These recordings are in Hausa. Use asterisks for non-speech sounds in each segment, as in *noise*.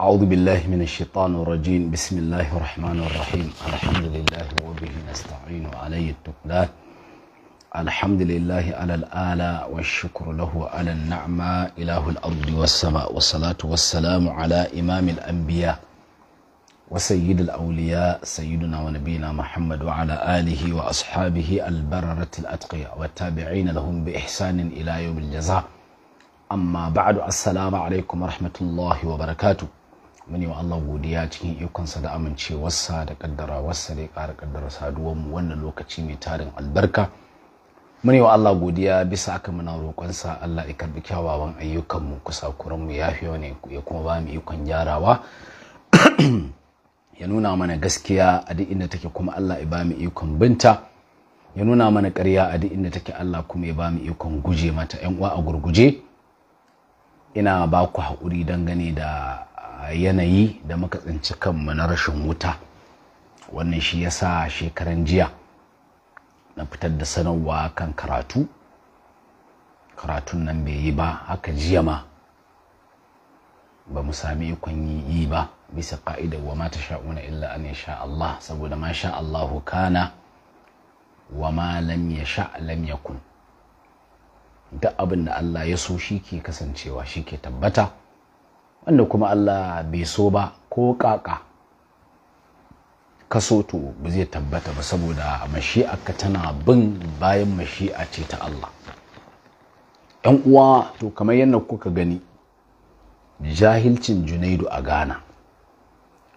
أعوذ بالله من الشيطان الرجيم بسم الله الرحمن الرحيم الحمد لله وبه نستعين عليه التقلات الحمد لله على الآلاء والشكر له على النعمة إله الأرض والسماء والصلاة والسلام على إمام الأنبياء وسيد الأولياء سيدنا ونبينا محمد وعلى آله وأصحابه البررة الأتقياء والتابعين لهم بإحسان إلى يوم الجزاء أما بعد السلام عليكم ورحمة الله وبركاته muni wa Allah godiya cikin ikonsa da amincewarsa da kaddarawarsa da ya ƙara kaddara mu wannan lokaci mai tarin albarka muni wa Allah godiya bisa aka muna roƙonsa Allah ya karbi kyawawan ayyukanmu kusakuranmu ya fi ne ya kuma ba mu ikon gyarawa ya nuna mana gaskiya a duk inda take kuma Allah ya ba mu ikon binta ya nuna mana ƙarya a duk inda take Allah kuma ya ba mu ikon guje mata 'yan uwa a gurguje ina ba ku haƙuri dangane da yanayi da muka tsinci kanmu na rashin wuta wannan shi ya sa shekaran jiya na fitar da sanarwa kan karatu karatun nan bai yi ba haka jiya ma ba mu sami ikon yi ba bisa ka'ida wa ma ta sha'una illa an ya sha Allah saboda ma sha Allahu kana wa ma lam ya sha lam yakun duk abin da Allah ya so shi ke kasancewa shi ke tabbata wanda kuma Allah bai so ba ko kaka kaso to ba zai tabbata ba saboda ka tana bin bayan mashi'a ce ta Allah ‘yan uwa to kamar yadda kuka gani jahilcin junaidu a ghana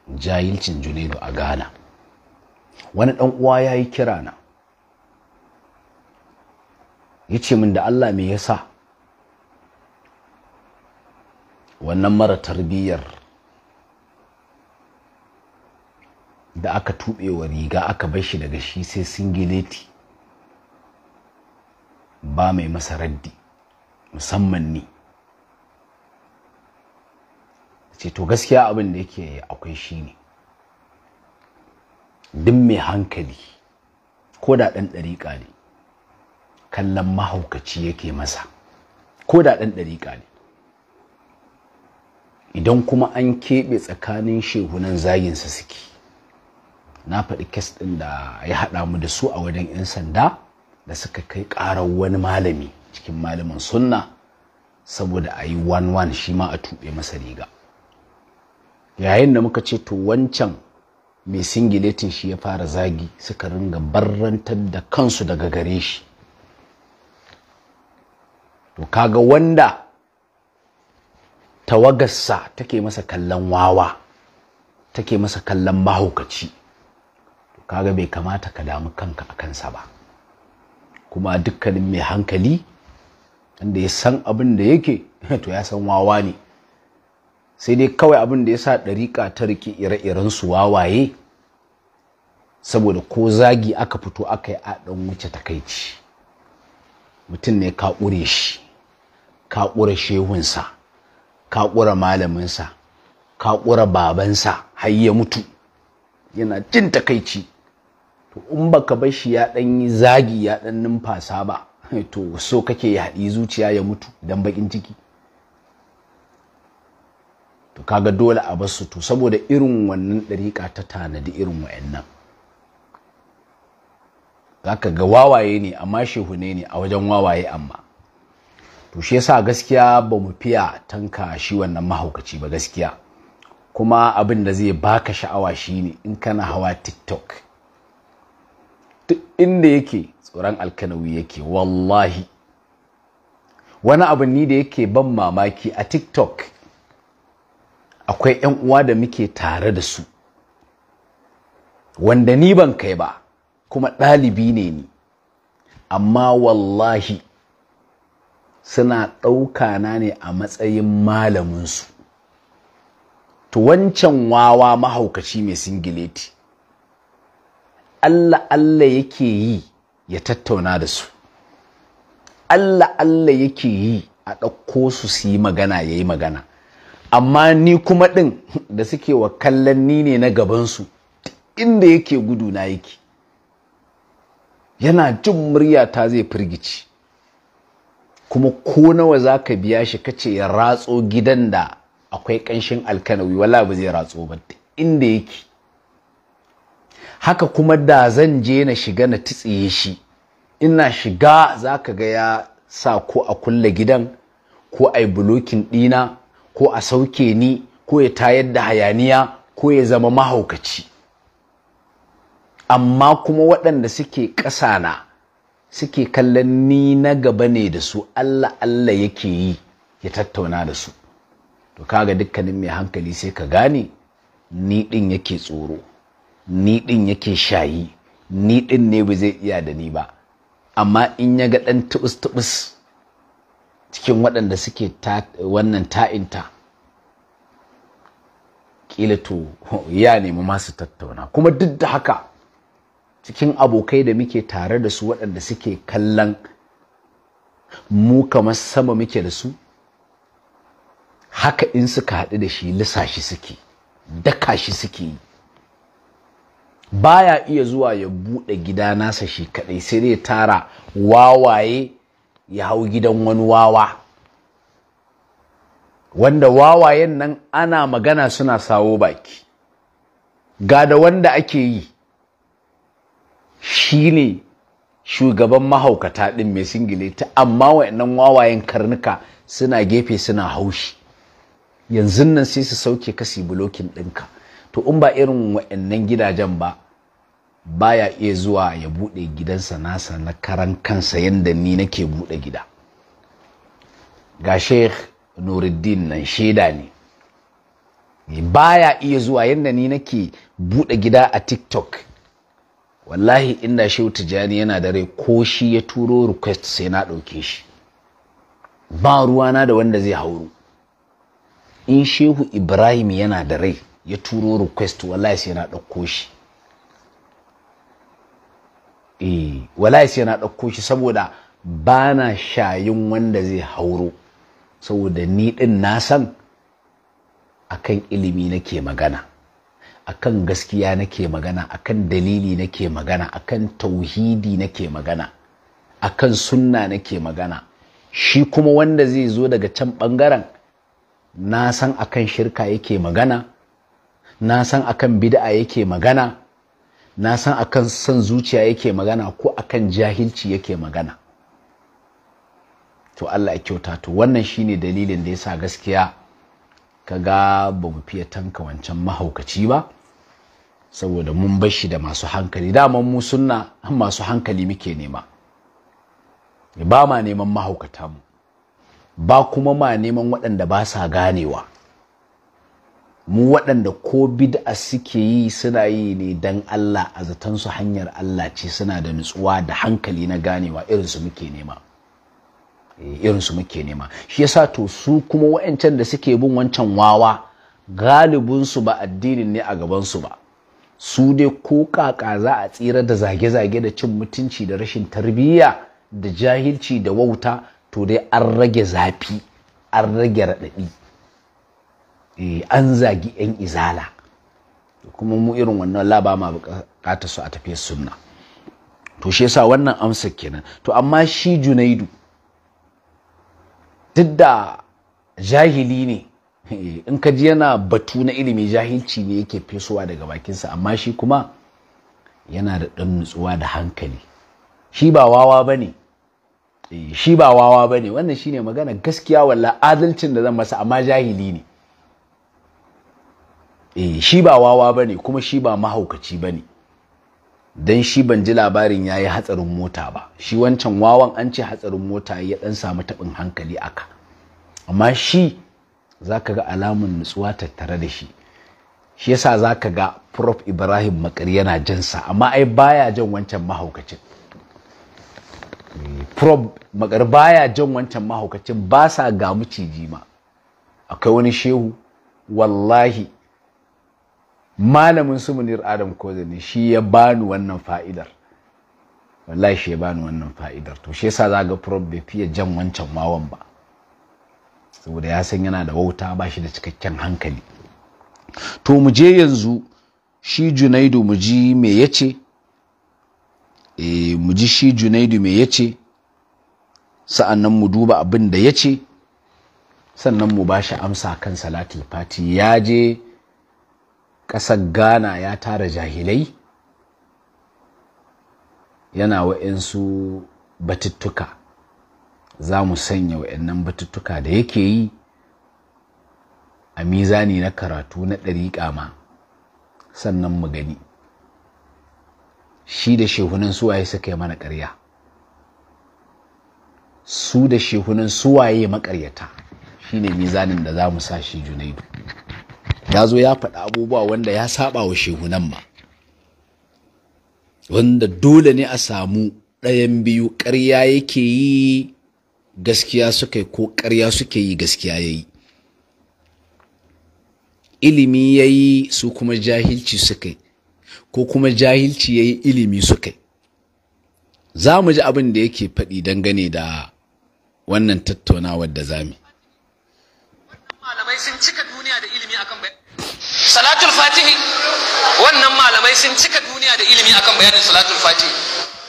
jahilcin junaidu a ghana wani ɗan uwa ya yi na. ya ce min da Allah me yasa wannan mara tarbiyyar da aka wa riga aka bar shi daga shi sai singileti ba mai masa raddi musamman ni ce to gaskiya abin da yake akwai shi ne duk mai hankali ko da ɗan ɗariƙa ne kallon mahaukaci yake masa ko da ɗan ɗariƙa ne idan kuma an keɓe tsakanin shehunan zaginsa suke na faɗi kes ɗin da ya haɗa mu da su a wajen 'yan sanda da suka kai ƙarar wani malami cikin malamin sunna saboda a yi wan-wan shi ma a tuɓe masa riga yayin da muka ce to wancan mai singiletin shi ya fara zagi suka ringa barrantar da kansu daga gare shi to kaga wanda tawagarsa take masa kallon wawa take masa kallon mahaukaci kaga bai kamata ka damu kanka a kansa ba kuma dukkanin mai hankali inda ya san abin da yake *laughs* to ya san wawa ne sai dai kawai abin da ya sa ɗariƙa ta riƙe ire-iren su wawaye saboda ko zagi aka fito aka yi a ɗan wuce takaici mutum ne ka ƙure shi ka ƙure shehunsa ka ƙura malaminsa ka ƙura babansa har ya mutu yana jin takaici to in baka bar shi ya ɗan yi zagi ya ɗan numfasa ba *laughs* to so kake ya haɗi zuciya ya mutu dan baƙin ciki to kaga dole a bar su to saboda irin wannan ɗariƙa ta tanadi irin wa'annan zaka ga wawaye ne amma ne ne a wajen wawaye amma to shi yasa gaskiya ba mu fiya tanka shi wannan mahaukaci ba gaskiya kuma abin da zai baka sha'awa shine in kana hawa tiktok duk inda yake tsoron alkanawi yake wallahi wani abin ni da yake ban mamaki a tiktok akwai 'yan uwa da muke tare da su wanda ni ban kai ba kuma ɗalibi ne ni amma wallahi suna ɗauka na ne a matsayin malaminsu to wancan wawa mahaukaci mai singileti Allah Allah yake yi ya tattauna da su Allah Allah yake yi a ɗauko su su yi magana ya yi magana amma ni kuma ɗin *laughs* da suke wa kallon ni ne na gabansu inda yake gudu na yake yana jin ta zai firgici kuma ko nawa za ka biya shi ka ce ya ratso gidan da akwai ƙanshin alkanawi wala ba zai ratso ba inda yake haka kuma da zan je na shiga na titsiye shi ina shiga za ka ga ya sa ko a kulle gidan ko a yi bulokin ɗina ko a sauke ni ko ya tayar da hayaniya ko ya zama mahaukaci amma kuma waɗanda suke ƙasa na. suke kallon ni na gaba ne da su Allah Allah yake yi ya tattauna da su to kaga dukkanin mai hankali sai ka gane ni din yake tsoro ni din yake shayi ni din ne ba zai iya da ni ba amma in ya ga dan tubus tubus cikin waɗanda suke wannan ta'inta kila to ya nemi masu tattauna kuma duk da haka cikin abokai da muke tare da su waɗanda suke kallon mu kamar sama muke da su haka in suka haɗu da shi lissashi suke daka shi suke yi baya iya zuwa ya buɗe gida nasa shi kaɗai sai dai tara wawaye ya hau gidan wani wawa wanda wawayen nan ana magana suna sawo baki ga da wanda ake yi shine shugaban mahaukata ɗin mai ta amma wa'annan wawayen karnuka suna gefe suna haushi yanzu nan sai su sauke kasi bulokin ɗinka to in ba irin wa'annan gidajen ba baya iya zuwa ya buɗe gidansa nasa na karan kansa yadda ni nake buɗe gida ga sheikh nuruddin nan shaida ne baya iya zuwa yadda ni nake buɗe gida a tiktok wallahi inda shehu tijjani yana da rai ko shi ya turo request sai na ɗauke shi ba ruwana da wanda zai hauru in shehu ibrahim yana da rai ya turo request wallahi sai na ɗauko shi eh wallahi sai na ɗauko shi saboda ba na shayin wanda zai hauro saboda ni ɗin na san akan ilimi nake magana akan gaskiya nake magana akan dalili nake magana akan tauhidi nake magana akan sunna nake magana shi kuma wanda zai zo daga can bangaren na san akan shirka yake magana na san akan bid'a yake magana na san akan son zuciya yake magana ko akan jahilci yake magana to Allah ya kyauta to wannan shine dalilin da yasa gaskiya kaga ba mu fiye tanka wancan mahaukaci ba saboda mun bar shi da masu hankali daman mu sunna masu hankali muke nema ba ma neman mahaukata mu ba kuma ma neman waɗanda ba sa ganewa mu waɗanda ko bid'a suke yi suna yi ne don Allah a zaton su hanyar Allah ce suna da nutsuwa da hankali na ganewa irin su muke nema irin su muke nema shi yasa to su kuma wa'ancan da suke bin wancan wawa galibinsu ba addinin ne a gabansu ba su dai ko kaka za a tsira da zage-zage da cin mutunci da rashin tarbiyya da jahilci da wauta to dai an rage zafi an rage raɗaɗi eh, an zagi 'yan izala kuma mu irin wannan laba ma bukata su a tafiya sunna to shi yasa wannan amsa kenan to amma shi junaidu duk da jahili ne eh, in ka ji yana batu na ilimi jahilci ne yake fesowa daga bakinsa amma shi kuma yana da ɗan nutsuwa da hankali shi ba wawa ba ne eh, shi ba wawa ba ne wannan shine magana gaskiya walla adalcin da zan masa amma jahili ne eh, shi ba wawa ba ne kuma shi ba mahaukaci ba ne don shi ban ji labarin ya yi hatsarin mota ba shi wancan wawan an ce hatsarin mota ya dan samu taɓin hankali aka amma shi za ka ga alamun nutsuwa tattare da shi shi yasa za ka ga prof ibrahim makari yana jinsa amma ai baya jan wancan mahaukacin eh, prof makar baya jan wancan mahaukacin ba sa ga maciji ma akwai wani shehu wallahi malamin su munir adam zane shi ya bani wannan fa'idar wallahi shi ya bani wannan fa'idar to shi yasa zaga prof bai fiye jan wancan wawan ba saboda ya san yana da wauta ba shi da cikakken hankali to mu je yanzu shi junaidu mu ji me yace e eh, mu ji shi junaidu me yace sa'annan mu duba abin da yace sannan mu ba shi amsa kan salatul fati ya je ƙasar ghana ya tara jahilai yana wa'insu batuttuka za mu sanya wa'annan batuttuka da yake yi a mizani na karatu na ɗariƙa ma sannan mu gani shi da shehunan suwaye suka yi mana ƙarya su da shehunan suwaye maƙaryata shine mizanin da za mu sa shi junaidu ya zo ya faɗi abubuwa wanda ya saba wa shehunan ma wanda dole ne a samu ɗayan biyu ƙarya yake yi gaskiya suka yi ko ƙarya suke yi gaskiya ya yi ilimi ya yi su kuma jahilci suka yi ko kuma jahilci ya yi ilimi suka yi za mu ji abin da yake faɗi dangane da wannan tattaunawar da zami malamai sun salatul fatihi wannan malamai sun cika duniya da ilimi akan bayanin salatul fatihi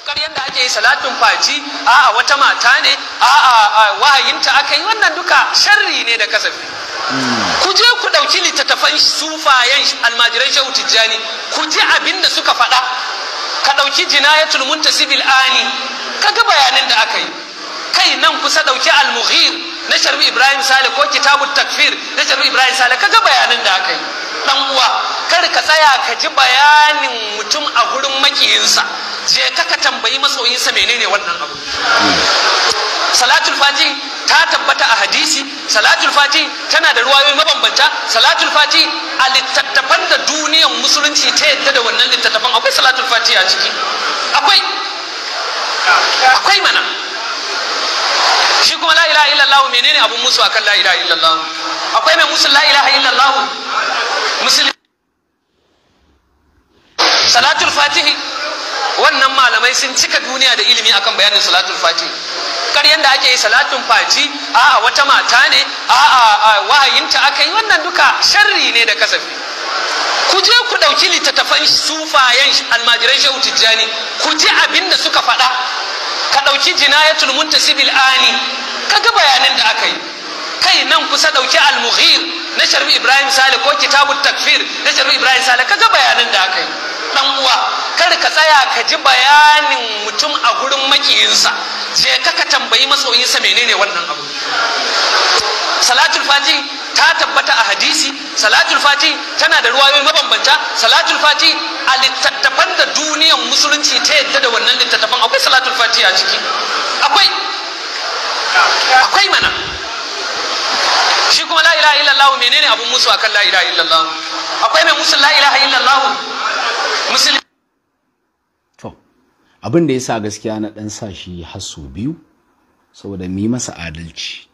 kar yadda ake yi salatun faji a'a wata mata ne a'a wahayinta aka yi wannan duka sharri ne da kasafi ku je ku ɗauki littattafan sufayen almajiran shehu tijjani ku ji abin da suka faɗa ka ɗauki jinayatul muntasibil ani ka ga bayanan da aka yi kai nan kusa ɗauki almuhir na sharbi ibrahim sale ko kitabut takfir na sharbi ibrahim sale kaga bayanin da aka yi dan uwa kar ka tsaya ka ji bayanin mutum a gurin makiyinsa je ka ka tambayi masoyinsa menene wannan abu salatul fati ta tabbata a hadisi salatul fati tana da ruwayoyi mabambanta salatul fati a littattafan da duniyar musulunci ta yadda da wannan littattafan akwai salatul fati a ciki akwai akwai mana shi kuma la'ila illallahu illallah menene abun musu a kan la'ila illallahu akwai mai musu la'ila illallahu musulmi salatul fatihi wannan malamai sun cika duniya da ilimi akan bayanin salatul fatihi Kar da ake yi salatun faji a'a wata mata ne a'a wahayinta aka yi wannan duka sharri ne da kasafi ku je ku ɗauki littattafan sufayen almajiran shehu tijjani ku ji abin da suka faɗa ka ɗauki jinayatul muntasibil ani ka ga bayanan da aka yi kai nan kusa ɗauki al-mughir na sharbi ibrahim sale ko kitabut takfir na sharbi ibrahim sale ka ga bayanan da aka yi dan uwa kar ka tsaya ka ji bayanin mutum a gurin makiyinsa je ka ka tambayi masoyinsa menene wannan abu salatul fati ta tabbata a hadisi salatul fati tana da ruwayoyi mabambanta salatul fati a littattafan da duniyar musulunci ta yadda da wannan littattafan akwai salatul fati a ciki akwai akwai mana shi kuma la ilaha illallah menene abun musu akan la ilaha illallah akwai mai musu la ilaha illallah musulmi to abin da yasa gaskiya na dan sa shi hasu biyu saboda mu masa adalci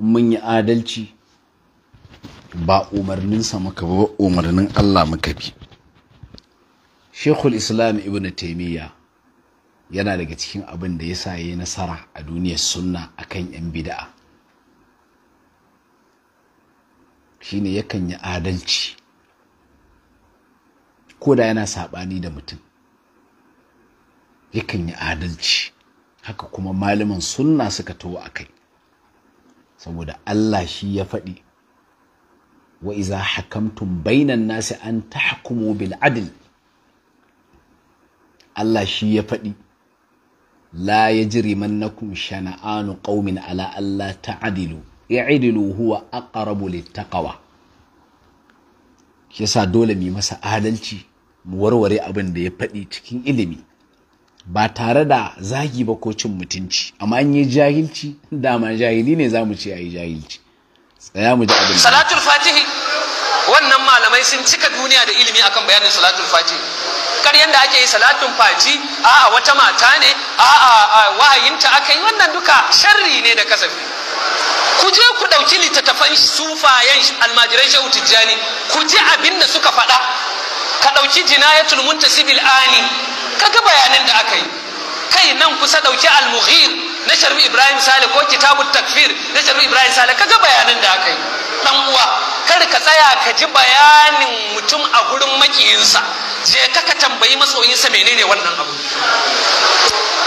mun yi adalci ba umarninsa muka ba umarnin Allah muka bi Shekul Islam Ibn Taimiyya yana daga cikin abin da ya sa ya yi nasara a duniyar sunna akan 'yan bida'a. shine yakan yi adalci ko da yana saɓani da mutum yakan yi adalci haka kuma malaman sunna suka tawo a kai saboda Allah shi ya faɗi wa iza hakamtum bainan nasi an tahkumu bil adl Allah shi ya faɗi la yajrimannakum shana'anu qaumin ala alla ta'dilu i'dilu huwa aqrabu littaqwa yasa dole mu masa adalci mu warware abin da ya faɗi cikin ilimi ba tare da zagi ba ko cin mutunci amma an yi jahilci dama jahili ne za mu ce a yi jahilci tsaya mu ji abin salatul fatihi wannan malamai sun cika duniya da ilimi akan bayanin salatul fatihi Kar yanda ake yi salatun faji a'a wata mata ne a'a wahayinta aka yi wannan duka sharri ne da kasafi ku je ku ɗauki littattafan sufayen almajiran shehu tijjani ku ji abin da suka faɗa ka ɗauki jinayatul muntasibil ani ga bayanin da aka yi kai nan kusa ɗauki almuhir. na sharbi ibrahim sale ko kitabut takfir na sharbi ibrahim sale kaga bayanin da aka yi dan uwa kar ka tsaya ka ji bayanin mutum a gurin makiyinsa je ka ka tambayi masoyinsa menene wannan abu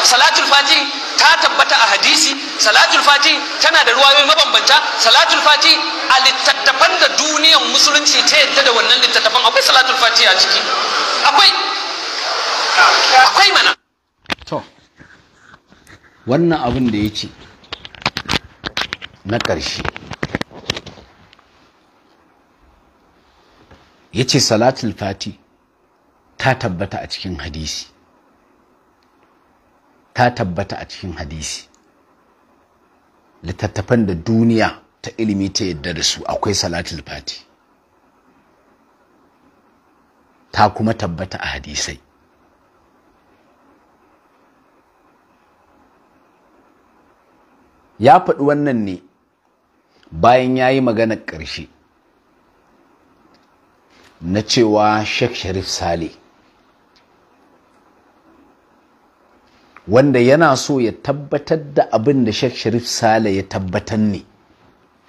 salatul fati ta tabbata a hadisi salatul fati tana da ruwayoyi mabambanta salatul fati a littattafan da duniyar musulunci ta yadda da wannan littattafan akwai salatul fati a ciki akwai akwai mana to wannan abin da ya ce na ƙarshe ya ce salatul fati ta tabbata a cikin hadisi ta tabbata a cikin hadisi littattafan da duniya ta ilimi ta yadda da su akwai salatul fati ta kuma tabbata a hadisai ya faɗi wannan ne bayan ya yi maganar ƙarshe na cewa Sheikh Sharif Sale wanda yana so ya tabbatar da abin da Sheikh Sharif Sale ya tabbatar ne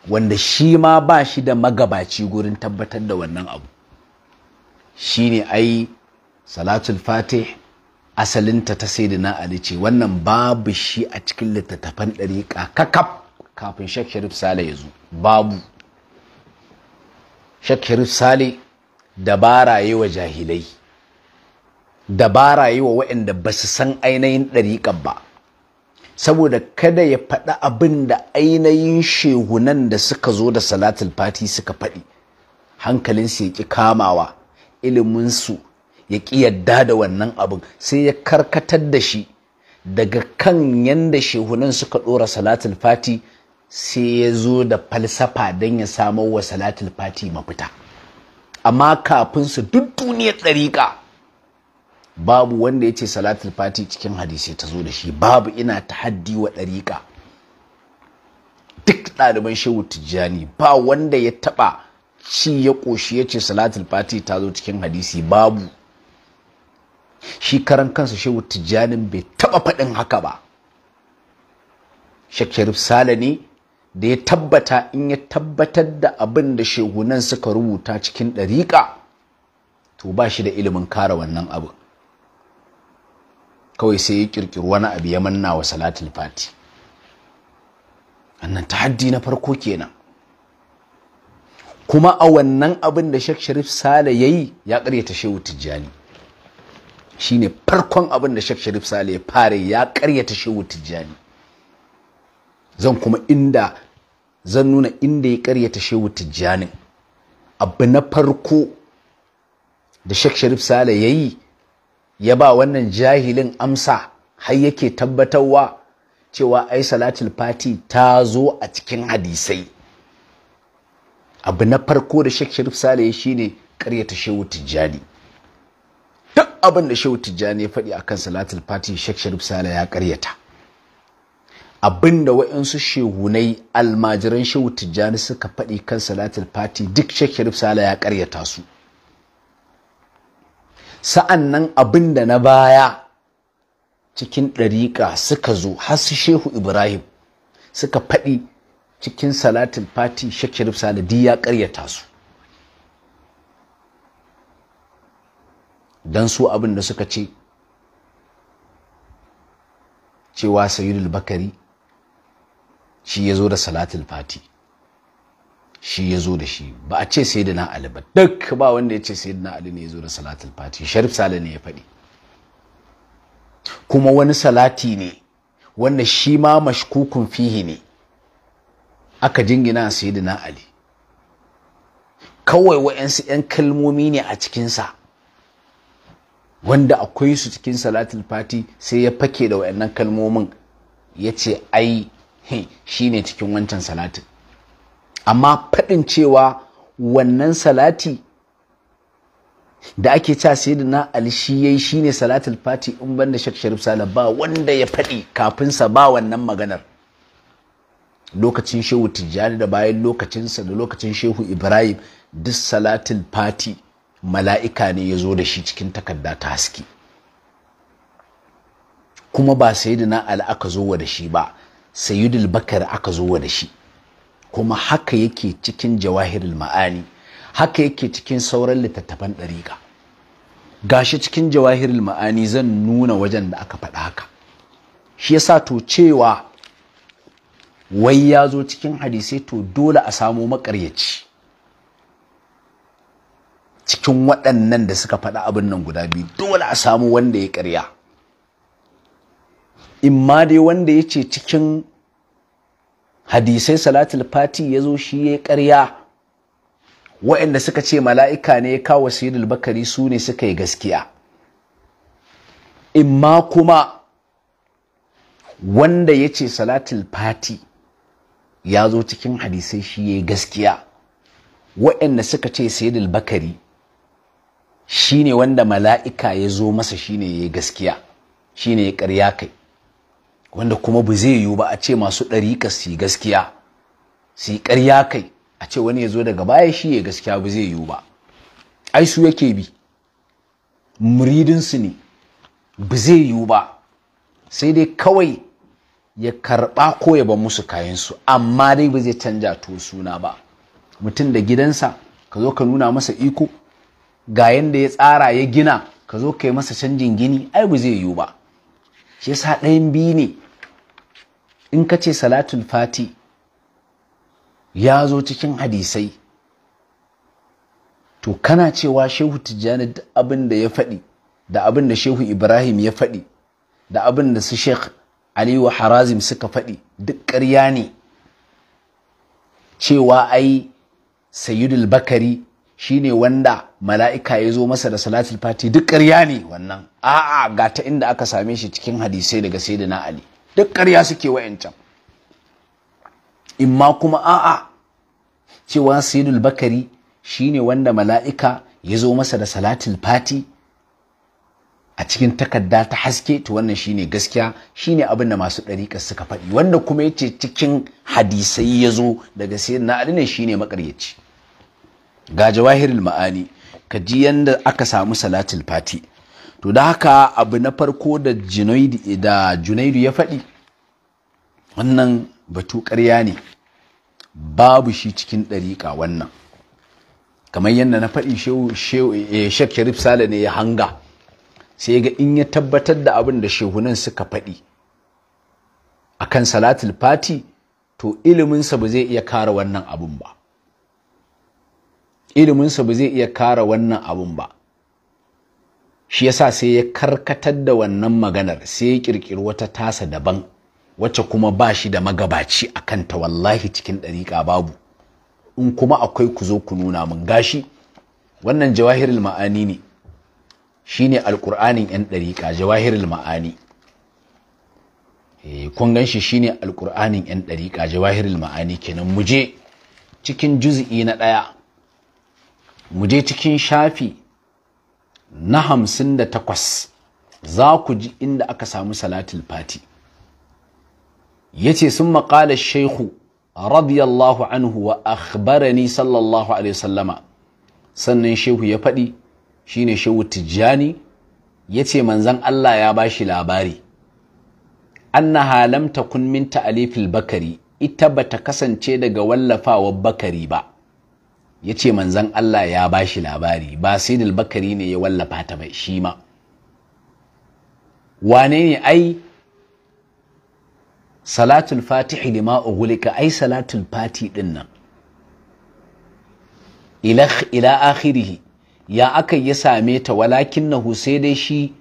wanda shi ma ba shi da magabaci gurin tabbatar da wannan abu shi shine ai salatul fatih asalinta ta sai na ali ce wannan babu shi a cikin littattafan ɗariƙa kakaf kafin shek sharif sale ya zo babu shek sharif sale dabara yi wa jahilai dabara yi wa waɗanda ba su san ainihin ɗariƙar ba saboda kada ya faɗi abin da ainihin shehunan da suka zo da salatul fati suka faɗi hankalinsu ya ƙi kamawa iliminsu ya ƙi yadda da wannan abin sai ya karkatar da shi daga kan yadda shehunan suka ɗora salatul fati sai ya zo da falsafa don ya samo wa salatul fati mafita amma kafin su duk duniyar ɗariƙa babu wanda ya ce salatul fati cikin hadisi ta zo da shi babu ina ta haddi wa ɗariƙa duk ɗaliban shehu tijjani ba wanda ya taɓa ci ya ƙoshi ya ce salatul fati ta zo cikin hadisi babu shi karan kansa shehu tijjanin bai taba faɗin haka ba shek sharif sale ne da ya tabbata in ya tabbatar da abin da shehunan suka rubuta cikin ɗariƙa to ba shi da ilimin kare wannan abu kawai sai ya ƙirƙiri wani abu ya manna wa salatul fati annan haddi na farko kenan kuma a wannan abin da shek sharif sale ya yi ya karyata shehu tijjani shine farkon abin da Sheikh Sharif Sale ya fara ya karyata Shehu Tijjani zan kuma inda zan nuna inda ya karyata Shehu Tijjani abu na farko da Sheikh Sharif Sale yayi ya ba wannan jahilin amsa har yake tabbatarwa cewa ai salatul fati ta zo a cikin hadisai abu na farko da Sheikh Sharif Sale shine karyata Shehu Tijjani duk abin da shehu tijjani ya faɗi akan salatul fati shek sharif sala ya karyata abin da wa'insu shehunai almajiran shehu tijjani suka faɗi kan salatul fati duk shek sharif sala ya karyata su sa'an nan abin da na baya cikin ɗariƙa suka zo har su shehu ibrahim suka faɗi cikin salatul fati shek sharif sala ya karyata su don su abin da suka ce cewa sayyidul bakari shi ya zo da salatul fati shi ya zo da shi ba a ce sayidina ali ba duk ba wanda ya ce sayidina ali ne ya zo da salatul fati sharif sale ne ya faɗi kuma wani salati ne wanda shi ma mashkukun fihi ne aka jingina sai ali kawai wa'yansu 'yan kalmomi ne a cikinsa wanda akwai su cikin salatul fati sai ya fake da wayannan kalmomin ya ce ai shi ne cikin wancan salatin amma faɗin cewa wannan salati da ake ca na ali shi yayi shine salatul fati in banda shek sharif sala ba wanda ya faɗi kafin sa ba wannan maganar lokacin shehu tijjani da bayan lokacinsa da lokacin shehu ibrahim duk salatul fati mala'ika ne ya zo da shi cikin takarda ta haske kuma ba sayyidina ali aka zo wa da shi ba sayyidul bakar aka zo wa da shi kuma haka yake cikin jawahirul ma'ani haka yake cikin sauran littattafan ɗariƙa gashi cikin jawahirul ma'ani zan nuna wajen da aka faɗa haka shi yasa to cewa wai ya zo cikin hadisai to dole a samo maƙaryaci cikin waɗannan da suka faɗa abin nan guda biyu dole a samu wanda ya ƙarya ma dai wanda ya ce cikin hadisai salatul fati ya zo shi ya ƙarya waɗanda suka ce mala'ika ne ya kawo sayidul bakari su ne suka yi gaskiya In ma kuma wanda ya ce salatul fati ya zo cikin hadisai shi ya gaskiya waɗanda suka ce sayidul bakari Shi ne wanda mala'ika ya zo masa shi ne ya yi gaskiya ne ya karya kai wanda kuma ba zai yiwu ba a ce masu ɗariƙa su yi gaskiya su yi karya kai a ce wani ya zo daga baya shi ya gaskiya ba zai yiwu ba ai su yake bi muridinsu ne ba zai yiwu ba sai dai kawai ya karɓa ko ya ba musu kayansu amma dai ba zai canja to suna ba mutum da gidansa ka zo ka nuna masa iko ga yanda ya tsara ya gina ka zo ka yi masa canjin gini ai ba zai yiwu ba shi yasa ɗayan biyu ne in ka ce salatul fati ya zo cikin hadisai to kana cewa shehu tijjani da abin da ya faɗi da abin da shehu ibrahim ya faɗi da abin da su sheikh aliyu harazim suka faɗi duk ƙarya ne cewa ai sayyidul bakari shine wanda mala'ika ya zo masa da salatul fati duk ƙarya ne wannan a'a ga ta inda aka same shi cikin hadisai daga sayyidina ali duk ƙarya suke wayancan imma kuma a'a cewa sayyidul bakari shine wanda mala'ika ya zo masa da salatul fati a cikin takarda ta haske to wannan shine gaskiya shine abin da masu ɗariƙa suka faɗi wanda kuma yace cikin hadisai ya zo daga sayyidina ali ne shine maƙaryaci ga jawahirul ma'ani ka ji yanda aka samu salatul fati to da haka abu na farko da junaidu da ya faɗi wannan batu ƙarya ne babu shi cikin ɗariƙa wannan kamar yadda na faɗi shek eh, sharif sale ne ya hanga sai ga in ya tabbatar da abin da shehunan suka faɗi akan salatul fati to iliminsa ba zai iya kara wannan abin ba iliminsa ba zai iya kara wannan abun ba shi yasa sai ya karkatar da wannan maganar sai ya kirkiri wata tasa daban wacce kuma ba shi da magabaci a kanta wallahi cikin ɗariƙa babu in kuma akwai ku zo ku nuna mun gashi wannan jawahirul ma'ani ne shine alƙur'anin 'yan ɗariƙa jawahirul ma'ani eh, kun gan shi shine alƙur'anin 'yan ɗariƙa jawahirul ma'ani kenan muje. cikin juz'i na ɗaya mu je cikin shafi na hamsin da takwas za ku ji inda aka samu salatul fati ya ce sun maƙalar shaihu radiyallahu anhu wa akhbarani sallallahu alaihi sallama sannan shehu ya faɗi shine shehu tijjani ya ce manzan Allah ya bashi labari annaha halamta kun min ta'alifil bakari ita bata kasance daga wallafawa bakari ba ya ce manzan Allah ya ba shi labari ba sai bakari ne ya wallafa ta ba shi ma wane ne ai salatul fatihi lima ughulika ai salatul fati din nan ila ila ya aka ya same ta walakin nahu sai dai shi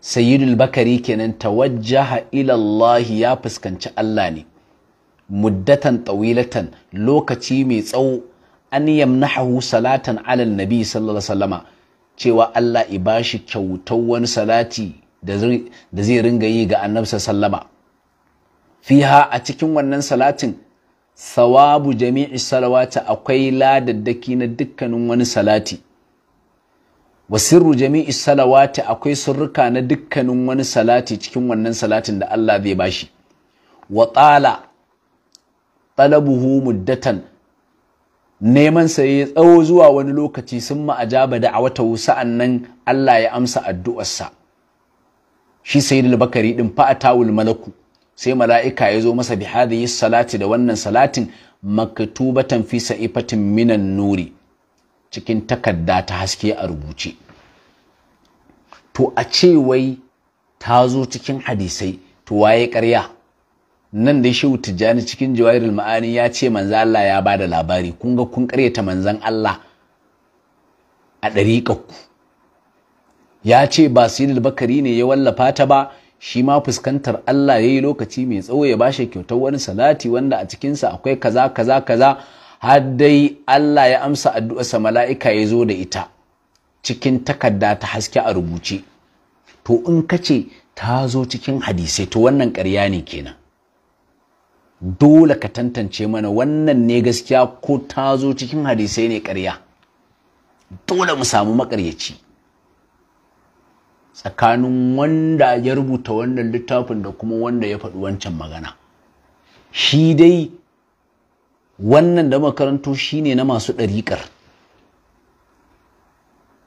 sayyidul bakari kenan tawajjaha ila Allah ya fuskanci Allah ne muddatan tawilatan lokaci mai tsawo an yamnahu salatan alal nabi sallallahu alaihi cewa Allah i bashi kyautar wani salati da zai ringa yi ga annabsa sallama fiha a cikin wannan salatin sawabu jami'i salawata akwai ladaddaki na dukkanin wani salati wa sirru jami'i salawati akwai surruka na dukkanin wani salati cikin wannan salatin da Allah zai bashi wa tsala talabuhu muddatan neman sa ya tsawo zuwa wani lokaci sun ma'ajaba da a wata wusa annan Allah ya amsa addu'arsa shi sayyidul bakari din tawul malaku sai mala'ika ya zo masa bi hadhihi salati da wannan salatin maktubatan fi sa'ifatin minan nuri cikin takarda ta haske a rubuce to a ce wai ta zo cikin hadisai to waye ƙarya nan da shehu tijjani cikin jawairul ma'ani ya ce manzo Allah ya bada labari kun ga kun karyata manzon Allah a ɗariƙarku ya ce ba yi bakari ne ya wallafa ta ba shi ma fuskantar Allah ya yi lokaci mai tsawo ya bashi kyautar wani salati wanda a cikinsa akwai kaza kaza kaza har dai Allah ya amsa addu'arsa mala'ika ya zo da ita cikin takarda ta haske a rubuce to in ka ce ta zo cikin hadisai to wannan ƙarya ne kenan dole ka tantance mana wannan ne gaskiya ko ta zo cikin hadisai ne ƙarya dole mu samu maƙaryaci tsakanin wanda ya rubuta wannan littafin da kuma wanda ya faɗi wancan magana shi dai wannan da makarantu shi ne na masu ɗariƙar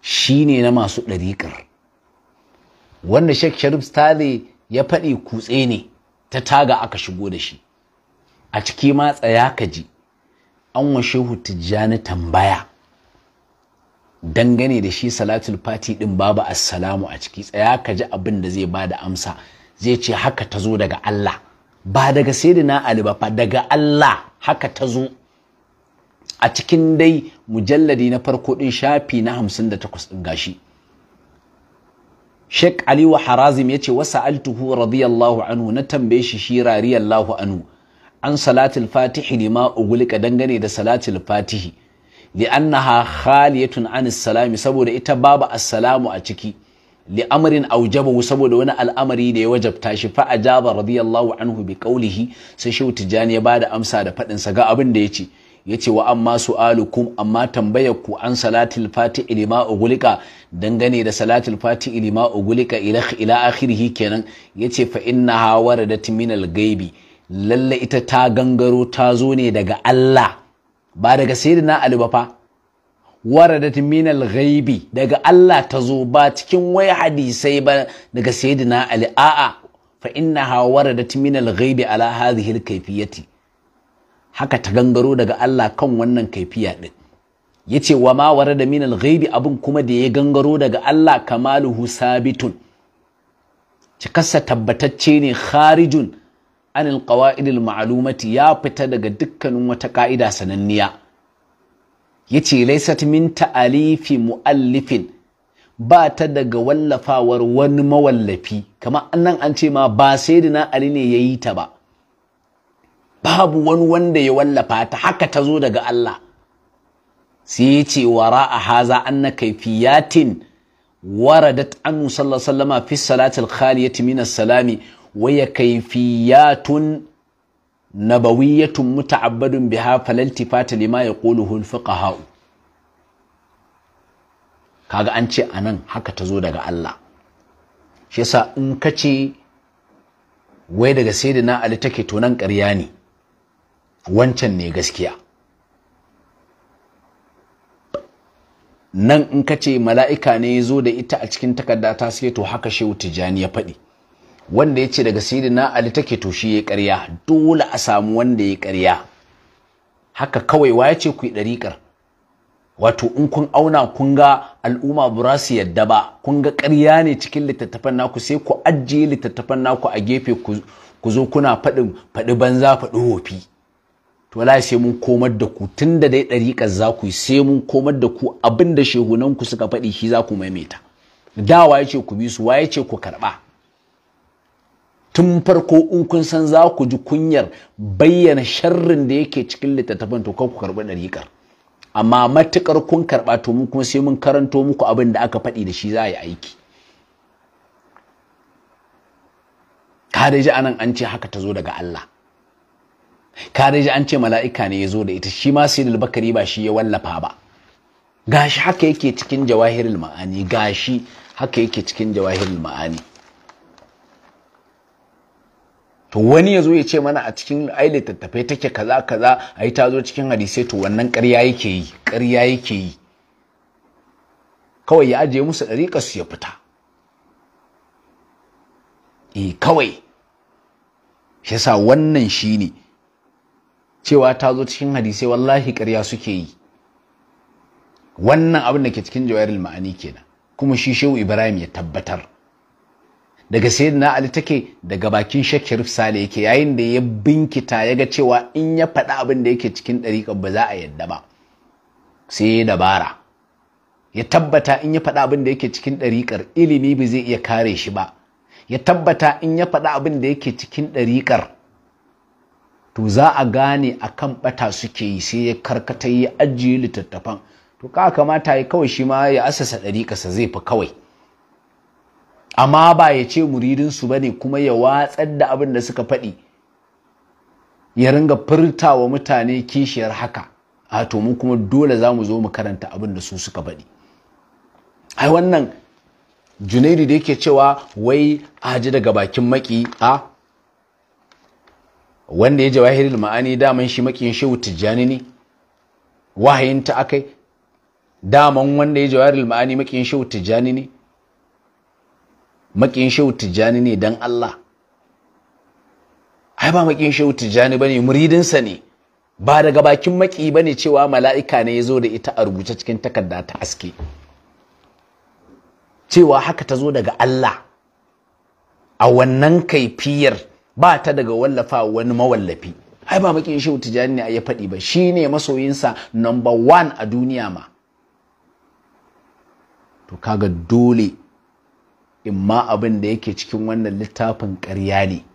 shi ne na masu ɗariƙar wanda shek sharif stale ya faɗi kutse ne ta taga aka shigo da shi a ciki ma tsaya ka ji an wa shehu tijjani tambaya dangane da shi salatul fati din babu assalamu a ciki tsaya ka ji abin da zai bada amsa zai ce haka ta zo daga Allah ba daga sayyidina Ali ba fa daga Allah haka ta zo a cikin dai mujalladi na farko din shafi na 58 din gashi Sheikh Ali wa Harazim yace wasa altuhu radiyallahu anhu na tambaye shi shi radiyallahu anhu an salatul fatihi ma ugulika dangane da salatul fatihi annaha khaliyatun an salami saboda ita babu assalamu a ciki li amrin aujabahu saboda wani al'amari da ya wajabta shi fa ajaba radiyallahu anhu bi qawlihi sai shi tijani ya bada amsa da fadin sa ga abin da yace yace wa amma su'alukum amma tambayar ku an salatul fatihi ma ugulika dangane da salatul fatihi ma ugulika ila ila akhirih kenan yace fa innaha waradat minal ghaibi lalle ita ta gangaro ta zo ne daga Allah ba daga sayyidina Ali ba fa waradat min al-ghaibi daga Allah ta zo ba cikin wai hadisai ba daga sayyidina Ali a'a fa innaha waradat min al-ghaibi ala hadhihi al haka ta gangaro daga Allah kan wannan kaifiya din yace wa ma warada min al-ghaibi abun kuma da ya gangaro daga Allah kamaluhu sabitun cikarsa tabbatacce ne kharijun anil qawaidil ma'lumati ya fita daga dukkanin wata ka'ida sananniya yace laysat min ta'alifi muallifin ba ta daga wallafawar wani mawallafi kamar annan an ce ma ba sai sayyidina ali ne yayi ta ba babu wani wanda ya wallafa ta haka ta zo daga Allah sai ya ce wa ra'a haza anna kaifiyatin waradat annu sallallahu alaihi wasallama fi salatil khaliyati min as-salami waya kaifiyatun nabawiyatun muta'abbadun biha falaltifata lima yaquluhu al-fuqaha kaga an ce anan haka ta zo daga Allah shi yasa in ka ce wai daga na Ali take to nan ƙarya ne wancan ne gaskiya nan in ka ce mala'ika ne ya zo da ita a cikin takarda ta sai to haka shehu tijjani ya faɗi wanda ya ce daga na ali take to shi ya karya dole a samu wanda ya karya haka kawai wa ya ce ku yi ɗariƙar wato in kun auna kun ga al'umma ba su yadda ba kun ga karya ne cikin littattafan naku sai ku ajiye littattafan naku a gefe ku zo kuna faɗin faɗi banza faɗi hofi to wala sai mun komar da ku tun da dai ɗariƙar za ku yi sai mun komar da ku abin da suka faɗi shi za ku maimaita da waye ce ku bi su waye ce ku karɓa tun farko in kun san za ku ji kunyar bayyana sharrin da yake cikin littattafan to kan ku karɓi ɗariƙar amma matuƙar kun karɓa to mu kuma sai mun karanto muku abin da aka faɗi da shi za a yi aiki ka ji anan an ce haka ta zo daga Allah ka ji an ce mala'ika ne ya zo da ita shi ma sai bakari ba shi ya wallafa ba gashi haka yake cikin jawahirul ma'ani gashi haka yake cikin jawahirul ma'ani to wani ya zo ya ce mana a cikin ai littattafai take kaza kaza ai ta zo cikin hadisai to wannan ƙarya yake yi ƙarya yake yi kawai ya ajiye musu ɗariƙar su ya fita eh kawai shi sa wannan shine cewa ta zo cikin hadisai wallahi ƙarya suke yi wannan abin da ke cikin jawairul ma'ani kenan kuma shi shehu ibrahim ya tabbatar daga sayyidina ali take daga bakin shek sharif sale yake yayin da ya binkita ya ga cewa in ya faɗi abin da yake cikin ɗariƙar ba za a yadda ba sai ya dabara ya tabbata in ya faɗi abin da yake cikin ɗariƙar ilimi ba zai iya kare shi ba ya tabbata in ya faɗi abin da yake cikin ɗariƙar to za a gane a kan ɓata suke yi sai ya karkata ya ajiye littattafan to ka kamata ya kawai shi ma ya asasa ɗariƙarsa zai fi kawai amma ba ya ce muridinsu ba ne kuma ya watsar da abin da suka faɗi ya ringa furta wa mutane kishiyar haka a to kuma dole za mu zo mu karanta abin da su suka faɗi ai wannan junairu da yake cewa wai aji daga bakin maki a wanda ya jawahiri ma'ani daman shi makin shehu tijjani ne wahayin ta akai daman wanda ya jawahiri ma'ani makin shehu tijjani ne makin shehu tijjani ne dan Allah ai ba makin shehu tijjani bane muridinsa ne ba daga bakin maki bane cewa mala'ika ne ya zo da ita a rubuce cikin takarda ta aske cewa haka ta zo daga Allah a wannan kaifiyar ba ta daga wallafa wani mawallafi ai ba makin shehu tijjani ne a ya faɗi ba shine masoyinsa number one a duniya ma to kaga dole in ma abin da yake cikin wannan littafin ƙarya ne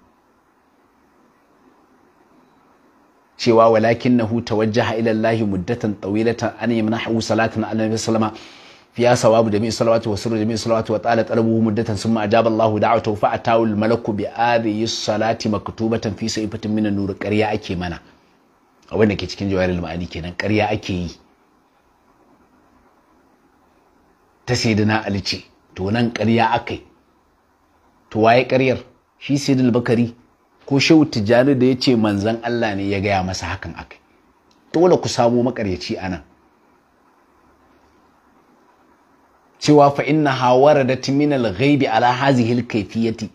cewa walakin na huta wajaha ilallahi muddatan tsawilatan an yi manahu salatan annabi sallama fiya sawabu da min salawatu wa sirru da min salawatu wa ta'ala talabu muddatan summa ajaba Allahu da'watahu fa atahu al-malaku bi adhi salati maktubatan fi sayfatin min an-nur ƙarya ake mana abin da ke cikin jawaril ma'ani kenan ƙarya ake yi ta sayyidina Ali ce to nan ƙarya yi, to waye ƙaryar shi sidil bakari ko shehu tijjani da ya ce manzan Allah ne ya gaya masa hakan aka yi, dole ku samo makaryaci a nan cewa fa inna hawara da timinal ghaibi ala hazihil kaifiyati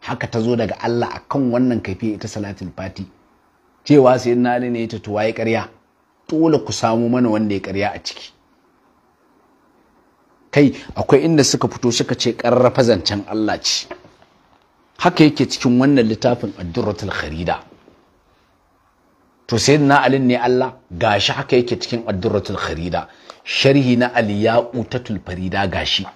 haka ta zo daga Allah akan wannan kaifiya ita salatul fati cewa sai na ne ta waye ƙarya dole ku samo mana wanda ya ƙarya a ciki kai akwai inda suka fito suka ce ƙarrafa zancen Allah ce haka yake cikin wannan littafin addurratul kharida to na alin ne Allah gashi haka yake cikin addurratul kharida sharhi na aliyaqutatul farida gashi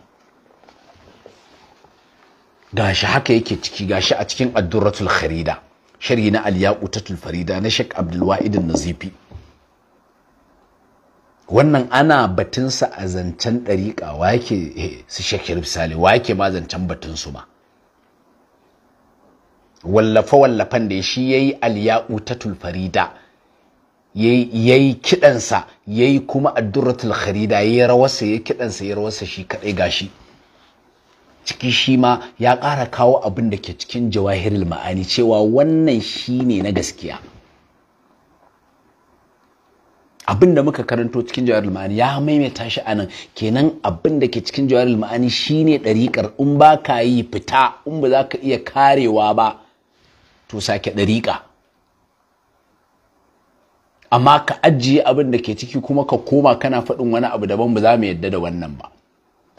gashi haka yake ciki gashi a cikin addurratul kharida sharhi na aliyaqutatul farida na Sheikh Abdul Wahid Nazifi wannan ana batunsa a zancen ɗariƙa wake su shekir misali wake ma zancen batunsu ba. wallafe-wallafen da shi ya yi aliyu ta tulfarida ya yi kiɗansa ya yi kuma addurratul kharida ya yi rawarsa ya kiɗansa ya rawarsa shi kaɗai gashi ciki shi ma ya ƙara kawo abin da ke cikin jawahirul ma'ani cewa wannan shi ne na gaskiya abin da muka karanto cikin jawar ma'ani ya maimaita shi anan kenan abin da ke cikin jawar ma'ani shine ɗariƙar in ba ka yi fita in ba za ka iya karewa ba to sake ɗariƙa amma ka ajiye abin da ke ciki kuma ka koma kana faɗin wani abu daban ba za mu yadda da wannan ba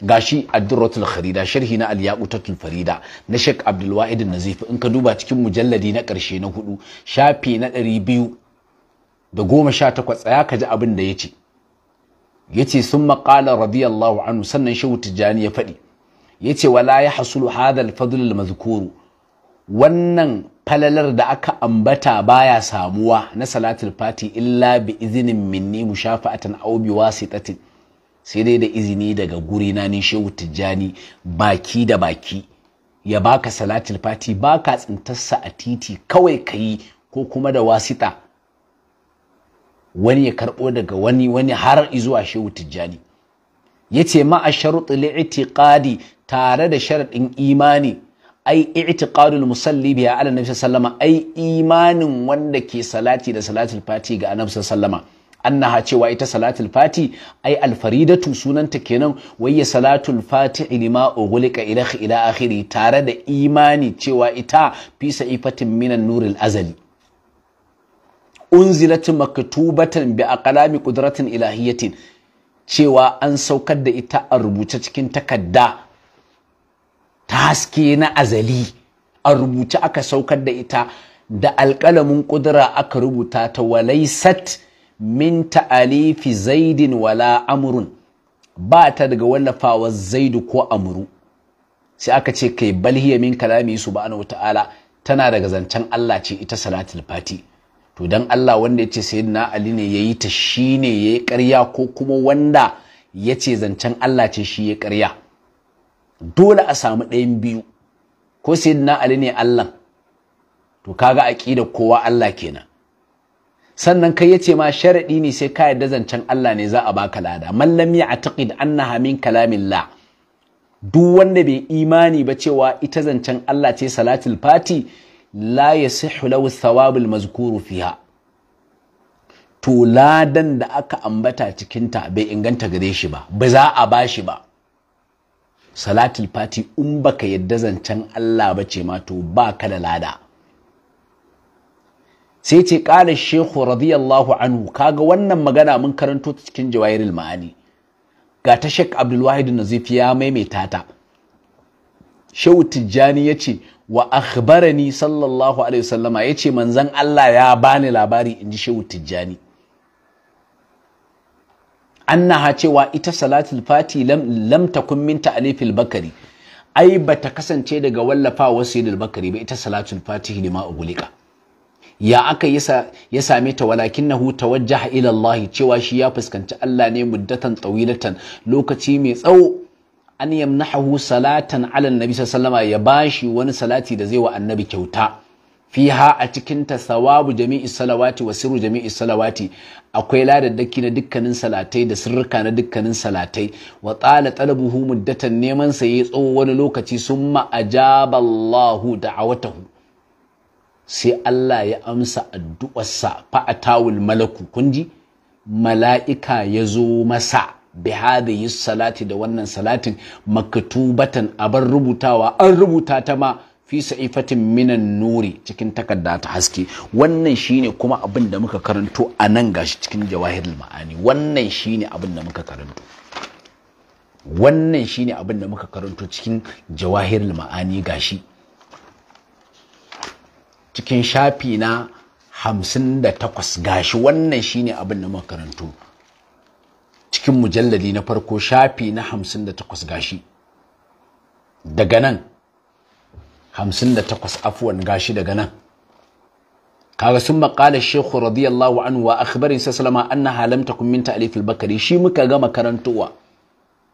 gashi addurratul kharida sharhi na al-yaqutatul farida na Sheikh Abdul Nazifi in ka duba cikin mujalladi na ƙarshe na hudu shafi na ɗari biyu da goma sha takwas tsaya ka ji abin da ya ce ya ce sun maƙala radiyallahu anhu sannan shehu tijjani ya faɗi ya ce wala ya hasulu hadal fadlul mazkuru wannan falalar da aka ambata baya samuwa na salatul fati illa bi izinin minni mushafa'atan aw bi wasitatin sai dai da izini daga guri na ni shehu tijjani baki da baki ya baka salatul fati baka tsintarsa a titi kawai ka yi ko kuma da wasita wani ya karɓo daga wani wani har izuwa shehu tijjani ya ce ma'a sharuɗi li'itiƙadi tare da sharaɗin imani ai i'tiqadul musalli biya ala nabi sallama ai imanin wanda ke salati da salatul fati ga annabi sallama annaha cewa ita salatul fati ai alfaridatu sunanta kenan wayya salatul fati lima ughliqa ila ila akhiri tare da imani cewa ita fi sa'ifatin minan nuril azali unzilat maktubatan bi aqlami qudratin ilahiyatin cewa an saukar da ita a rubuce cikin takadda ta haske na azali a rubuce aka saukar da ita da alƙalamin ƙudura aka rubuta ta walaisat min ta'alifi zaidin wala Amurun ba ta daga wallafawa zaidu ko Amuru. sai aka ce kai balhiyamin min kalami subhanahu wata'ala tana daga zancen Allah ce ita salatul fati to dan Allah wanda ya ce sayyidina Ali ne yayi ta shine yayi ƙarya ko kuma wanda ya ce zancen Allah ce shi ya karya, dole a samu ɗayan biyu ko sayyidina Ali ne Allah to kaga aqida kowa Allah kenan sannan kai yace ma sharaɗi ne sai ka yarda zancen Allah ne za a baka lada man lam ya'taqid annaha min kalamillah duk wanda bai imani ba cewa ita zancen Allah ce salatul fati la yasihhu lahu thawabul mazkuru fiha to ladan da aka ambata cikinta bai inganta gare shi ba ba za a ba shi ba salatul fati in baka yadda zancen Allah ba ce ma to ba ka da lada sai ce ƙala shehu radiyallahu anhu kaga wannan magana mun karanto ta cikin jawahirul ma'ani ga ta shek abdulwahid nazifi ya maimaita ta shehu tijjani yace ce wa akhbarani sallallahu alaihi wasallama yace manzon Allah ya bani labari in ji Shehu Tijjani annaha cewa ita salatul fati lam, lam takun min ta'lifil bakari ai bata kasance daga wallafa wasaidul bakari ba ita salatul ne ma ugulika ya aka ya same ta walakinahu tawajjaha ila Allah cewa shi ya fuskanci Allah ne muddatan tawilatan lokaci mai tsawo an yamnahu salatan ala annabi Salama ya shi wani salati da zai wa annabi kyauta fiha a cikin ta sawabu jami'i salawati wa sirru jami'i salawati akwai ladaddaki na dukkanin salatai da sirrika na dukkanin salatai wa tsala talabuhu muddatan neman sa yayi tsawo wani lokaci summa ajaba Allahu da'awatahu sai Allah ya amsa addu'arsa fa atawul malaku kunji mala'ika ya zo masa bihadhihi salati da wannan salatin maktubatan abar rubutawa an rubuta ta ma fi sa'ifatin minan nuri cikin takarda ta haske wannan shine kuma abin da muka karanto a nan gashi cikin jawahir ma'ani wannan shine abin da muka karanto wannan shine abin da muka karanto cikin jawahir ma'ani gashi cikin shafi na 58 gashi wannan shine abin da muka karanto cikin mujalladi na farko shafi na 58 gashi daga nan 58 afwan gashi daga nan kaga sun maƙala shekhu radiyallahu anhu wa akhbarin sallama annaha lam takun min ta'lif bakari shi muka gama karantowa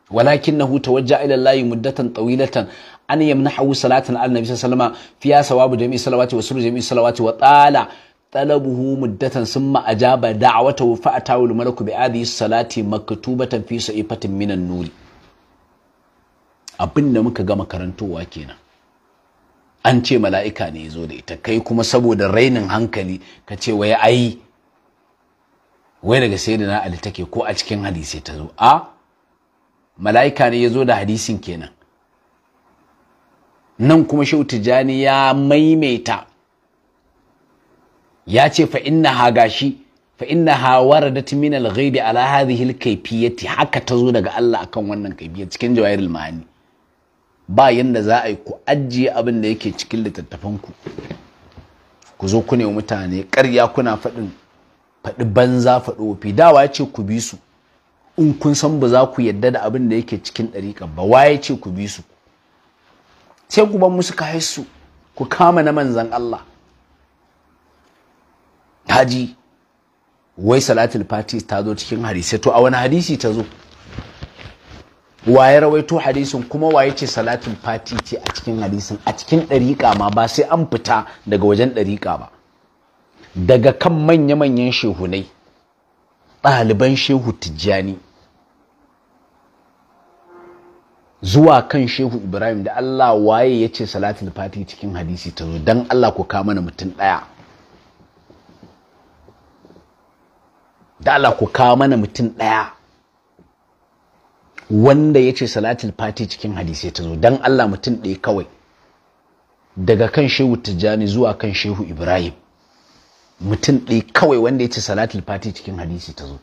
walakin na huta الله مده muddatan ان يمنحه صلاه hawu salatin صلى الله عليه وسلم فيها ثواب جميع الصلوات وسر talabuhu muddatan summa ajaba da'watahu fa atahu al-malaku bi hadhihi salati maktubatan fi sa'ifatin minan nuri abinda muka ga makarantowa kenan an ce mala'ika ne zo da ita kai kuma saboda rainin hankali kace ce wai ai wai daga sayyidina ali take ko a cikin hadisi ta zo a mala'ika ne ya zo da hadisin kenan nan kuma shehu ya maimaita ya ce fa inna ha gashi fa inna ha waradat min al-ghaibi ala hadhihi al-kayfiyati haka tazo daga Allah akan wannan kayfiyar cikin jawahirul ma'ani ba yanda za a yi ku ajiye abin da yake cikin littattafan ku ku zo ku ne mutane ƙarya kuna faɗin faɗi banza faɗi wofi dawa ya ce ku bi su in kun san ba za ku yadda da abin da yake cikin ɗariƙa ba ya ce ku bi su sai ku ban musu ku kama na manzan Allah haji wai salatul fati ta zo cikin hadisi to a wani hadisi ta zo waye rawaito hadisin kuma waye ce salatul fati ce a cikin hadisin a cikin dariƙa ma ba sai an fita daga wajen dariƙa ba daga kan manya-manyan shehunai ɗaliban shehu tijjani zuwa kan shehu ibrahim da allah waye ya ce salatul fati cikin hadisi ta zo don allah ku kama mana mutum ɗaya da Allah ku kawo mana mutum ɗaya wanda ya ce salatul fati cikin hadisi ta zo don Allah mutum ɗaya kawai daga kan shehu tijjani zuwa kan shehu ibrahim mutum ɗaya kawai wanda ya ce salatul fati cikin hadisi ta zo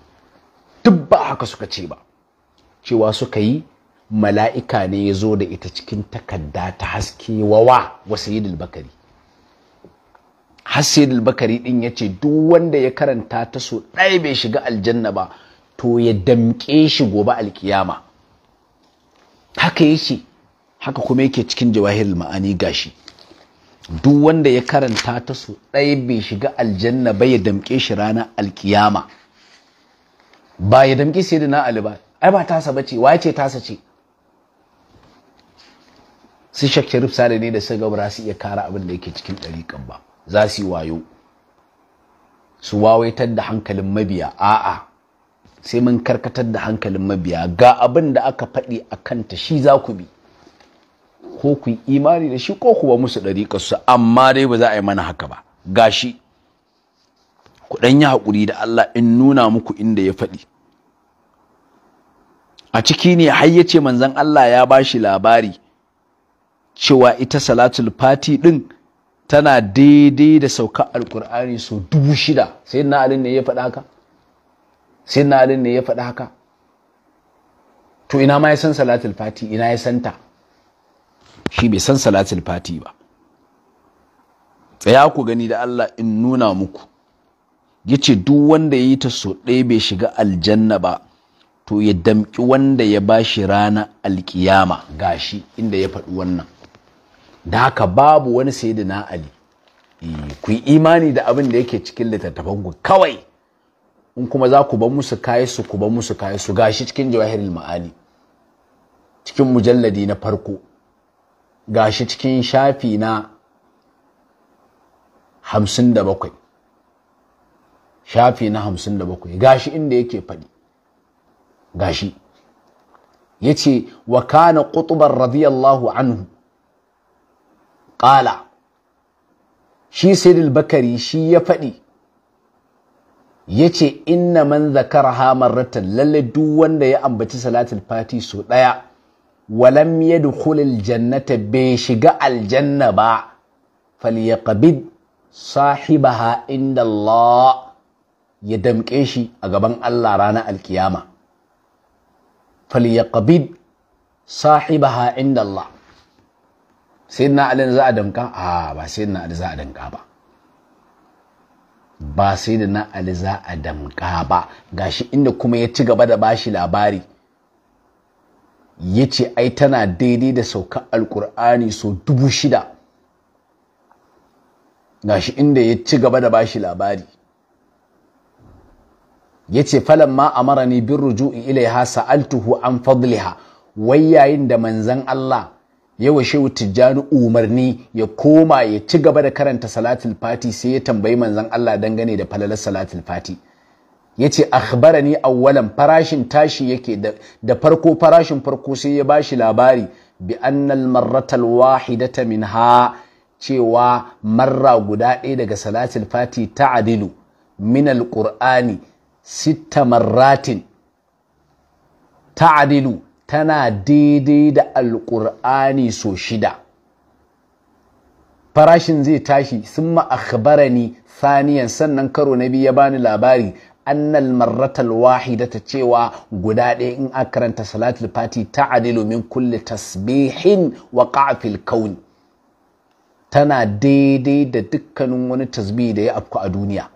duk ba haka suka ce ba cewa suka yi mala'ika ne ya zo da ita cikin takarda ta haske wawa wasu yidil bakari hasid bakari din yace duk wanda ya karanta ta so ɗaya bai shiga aljanna ba to ya damƙe shi gobe alkiyama haka yace haka kuma yake cikin jawahir ma'ani gashi duk wanda ya karanta ta so ɗaya bai shiga aljanna ba ya damƙe shi rana alkiyama ba ya damke sai da na ba ai ba tasa bace wace tasa ce su shakki rufsa da ne da gabra su iya kara abin da yake cikin ɗariƙan ba za su wayo su wawaitar da hankalin mabiya a'a sai mun karkatar da hankalin mabiya ga abin da aka faɗi a kanta shi za ku bi ko ku imani da shi ko kuwa musu ɗariƙarsu amma dai ba za a yi mana haka ba ga shi ku ɗan yi haƙuri da Allah in nuna muku inda ya faɗi a ciki ne har ya ce manzan Allah ya ba shi labari cewa ita salatul fati ɗin tana daidai da sauka alkur'ani so dubu shida sai na alin ne ya faɗa haka sai na alin ne ya faɗa haka to ina ma ya san salatul fati ina ya santa shi bai san salatul fati ba tsaya ku gani da Allah in nuna muku yace duk wanda yayi ta so ɗaya bai shiga aljanna ba to ya damƙi wanda ya bashi rana alkiyama gashi inda ya faɗi wannan da haka babu wani na ali e, ku yi imani da abin da yake cikin littattafan ku kawai in kuma za ku ban musu kayi su ku ban musu kayi su gashi cikin jawahirul ma'ani cikin mujalladi na farko gashi cikin shafi na hamsin da bakwai shafi na hamsin da bakwai gashi inda yake faɗi gashi ya ce wa kana ƙutubar radiyallahu anhu ƙala shi sayyidul bakari shi ya faɗi ya ce inna man zakar hamarratan lalle duk wanda ya ambaci salatul fati su ɗaya walam yadkhul jannata bai shiga aljanna ba falyaqbid sahibaha inda Allah ya damƙe shi a gaban Allah ranar alkiyama falyaqbid sahibaha inda Allah sayyidina ali za a danka a ba sayyidina ali za a danka ba ba sayyidina ali za a danka ba gashi inda kuma ya ci gaba da bashi labari ya ce ai tana daidai da sauka alkur'ani so dubu shida gashi inda ya ci gaba da bashi labari ya ce falon ma amara ne bin ruju'i ilaiha sa'altuhu an fadliha wai yayin da manzan Allah yawa shehu tijjani umarni ya koma ya ci gaba da karanta salatul fati sai ya tambayi manzan Allah dangane da falalar salatul fati yace akhbarani awwalan farashin tashi yake da farko farashin farko sai ya bashi labari bi annal marratal wahidata minha cewa marra guda ɗaya daga salatul fati ta'dilu min alqur'ani sitta marratin ta'dilu tana daidai da alƙur'ani so shida farashin zai tashi sun ni saniyan sannan karo na biyu ya bani labari annal marratal wahida ta cewa guda ɗaya in a karanta salatul fati ta adilu min kulli tasbihin wa ƙafil kauni tana daidai da dukkanin wani tasbihi da ya afku a duniya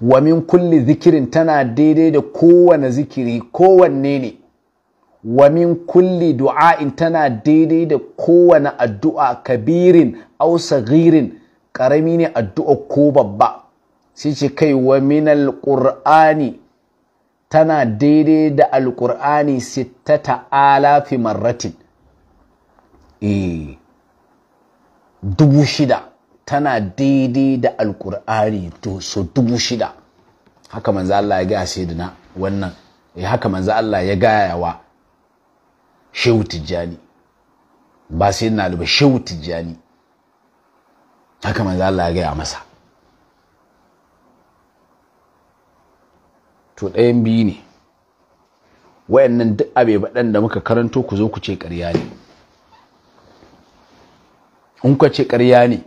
wa min kulli zikirin tana daidai da kowane zikiri kowanne ne wa min kulli du'a'in tana daidai da kowane addu'a kabirin aw saghirin karami ne addu'a ko babba sai ce kai wa min alqur'ani tana daidai da alqur'ani sittata alafi marratin eh dubu shida tana daidai da alqur'ani to so dubu shida haka manzo Allah ya ga wannan eh, haka manzo Allah ya gaya wa shehu tijjani ba sai na ba shehu tijjani haka manzo Allah ya gaya masa to ɗayan biyu ne wayannan duk abe baɗan da muka karanto ku zo ku ce ƙarya ne in ku ce ƙarya ne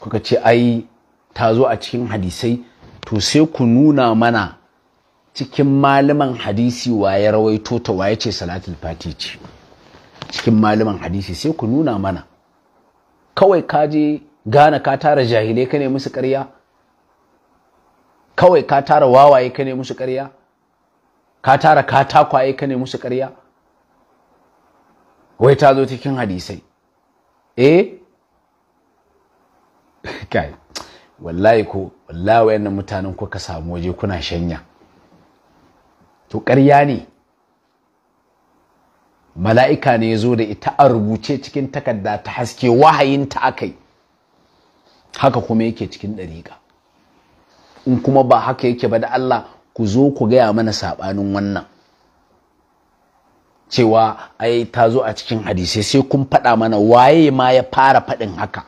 kuka ce ai ta zo a cikin hadisai to sai ku nuna mana cikin malaman hadisi waye rawaito ta waye ce salatul fati ce cikin malaman hadisi sai ku nuna mana kawai ka je gane ka tara jahilai ka ne musu ƙarya kawai ka tara wawaye ka ne musu ƙarya ka tara katakwaye ka ne musu ƙarya wai ta zo cikin hadisai eh *laughs* kai wallahi ko wallahi wayannan mutanen kuka samu waje kuna shanya to ƙarya ne mala'ika ne ya zo da ita a rubuce cikin takarda ta haske wahayinta akai haka kuma yake cikin ɗariƙa in kuma ba haka yake ba da Allah ku zo ku gaya mana saɓanin wannan cewa ai ta zo a cikin hadisai sai kun faɗa mana waye ma ya fara faɗin haka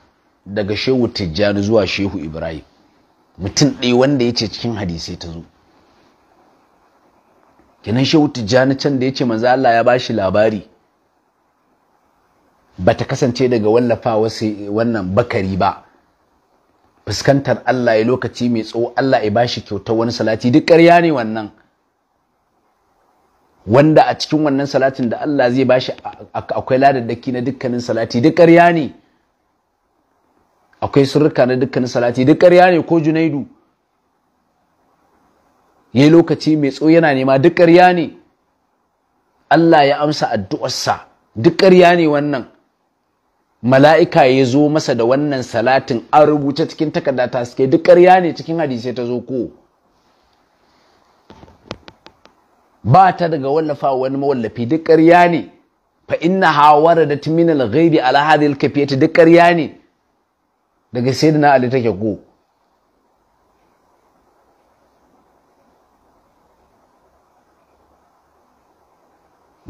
daga shehu tijjani zuwa shehu ibrahim mutum ɗaya wanda ya ce cikin hadisai ta zo kenan shehu tijjani can da ya ce manzo Allah ya bashi labari bata kasance daga wallafa wasu wannan bakari ba fuskantar Allah ya lokaci mai tsawo Allah ya bashi kyautar wani salati duk ƙarya ne wannan wanda a cikin wannan salatin da Allah zai bashi akwai ladaddaki na dukkanin salati duk ƙarya ne akwai surruka na dukkanin salati duk ƙarya ne ko junaidu ya yi lokaci mai tso yana nema duk ƙarya ne Allah ya amsa addu'arsa duk ƙarya ne wannan mala'ika ya zo masa da wannan salatin an rubuta cikin takarda ta suke duk ƙarya ne cikin hadisai ta zo ko ba ta daga wallafa wani mawallafi duk ƙarya ne fa inna hawara da timinal ghaibi ala hadhihi al duk ƙarya ne daga sayyidina ali take ko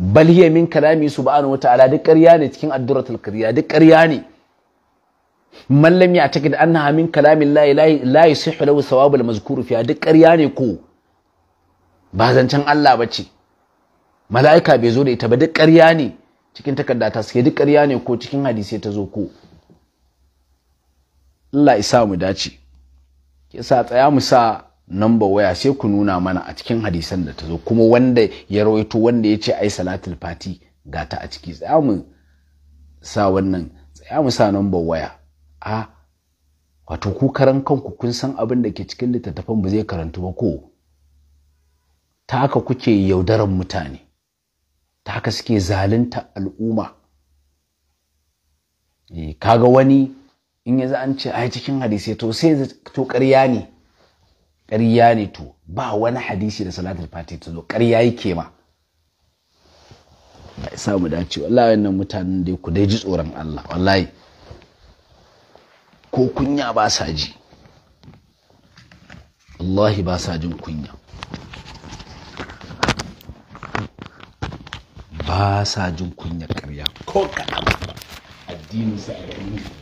bal hiya min kalami subhanahu wataala duk ƙarya ne cikin addurratul qariya duk ƙarya ne man lam ya'taqid annaha min kalami llahi la yusihhu lahu thawabul mazkuru fiha duk ƙarya ne ko ba zancen Allah ba ce mala'ika bai zo da ita ba duk ƙarya ne cikin takarda ta suke duk ƙarya ne ko cikin hadisai ta zo ko Allah isa mu dace ke tsaya mu sa namba waya sai ku nuna mana a cikin hadisan da ta zo kuma wanda ya rawaito wanda ya ce ai salatul fati ga ta a ciki tsaya mu sa wannan tsaya mu sa namba waya a wato ku karan kanku kun san abin da ke cikin littattafan ba zai karantu ba ko ta haka kuke yaudaran mutane ta haka suke zalunta al'umma eh, kaga wani in ya za an ce ai cikin hadisai to sai to ƙarya ne ƙarya ne to ba wani hadisi da salatul fati ta zo ƙarya yake ma A isa mu dace wallahi wannan mutanen da ku dai ji tsoron Allah wallahi ko kunya ba sa ji wallahi ba sa jin kunya ba sa jin kunya ƙarya ko kaɗan addinin sa a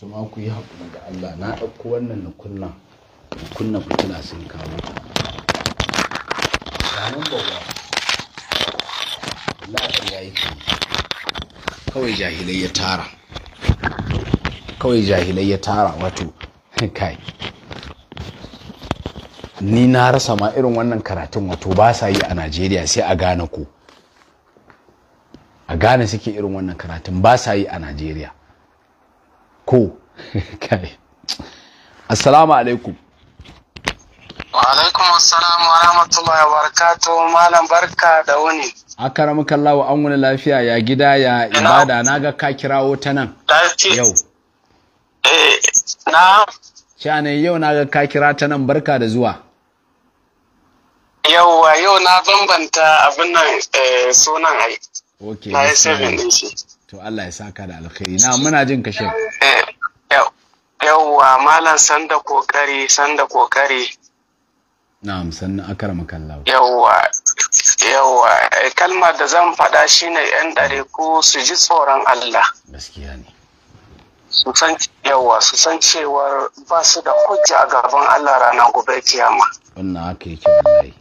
Tuma ku yi haƙuri da Allah na ɗauko wannan na kunna na kunna fitila sun kawo ta ba, bawa la'ar ya yi kawai jahilai ya tara kawai jahilai ya tara wato *laughs* kai ni na rasa ma irin wannan karatun wato ba sa yi a najeriya sai a gane ku a gane suke irin wannan karatun ba sa yi a najeriya ko *laughs* kai assalamu alaikum alaikum assalam wa rahmatullahi wa barakatu malam barka da wuni akaramu kallawa an wani lafiya ya gida ya ibada na ga ka kirawo ta nan yau eh na shane yau na ga ka kira ta nan barka da zuwa yauwa yau na bambanta abin nan eh, sunan ai na yi 7 shi to Allah ya saka da alkhairi na muna jin ka shek eh, yawwa malam sanda kokari sanda kokari na'am sannan akarama kallahu yawwa yawwa eh, kalmar da zan faɗa shine yan dare ko su ji tsoron Allah gaskiya ne su san yawa su san cewar ba su da hujja a gaban Allah ranar gobe kiyama wannan haka yake wallahi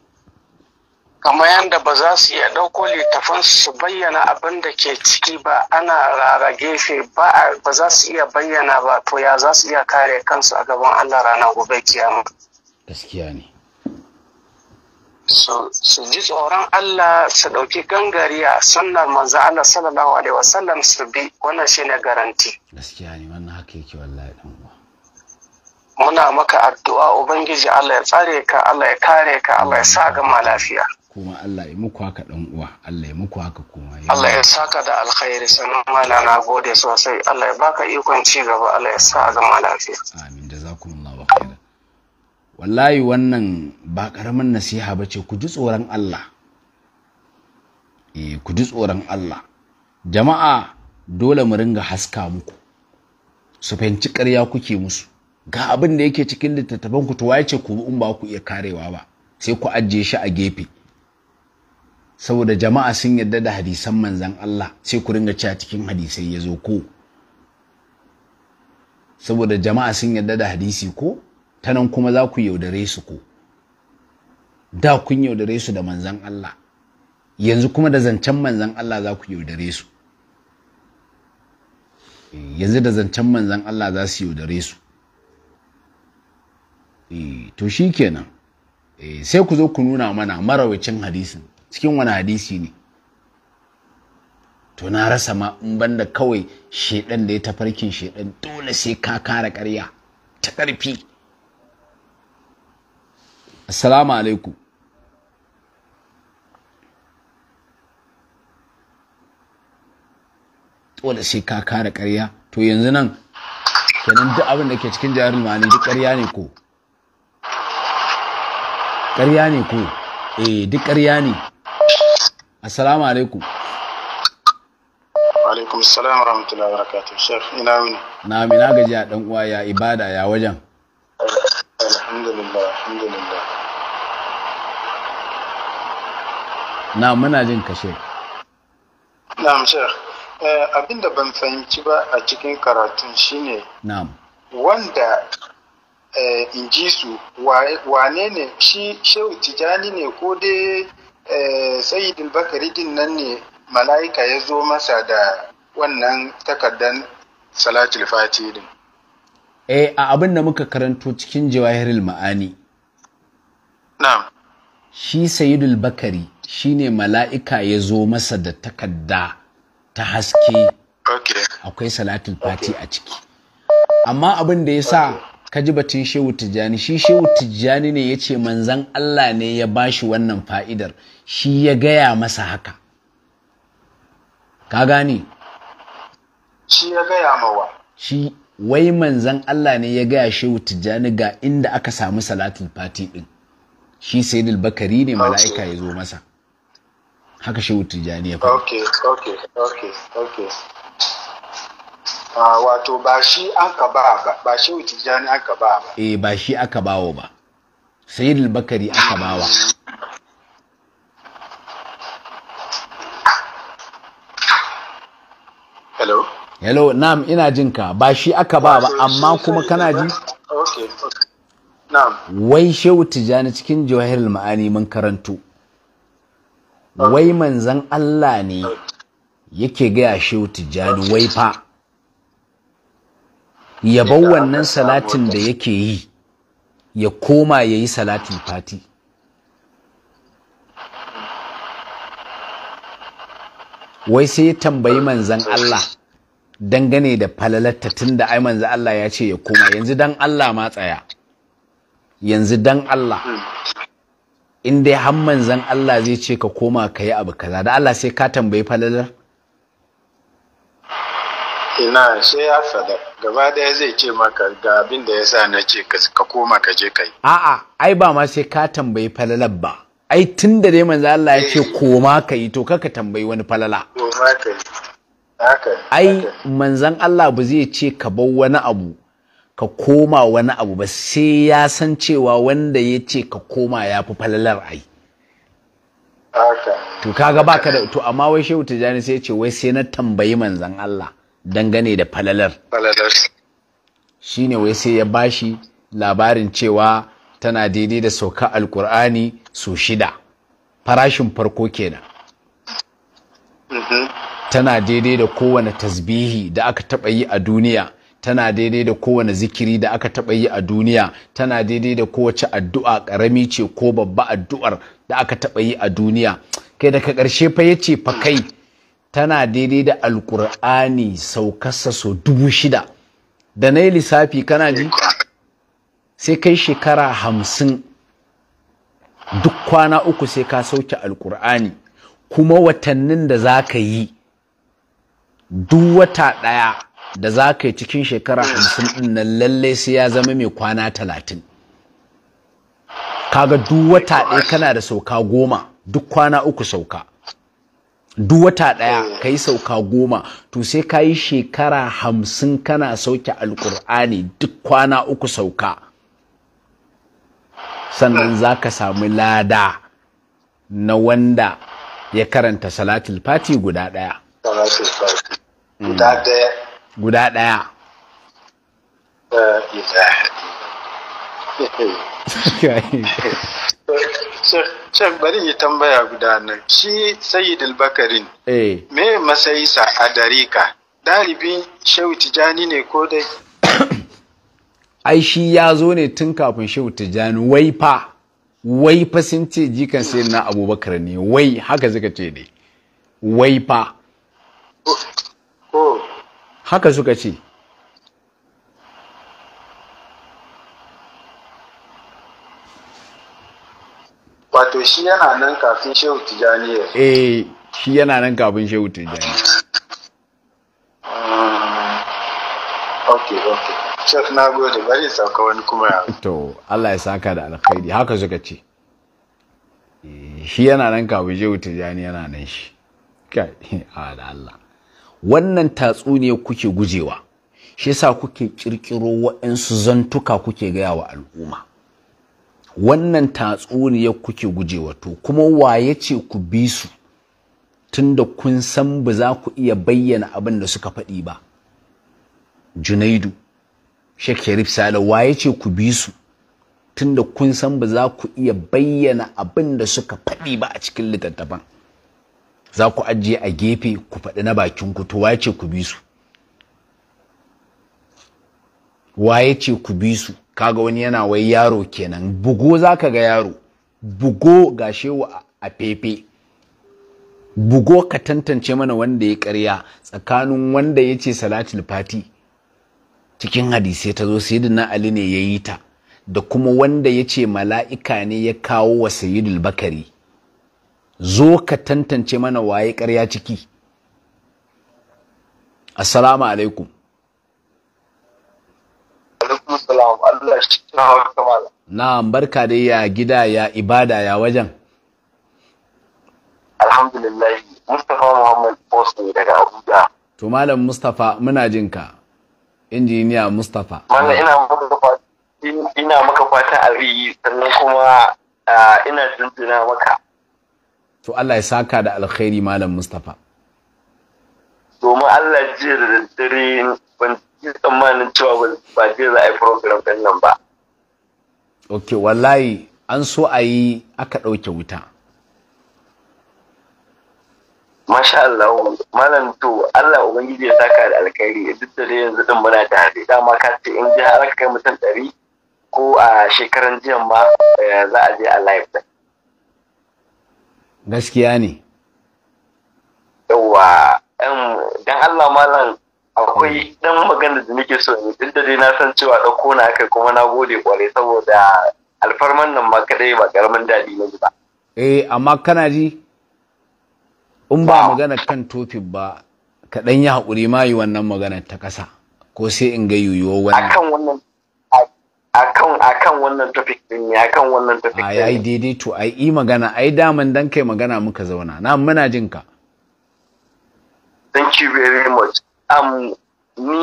kamar yadda ba za su iya ɗauko littafan su bayyana abin da ke ciki ba ana rara gefe ba za su iya bayyana ba to ya za su iya kare kansu a gaban Allah ranar gobe kiyama gaskiya ne su ji tsoron Allah su ɗauki gangariya sannan manzo Allah sallallahu alaihi wasallam su bi wannan shine garanti gaskiya ne wannan haka yake wallahi ɗan uwa muna maka addu'a ubangiji Allah ya tsare ka Allah ya kare ka Allah ya sa gama lafiya kuma Allah ya muku haka dan uwa Allah ya muku haka kuma Allah ya saka da alkhairi sanan mala na gode sosai Allah ya baka ikon ci gaba Allah ya sa a zama lafiya amin jazakumullahu khairan wallahi wannan ba karamin nasiha bace ku ji tsoron Allah eh ku ji tsoron Allah jama'a dole mu ringa haska muku su fahimci ƙarya kuke musu ga abin da yake cikin littattafan ku to waye ce ku in ba ku iya karewa ba sai ku ajiye shi a gefe saboda jama'a sun yarda da hadisan manzan Allah sai ku ringa cewa cikin hadisai ya zo ko saboda jama'a sun yarda da hadisi ko ta nan kuma za ku yaudare su ko da kun yaudare su da manzan Allah yanzu kuma da zancen manzan Allah za ku yaudare su eh, yanzu da zancen manzan Allah za su yaudare su eh, to shi kenan eh, sai ku zo ku nuna mana marawacin hadisin cikin wani hadisi ne to na rasa ma in banda kawai shedan da ya tafarkin shedan dole sai ka kara ƙarya ta ƙarfi assalamu alaikum dole sai ka kara ƙarya to yanzu nan kenan duk abin da ke cikin ma, ma'ani duk ƙarya ne ko ƙarya ne ko eh duk ƙarya ne assalamu alaikum alaikum salam rahmatullahi barakatuh shek ina wuni na mina gaji a dan uwa ya ibada ya wajen alhamdulillah alhamdulillah na muna jin ka shek na'am eh, abin abinda ban fahimci ba a cikin karatun shine na'am wanda eh, in ji su wane ne shi shehu tijani ne ko dai Eh, sayyidul bakari din nan ne mala'ika ya zo masa da wannan takardan salatul fati din eh a abin da muka karanto cikin jawahirul ma'ani na'am shi sayidul bakari shine mala'ika ya zo masa da takarda ta haske akwai salatul fati a ciki amma abin da ya sa ka ji batun shehu tijjani shi shehu tijjani ne ya ce manzan Allah ne ya ba shi wannan fa'idar shi ya gaya masa haka ka gani. shi ya gaya mawa shi wai manzan Allah ne ya gaya shehu tijjani ga inda aka samu salatul fati din shi sai bakari ne mala'ika ya zo masa haka shehu tijjani ya faɗa wato ba shi an ka ba ba ba shi tijjani an ka ba ba eh ba shi aka bawo ba sayyidul bakari aka bawa hello hello na'am ina jin ka ba shi aka ba ba amma kuma kana ji wai shehu tijjani cikin jawahirul ma'ani mun karanto wai manzan Allah ne yake gaya shehu tijjani wai fa ya bar wannan salatin da yake yi ya koma ya yi salatin fati wai sai ya tambayi manzan Allah dangane da falalatta tun da ai manzan Allah ya ce ya koma yanzu dan Allah ma tsaya yanzu dan Allah hmm. in dai har manzan Allah zai ce ka koma ka yi abu kaza da Allah sai ka tambayi falalar ina sai ya fada gaba daya zai ce maka ga abin da ya sa na ce ka koma ka je kai a'a ai ba ma sai ka tambayi falalar ba ai tun da dai manzo Allah ya ce eh. koma ka yi to kaka tambayi wani falala koma ka yi ai manzan Allah ba zai ce ka bar wani abu ka koma wani abu ba sai ya san cewa wanda ya ce ka koma ya fi falalar ai to kaga baka da to amma wai shehu tijani sai ya ce wai sai na tambayi manzon Allah dangane da falalar shine wai sai ya bashi labarin cewa tana daidai da sauka alkur'ani su shida farashin farko kenan mm-hmm. tana daidai da kowane tasbihi da aka taɓa yi a duniya tana daidai da kowane zikiri da aka taɓa yi a duniya tana daidai da kowace addu'a ƙarami ce ko babba addu'ar da aka taɓa yi a duniya kai daga ƙarshe fa ya ce fa kai tana daidai da alkur'ani saukarsa so dubu shida da na yi lissafi kana ji sai kai shekara hamsin duk kwana uku sai ka sauke alkur'ani kuma watannin da za ka yi duk wata ɗaya da za ka yi cikin shekara hamsin ɗin nan lallai sai ya zama mai kwana talatin kaga duk wata ɗaya kana da sauka goma duk kwana uku sauka duk wata ɗaya eh. ka yi sauka goma to sai ka yi shekara hamsin kana sauke alkur'ani duk kwana uku sauka sannan za ka samu lada na wanda ya karanta salatul fati guda ɗaya hmm. guda ɗaya Shek bari yi tambaya guda nan. Shi Sayyidul al-Bakarin. Eh. Me masayisa a darika? Dalibi Shehu Tijani ne ko dai? *coughs* Ai shi ya zo ne tun kafin Shehu Tijani wai fa. Wai fa sun ce jikan sai na Abubakar ne. Wai haka suka ce ne. Wai fa. Oh. Haka suka ce. wato shi yana nan kafin shehu tijaniya. eh shi yana nan kafin shehu tijaniya. Ah, ok ok chef na gode bari sauka wani kuma ya to Allah ya saka da alkhairi haka suka ce eh, shi yana nan kafin shehu tijani yana nan shi kai a *laughs* ah, da Allah wannan ne kuke gujewa shi sa kuke kirkiro waɗansu zantuka kuke gaya wa al'umma wannan tatsuniyar kuke gujewa to kuma waye ce ku bi su tunda kun san ba za ku iya bayyana abin da suka faɗi ba junaidu shekarif sale waye ce ku bi su tunda kun san ba za ku iya bayyana abin da suka faɗi ba a cikin littattafan za ku ajiye a gefe ku faɗi na bakin ku to waye ce ku bi su waye ce ku bi su kaga wani yana wai yaro kenan bugo za ka ga yaro bugo ga shewa a fefe bugo ka tantance mana wanda ya karya tsakanin wanda ya ce salatul fati cikin hadisai ta zo na ali ne ya yi ta da kuma wanda ya ce mala'ika ne ya kawo wa sayyidul bakari zo ka tantance mana waye karya ciki assalamu alaikum Allah shi na Na'am barka dai ya gida ya ibada ya wajen. Alhamdulillah Mustapha Muhammad Bos ne daga Abuja. To Malam Mustapha muna jin ka. Injiniya Mustapha. Mana ina maka fata a riyi sannan kuma ina jinjina maka. To Allah ya saka da alkhairi Malam Mustapha. Domin Allah jiya da daddare ban yi tsammanin cewa ba zai za a yi program ɗin nan ba. Ok, wallahi an so a yi aka ɗauke wuta. Masha Allah, malam to Allah Ubangiji ya saka da alkhairi duk da dai yanzu ɗin muna tare dama ka ce in ji har kai mutum ɗari ko a shekaran jiyan ma eh, za a je a live Gaskiya ne. Yawwa, dan Allah malam akwai hmm. dan magana da nake so ne duk da dai na san cewa ɗauko na kai kuma na gode kwarai saboda alfarman nan ma kadai ba karamin daɗi na ba eh amma kana ji in ba magana kan tofin ba ka dan yi haƙuri ma yi wannan magana ta ƙasa ko sai in ga yuyuwa wannan akan wannan akan akan wannan topic din ne akan wannan topic ai ai daidai to ai yi magana ai daman dan kai magana muka zauna na muna jinka thank you very much um, ni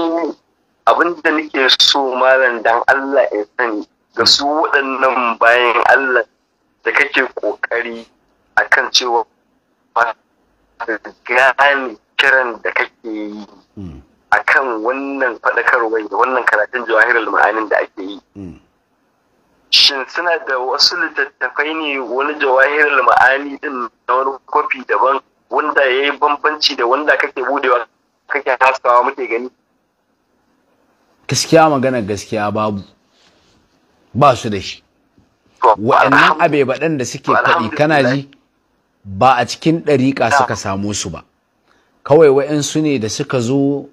abinda nake so malam dan Allah ya sani ga su waɗannan bayan Allah da kake ƙoƙari a kan cewa ba gane kiran da kake yi hmm. a kan wannan faɗakarwar da wannan karatun jawahirar ma'anin da ake yi hmm. shin suna da wasu littattafai ne wani jawahirar ma'ani din na wani kwafi daban wanda ya yi bambanci da wanda kake budewa kake haskawa muke gani gaskiya magana gaskiya babu ba su da shi wa'annan abe baɗan da suke faɗi kana ji ba a cikin ɗariƙa suka samu su ba kawai wa'yansu ne da suka zo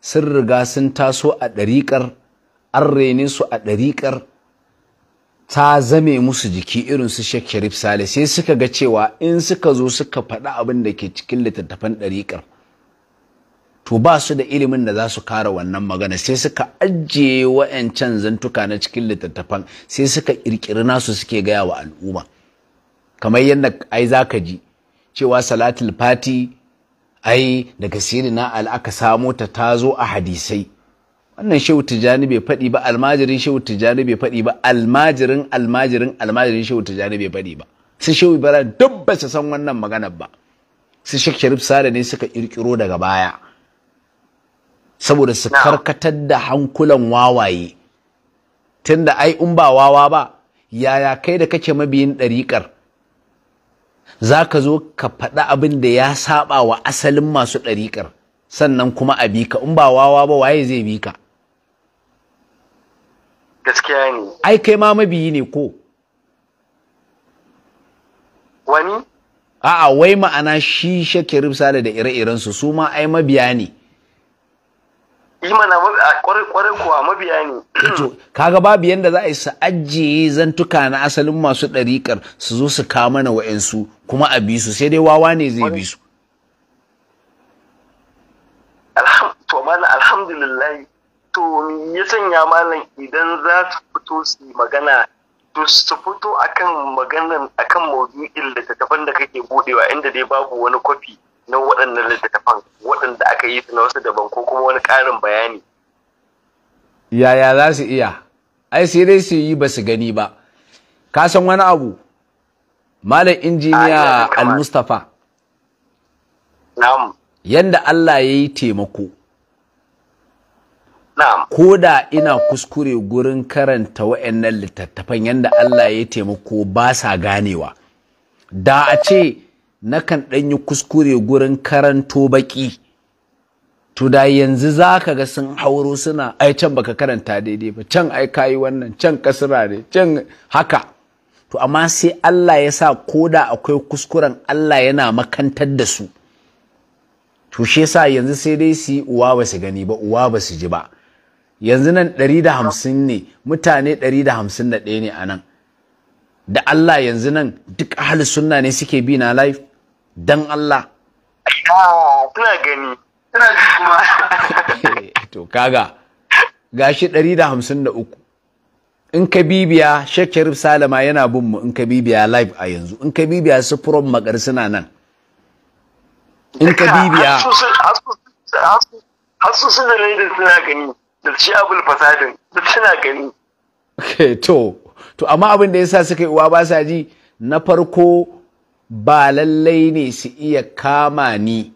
sun riga sun taso a ɗariƙar an rene su a ɗariƙar ta zame musu jiki irin su Sheikh Sale sai suka ga cewa in suka zo suka faɗi abin da ke cikin littattafan ɗariƙar to ba su da ilimin da za su kare wannan magana sai suka ajiye wa'yancan zantuka na cikin littattafan sai suka ƙirƙiri nasu suke gaya wa al'umma kamar yadda ai za ka ji cewa salatul fati ai daga sirina al'aka samo ta ta zo a hadisai wannan shehu tijani bai faɗi ba almajirin shehu tijani bai faɗi ba almajirin almajirin almajirin shehu tijani bai faɗi ba su shehu ibrahim duk ba san wannan maganar ba su shek sharif sada ne suka ƙirƙiro daga baya saboda su karkatar da hankulan wawaye tunda ai in ba wawa ba yaya kai da kake mabiyin ɗariƙar za ka zo ka faɗi abin da ya saba wa asalin masu ɗariƙar sannan kuma a bika in ba wawa ba waye zai bika gaskiya ai kai ma mabiyi ne ko wani a'a wai ma'ana shi shakirin sale da ire-irensu su ma ai mabiya ne imana kwarai kuwa eh kaga babu yadda za a yi su ajiye zantuka na asalin masu ɗariƙar su zo su kawo mana wa'ansu kuma a bi su sai dai wawa ne zai bi su to mana alhamdulillah to ya sanya malam idan za su fito su yi magana to su fito akan maganan akan maudu'in littattafan da kake budewa inda dai babu wani kwafi na waɗannan littattafan waɗanda aka yi su na wasu daban ko kuma wani ƙarin bayani yaya za su iya ai sai dai su yi ba su gani ba ka san wani abu malam injiniya al mustapha na'am yanda Allah ya yi taimako ko da ina kuskure gurin karanta wa'annan littattafan yanda Allah ya yi taimako ba sa ganewa da a ce nakan ɗan yi kuskure gurin karanto baƙi to da yanzu za ka ga sun hauro suna ai can baka karanta daidai ba can ai kayi wannan can kasira ne can haka to amma sai Allah ya sa koda akwai kuskuren Allah yana makantar da su to shi yasa yanzu sai dai su yi uwa ba su gani ba uwa ba su ji ba yanzu nan 150 ne mutane 151 ne a da Allah yanzu nan duk ahli sunna ne suke bi na life. dan Allah tana gani tana ji kuma *laughs* to kaga gashi uku. in ka bibiya Sheikh Sharif Salama yana bin mu in ka bibiya live a yanzu in ka bibiya su from makar suna nan in ka bibiya har su suna laidin suna gani da shi abul fasadin duk suna gani *laughs* to to amma abin da yasa suka yi uwa ba sa ji na farko ba lallai ne su iya kama ni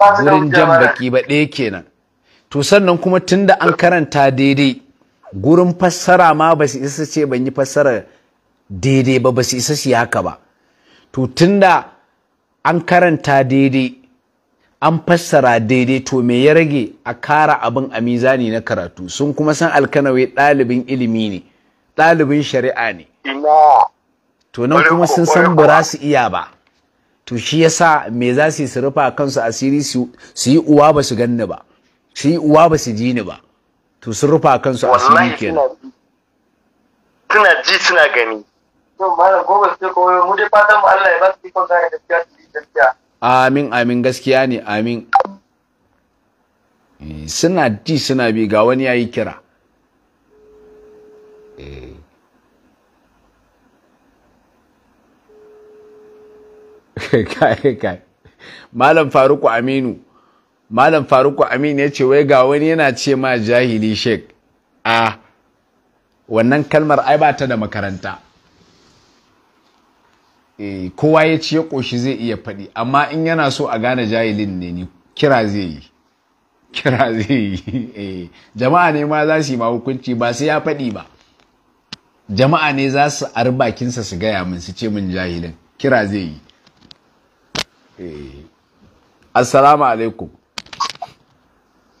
wurin jan baki ba ɗaya kenan to sannan kuma tunda an karanta daidai gurin fassara ma ba su isa ce ban yi fassara daidai ba ba su isa su haka ba to tunda an karanta daidai an fassara daidai to me ya rage a kara abin a mizani na karatu sun kuma san alkanawai ɗalibin ilimi ne ɗalibin shari'a ne to nan kuma sun san ba za su iya ba to shi yasa me za su yi su rufa kansu asiri su yi uwa ba su ganni ba su yi uwa ba su ji ni ba to sun rufa kansu asiri kenan suna ji suna gani amin amin gaskiya ne amin eh, suna ji suna bi ga wani yayi kira eh *laughs* kai kai malam faruku aminu malam faruku aminu ya ce wai ga wani yana ce ma jahili sheik a wannan kalmar ai ba ta da makaranta eh, kowa ya ce ya ƙoshi zai iya faɗi amma in yana so a gane jahilin ne ni kira zai yi kira zai yi *laughs* eh, jama'a ne ma za su yi ma hukunci ba sai ya faɗi ba jama'a ne za su arbakinsa su gaya min su ce min jahilin kira zai yi Eh. assalamu alaikum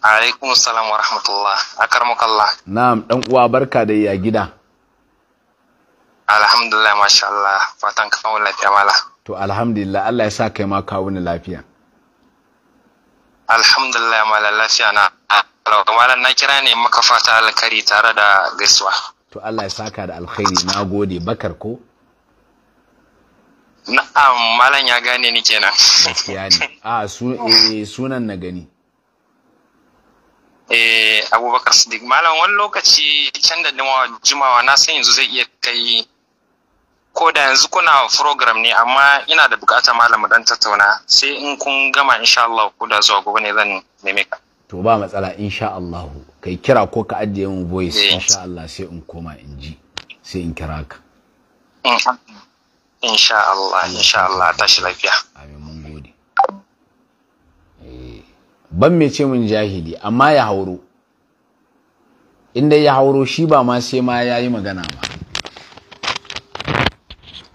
alaikum assalam wa rahmatullah akarmukallah na'am ɗan uwa barka da ya gida alhamdulillah masha Allah fatan ka kawo lafiya mala to alhamdulillah Allah ya sa kai ma kawo ni lafiya alhamdulillah mala lafiya na mala na kira ne maka fata alkhairi tare da gaisuwa to Allah ya saka da alkhairi nagode bakar ko Na'am, malam ya gane ni kenan. Gaskiya ne. A *laughs* eh, sunan na gani. Eh, Abubakar Siddiq malam wani lokaci can da jimawa na san yanzu zai iya kai ko da yanzu kuna program ne amma ina da bukata malam dan tattauna sai in kun gama insha Allah ko da zuwa gobe ne zan neme ka. To ba matsala insha Allah kai kira ko ka ajiye mu voice eh. insha Allah sai in koma in ji sai in kira ka. Mm, insha Allah insha Allah tashi lafiya amin mun gode eh, ban me ce mun jahili amma ya hauro inda ya hauro shi ba ma sai ma yayi magana ba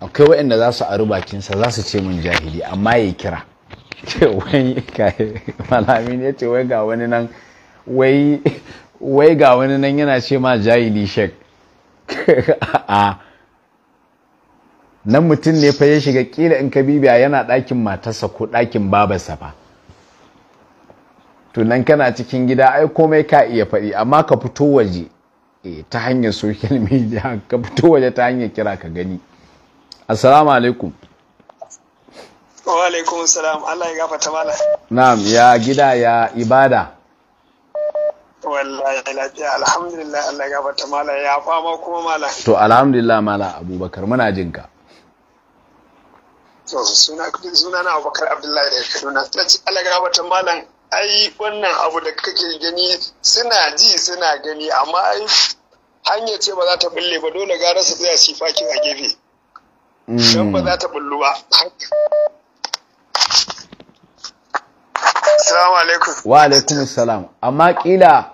akwai waɗanda za su aru bakinsa za su ce mun jahili amma ya kira malami ne ce wai ga wani nan wai ga wani nan yana ce ma jahili shek *laughs* a nan mutum ne fa ya shiga kila in ka bibiya yana ɗakin matarsa ko ɗakin babarsa ba. to nan kana cikin gida ai komai ka iya faɗi amma ka fito waje eh, ta hanyar social media ka fito waje ta hanyar kira ka gani assalamu alaikum wa alaikum salam Allah ya gafarta mala na'am ya gida ya ibada wallahi lafiya alhamdulillah Allah ya gafarta mala ya fama kuma mala to alhamdulillah mala abubakar muna jinka to suna suna na abubakar abdullahi da kaduna ta ci alaga wata malam ai wannan abu da kake gani suna ji suna gani amma ai hanya ce ba za ta bulle ba dole gara su tsaya shi fakin a gefe don ba za ta bullu ba Salamu alaikum. Wa alaikum salam. Amma kila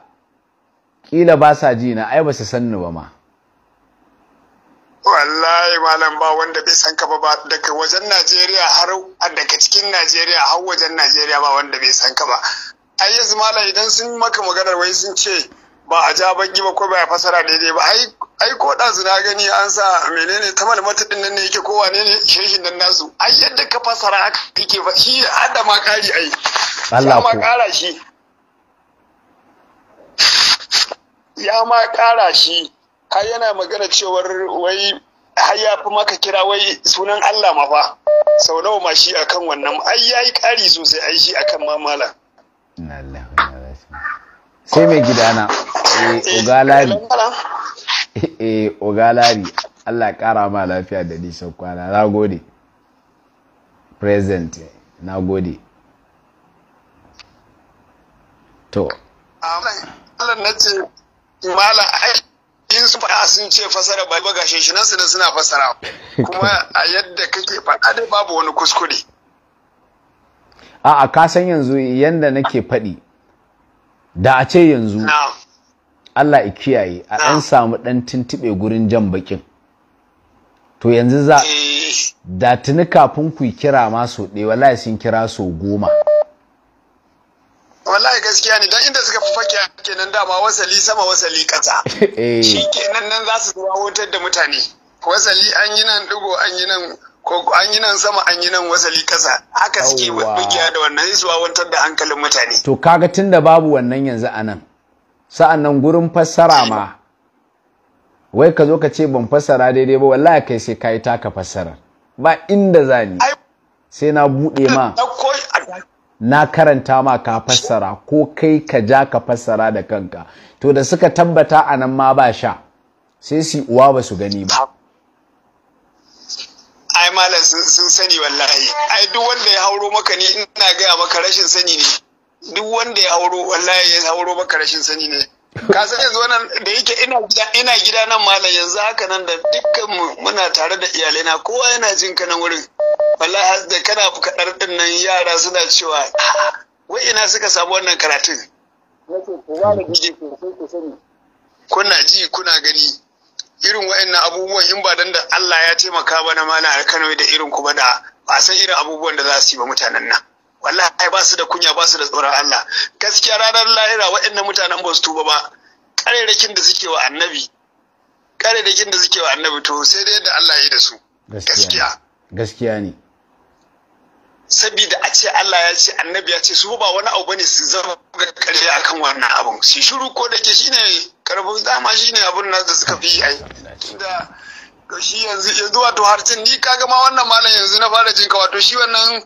kila ba sa ji na ai ba su sanni ba ma. wallahi malam ba wanda bai san ka ba daga wajen najeriya har daga cikin najeriya har wajen najeriya ba wanda bai san ka ba ai yanzu malam idan sun maka maganar wai sun ce ba a ja bangi ba ko ba ya fasara daidai ba ai ko da na gani an sa menene ta malmata ɗin nan ne yake ko wane ne shehin nan nasu ai yadda ka fasara haka kake ba shi hada ma kari ai Allah ma kara shi ya ma kara shi har yana magana cewar wai har ya fi maka kira wai sunan Allah ma fa sau nawa ma shi akan wannan ai yi ƙari sosai ai shi akan mamala sai mai gidana ogalari eh, eh ogalari *laughs* eh, Allah ƙara ma lafiya da nisan kwana na gode present na gode to Allah na ce ai, in su faɗa sun ce fasara ba ba ga shi nan suna suna fasara kuma a yadda kake faɗa da babu wani kuskure a'a ka san yanzu yanda nake faɗi da a ce yanzu Allah ya kiyaye a ɗan samu ɗan tuntuɓe gurin jan bakin to yanzu za eh. da tuni kafin ku kira ma so ɗaya wallahi sun kira so goma wallahi gaskiya ne don inda suka fi fake kenan dama wasali sama wasali kasa *laughs* eh. shi kenan nan za su wutar da mutane wasali an yi nan dugo an yi nan ko an yi nan sama an yi nan wasali kasa haka suke bugiya da wannan su wutar da hankalin mutane to kaga tunda babu wannan yanzu anan sa'an nan gurin fassara ma wai ka zo ka ce ban fassara daidai ba wallahi kai sai kai taka fassara ba inda zani sai na buɗe ma na karanta ma ka fassara ko kai ka ja ka fassara da kanka to da suka tabbata a nan ma ba sha sai su uwa ba su gani ba ai malam sun sani wallahi ai duk wanda ya hauro maka ne ina gaya maka rashin sani ne duk wanda ya hauro wallahi ya hauro maka rashin sani ne ka san yanzu wannan da yake ina gida ina gida nan malam yanzu haka nan da dukkan mu muna tare da iyalai na kowa yana jin ka nan wurin wallahi har da kana kadar din nan yara suna cewa wai ina suka samu wannan karatun kuna ji kuna gani irin wa'annan abubuwan in ba dan da Allah ya taimaka ba na malam Kano da irin kuma da ba san irin abubuwan da za su yi ba mutanen nan wallahi ba su da kunya ba su da tsoron Allah gaskiya ranar lahira waɗannan mutanen ba su tuba ba ƙarerakin da suke wa annabi ƙarerakin da suke wa annabi to sai dai yadda Allah ya da su gaskiya gaskiya ne sabida a ce Allah ya ce annabi ya ce su ba wani abu bane su zama ga ƙarya akan wannan abun su shiru ko da ke shine karbun zama shine abun nan da suka fi ai tunda shi yanzu yanzu wato harcin ni kaga ma wannan malam yanzu na fara jinka wato shi wannan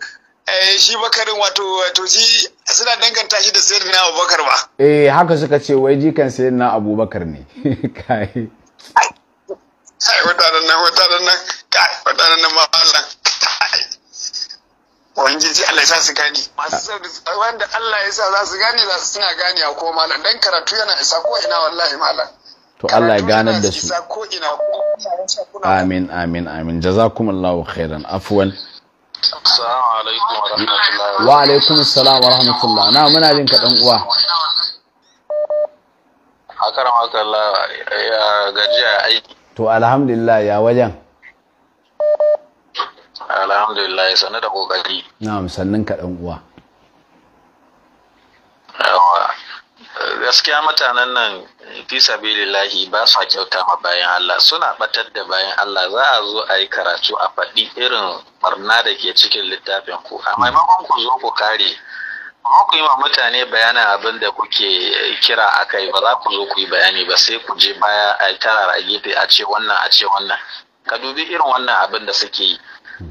Eh, shi bakarin wato wato shi suna danganta shi da na abubakar ba eh haka suka ce wai sayar na abubakar ne *laughs* kai kai wadannan nan wadannan nan kai wadannan nan mallan ubangiji Allah ya sa su gani. masu ah. wanda Allah ya sa za su gani, za su suna a ko mallan dan karatu yana isa ko ina wallahi mallan to Allah ya ganar da su amin amin amin jazakumullahu khairan afwan wa alaikun salam wa rahmatullah na muna jin kaɗan uwa akaram akalla ya gajiya aiki to alhamdulillah ya wajen alhamdulillah sannu da kokari na musannin kaɗan uwa gaskiya mutanen nan fi sabilillahi ba sa kyauta ma bayan Allah suna batar da bayan Allah za a zo a yi karatu a faɗi irin barna da ke cikin littafin ku a maimakon ku zo ku kare amma ku yi ma mutane bayanin abin da kuke kira a kai ba za ku zo ku yi bayani ba sai ku je baya a tara a gefe a ce wannan a ce wannan ka dubi irin wannan abin da suke yi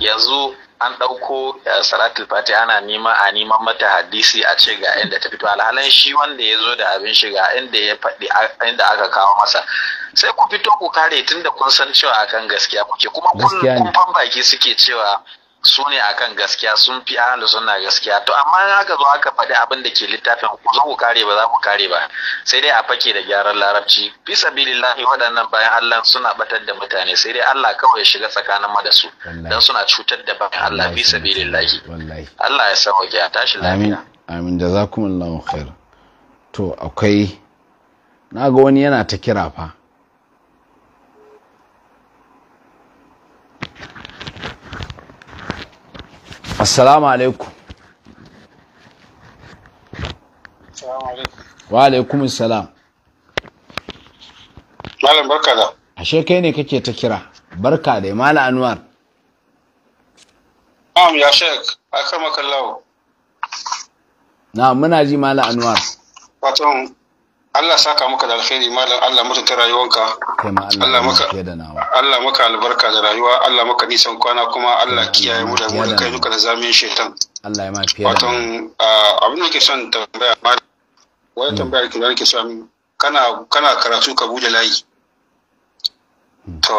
yanzu an ɗauko eh, salatul fati ana nema a neman mata hadisi a ce ga inda ta fito alhalin shi wanda ya zo da abin shiga, ga inda ya faɗi inda aka kawo masa sai ku fito ku kare tunda kun san cewa akan gaskiya kuke kuma kun fan baki suke cewa su ne akan gaskiya sun fi ahlu suna gaskiya to amma in aka zo aka faɗi abin da ke littafin ku zo ku kare ba za ku kare ba sai dai a fake da gyaran larabci fi sabilillahi waɗannan bayan Allah suna batar da mutane sai dai Allah kawai ya shiga tsakanin ma da su dan suna cutar da bayan Allah fi sabilillahi Allah ya sa wajiya tashi lafiya amin jazakumullahu khair to akwai na ga wani yana ta kira fa assalamu alaikum wa alaikum salam malam barka da ashe kai ne kake ta kira barka da malam anwar na'am ya shek akramakallahu na muna ji malam anwar wato Allah saka maka da alkhairi malam Allah mutunta rayuwanka Allah maka Allah maka albarka da rayuwa Allah maka nisan kwana kuma Allah kiyaye mu daga mu kai duka da zamin shaitan Allah ya mafi fiye Watan abin da ke son tambaya malam wani hmm. tambaya ke da nake son kana kana karatu ka bude layi hmm. to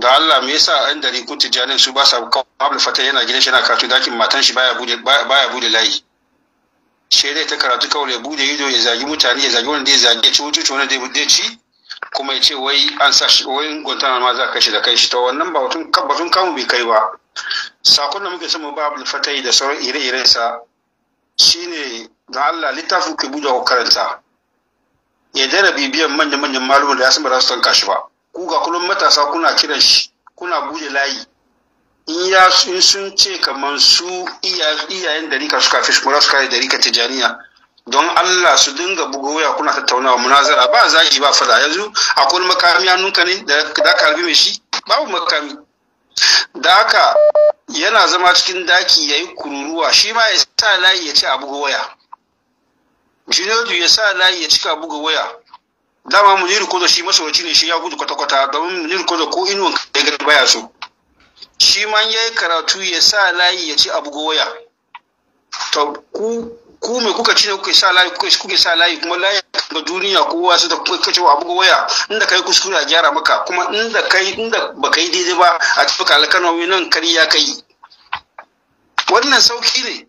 da Allah me yasa an dari kun tijanin su ba sa kawo Abdul Fatah yana gidan shi yana karatu dakin matan shi baya bude baya bude layi shari'a ta karatu kawai ya bude ido ya zagi mutane ya zagi wanda ya zagi ya ci mutuci wanda ya ci kuma ya ce wai an sa shi wai guantanamo ma za kai shi da kai shi ta wannan ba batun kamu bai kai ba sakon da muke samu babu fatai da sauran ire-iren sa shine da Allah littafin ke bude ko karanta ya daina bibiyan manya-manyan malumin da ya san ba za su tanka shi ba ku ga kullum matasa kuna kiran shi kuna bude layi in ya sun sun ce kamar su iyayen darika suka fi shukura suka yi darika tijaniya don Allah su dinga buga waya kuna tattaunawa munazara ba zagi ba fada yanzu akwai makami hannunka ne da ka harbi mai shi babu makami da haka yana zama cikin daki ya yi kururuwa shi ma ya sa layi ya ci a buga waya Junaidu ya sa layi ya ci a buga waya dama muniru kodo shi masoci ne shi ya gudu kwata-kwata domin muniru kodo ko inuwan kai baya so shi ma ya yi karatu ya sa layi ya ci abu goya ta ku me kuka ci ne kuka sa layi kuka sa layi kuma layi ga duniya kowa su da kuka ci abu goya inda kai kuskure a gyara maka kuma inda kai inda ba kai daidai ba a tafi kalakanowi nan kariya kai wannan sauki ne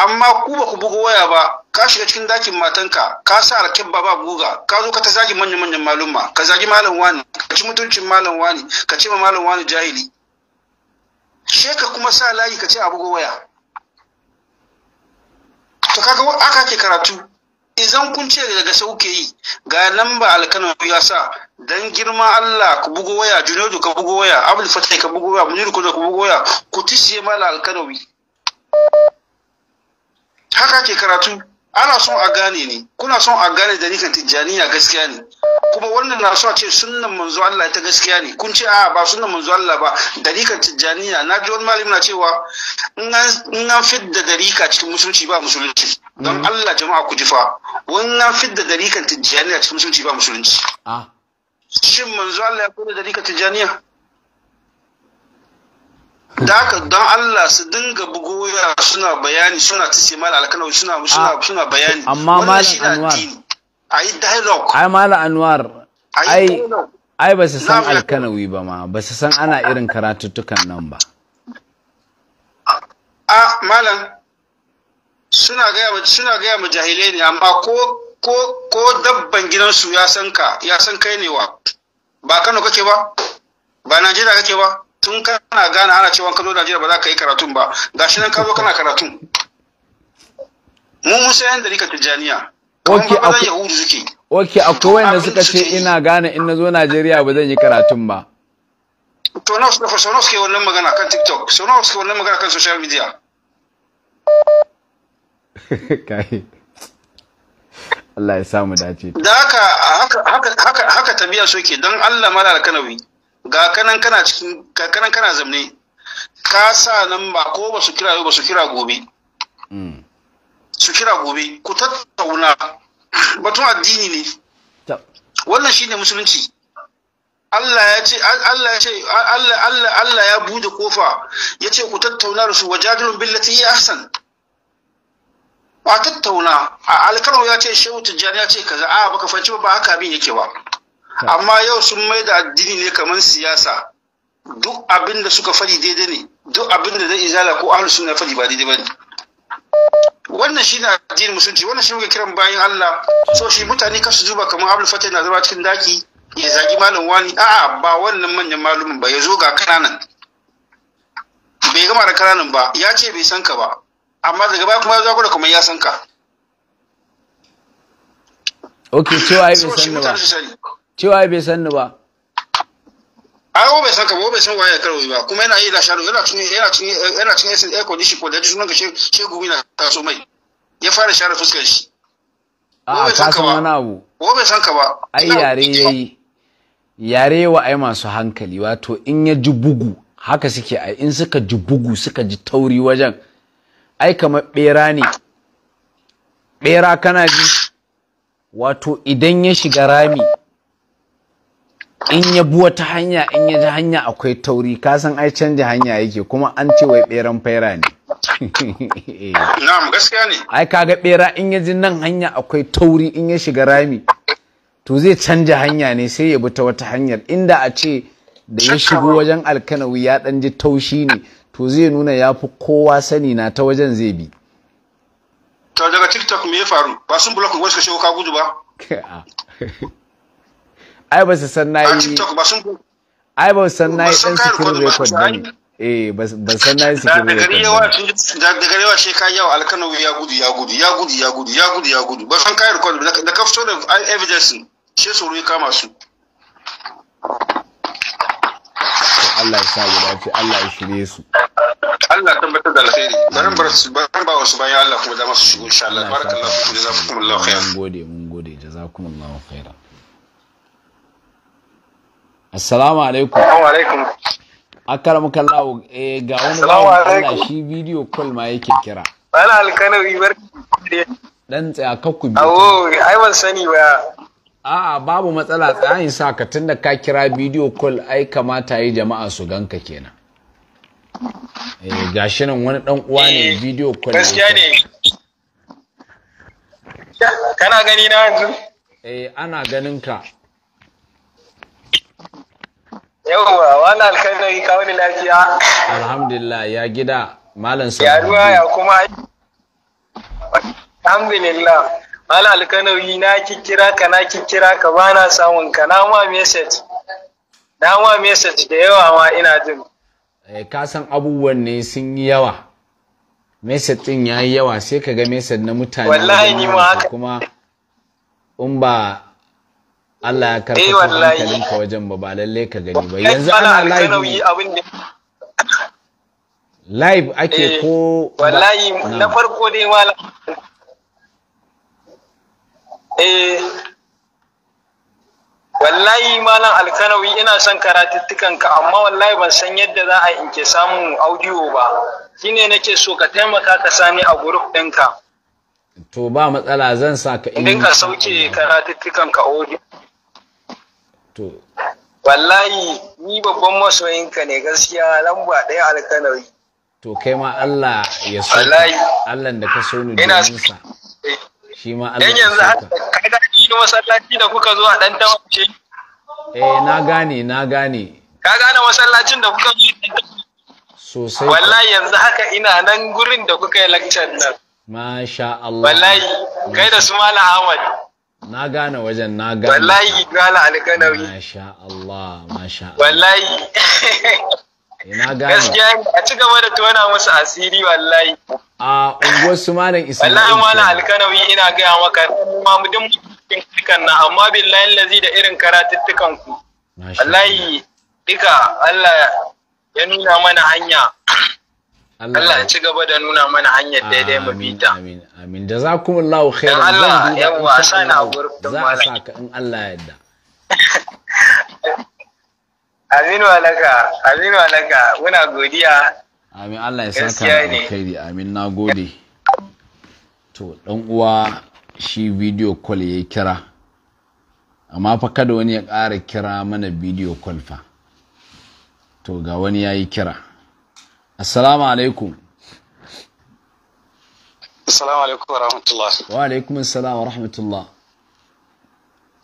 amma ku ba ku bugo waya ba ka shiga cikin dakin matanka ka sa alkebba ba guga ka zo ka ta zagi manyan manyan malumma ka zagi malam wani ka ci mutuncin malam wani ka ce ma malam wani jahili ka kuma sa layi ka ce a bugo waya to kaga aka ke karatu idan kun ce daga sauke yi ga lamba alkano ya sa dan girma Allah ku bugo waya junaidu ka bugo waya abul fatai ka bugo waya munir ku ka bugo waya ku tishe mala alkanawi haka ke karatu ana son a gane ne kuna son a gane da dalikan tijjaniya gaskiya ne kuma wannan na so a ce sunnan manzo Allah ta gaskiya ne kun ce a ba sunnan manzo Allah ba dalikan tijjaniya na ji wani malami na cewa in an fidda dalika cikin musulunci ba musulunci don mm. Allah jama'a ku jifa wani na fidda dalikan tijjaniya cikin musulunci ba musulunci ah. shin manzo Allah ya kula dalikan tijjaniya da haka don Allah su dinga bugoya waya suna bayani suna ta ce mala alkanawi suna suna ah, bayani amma malam anwar ayi dialogue ai malam anwar ai ai ba su san alkanawi ba ma ba su san ana irin karatuttukan nan ba a malam suna gaya suna gaya ma jahilai ne amma ko ko ko dabban gidansu ya san ka ya san kai ne wa ba Kano kake ba ba Najeriya kake ba tun kana gane ana cewa ka zo Najeriya ba za ka yi karatun ba gashi nan ka zo kana karatun mu mun sayan da rika tijaniya Okay, suke. Ok, akwai wanda suka ce ina gane in na zo Najeriya ba zan yi karatun ba. To na suke wannan magana kan TikTok, sono suke wannan magana kan social media. *laughs* Kai. Allah ya samu dace. Da haka haka haka haka tabiya soke ke don Allah mala kanawi ga kanan kana cikin ga kanan kana zamne ka sa nan ba ko ba su kira yau ba su kira gobe hmm. su kira gobe ku tattauna *coughs* batun addini ne wannan shine musulunci Allah ya ce Allah ya ce Allah Allah Allah ya bude kofa ya ce ku tattauna da su wajadun billati ya ahsan ba tattauna alkaro ya ce shehu tijjani ya ce kaza a baka fahimci ba haka abin yake ba amma yau sun mai da addini ne kamar siyasa duk abin da suka faɗi daidai ne duk abin da zai izala ko ahlus sunna faɗi ba daidai ne. wannan shine addinin musulunci wannan shi muke kiran bayan Allah so shi mutane kan su duba kamar abul fatih na zama cikin daki ya zagi malam wani a'a ba wannan manyan malumin ba ya zo ga kananan bai gama da kananan ba ya ce bai san ka ba amma daga baya kuma ya zago da kuma ya san ka okay so ai bai san ba cewa bai san ni ba wo bai san ka bai san waye karo ba kuma yana yi da sharo yana cin yana tun yana tun ko da dishi nan ga she she gumi na taso mai ya fara share fuskar shi a ka san wani abu ko bai san ka ba ai yare yi. yare wa ai masu hankali wato in ya ji bugu haka suke ai in suka ji bugu suka ji tauri wajen ai kamar bera ne bera kana ji wato idan ya shiga rami in ya bi wata hanya in ya ji hanya akwai tauri ka san ai canja hanya yake kuma an ce wai beran fayra ne *laughs* na'am gaskiya ne ai kaga bera in ya ji nan hanya akwai tauri in ya shiga rami to zai canja hanya ne sai ya bi ta wata hanyar inda a ce da ya shigo wajen alkanawi ya dan ji taushi ne to zai nuna ya fi kowa sani na ta wajen zai bi to daga tiktok me ya faru ba sun block wasu ka shigo ka gudu ba *laughs* *laughs* ai ba su san na yi ai ba su san na yi dan sikirin rekod ba eh ba san na yi sikirin rekod da gari yawa da gari yawa sai yawa alkano ya gudu ya gudu ya gudu ya gudu ya gudu ya gudu ba san kai rekod da ka fito da evidence sai tsoro ya kama su Allah ya sa guda dace Allah ya shirye su Allah tabbatar da alheri barin bar su barin ba wasu bayan Allah kuma da masu shigo insha Allah barakallahu fiku jazakumullahu khairan mun gode mun gode jazakumullahu khairan Assalamu alaikum. Assalamu alaikum. Akaramu kallahu eh ga wani bawan Allah shi video call ma yake kira. Bala alkanawi bar dan tsaya kakku biyu. Awo ai ban sani ba. A'a babu matsala tsayin sa ka tunda ka kira bidiyo call ai kamata yi jama'a su ganka kenan. Eh gashi nan wani dan uwa ne bidiyo eh, call. Gaskiya ne. Kana gani na yanzu? Eh ana ganin ka. Yawwa, wani alkanari ka wani lafiya. Alhamdulillah ya gida Malam Sani. Ya ruwa ya kuma Alhamdulillah. Wani alkanari na kikkira ka na kikkira ka ba na samun ka na ma message. Na ma message da yawa ma ina jin. Eh, ka san abubuwan ne sun yi yawa. Message din ya yi yawa sai ka ga message na mutane. Wallahi ni ma haka. Kuma in ba Allah ya karfafa eh, hankalinka wajen ba ba lalle ka gani ba yanzu ana live ne live ake eh, ko wallahi na farko dai malam eh wallahi malam alkanawi ina son karatuttukan ka amma wallahi ban san yadda za a in ke samun audio ba shine nake so ka taimaka ka sani a group ɗinka to ba matsala zan sa ka in ka sauke karatuttukan ka audio to wallahi ni babban masoyinka ne gaskiya lamba ɗaya alkanawi to kai ma Allah ya so Allah da ka so ni domin sa eh. shi ma Allah ya so ka kai da shi masallaci da kuka zo a dan tawace eh na gane na gane ka gane masallacin da kuka zo sosai wallahi yanzu haka ina nan gurin da kuka yi lecture nan masha Allah wallahi kai da su malam Ahmad na gane wajen na gane wallahi gane alƙalawi masha Allah masha Allah wallahi eh, na gane gaskiya a ci gaba da tona musu asiri wallahi a unguwar su malam Isma'il wallahi malam alƙalawi ina gaya maka ma mu din cikin na, amma billahi lazi da irin karatuttukan ku wallahi duka Allah ya nuna mana hanya Allah ya ci gaba da nuna mana hanyar daidai mu bi ta amin amin da zakumullahu khairan dan Allah yawa sani a gurbin malaka. za ka in Allah ya yarda *laughs* Aminu alaka aminu alaka muna godiya amin Allah ya saka alkhairi amin na gode to dan uwa shi video call ya kira amma fa kada wani ya ƙara kira mana video call fa to ga wani ya yi kira Assalamu alaikum. Assalamu alaikum wa rahmatullah. Wa alaikum assalam wa rahmatullah.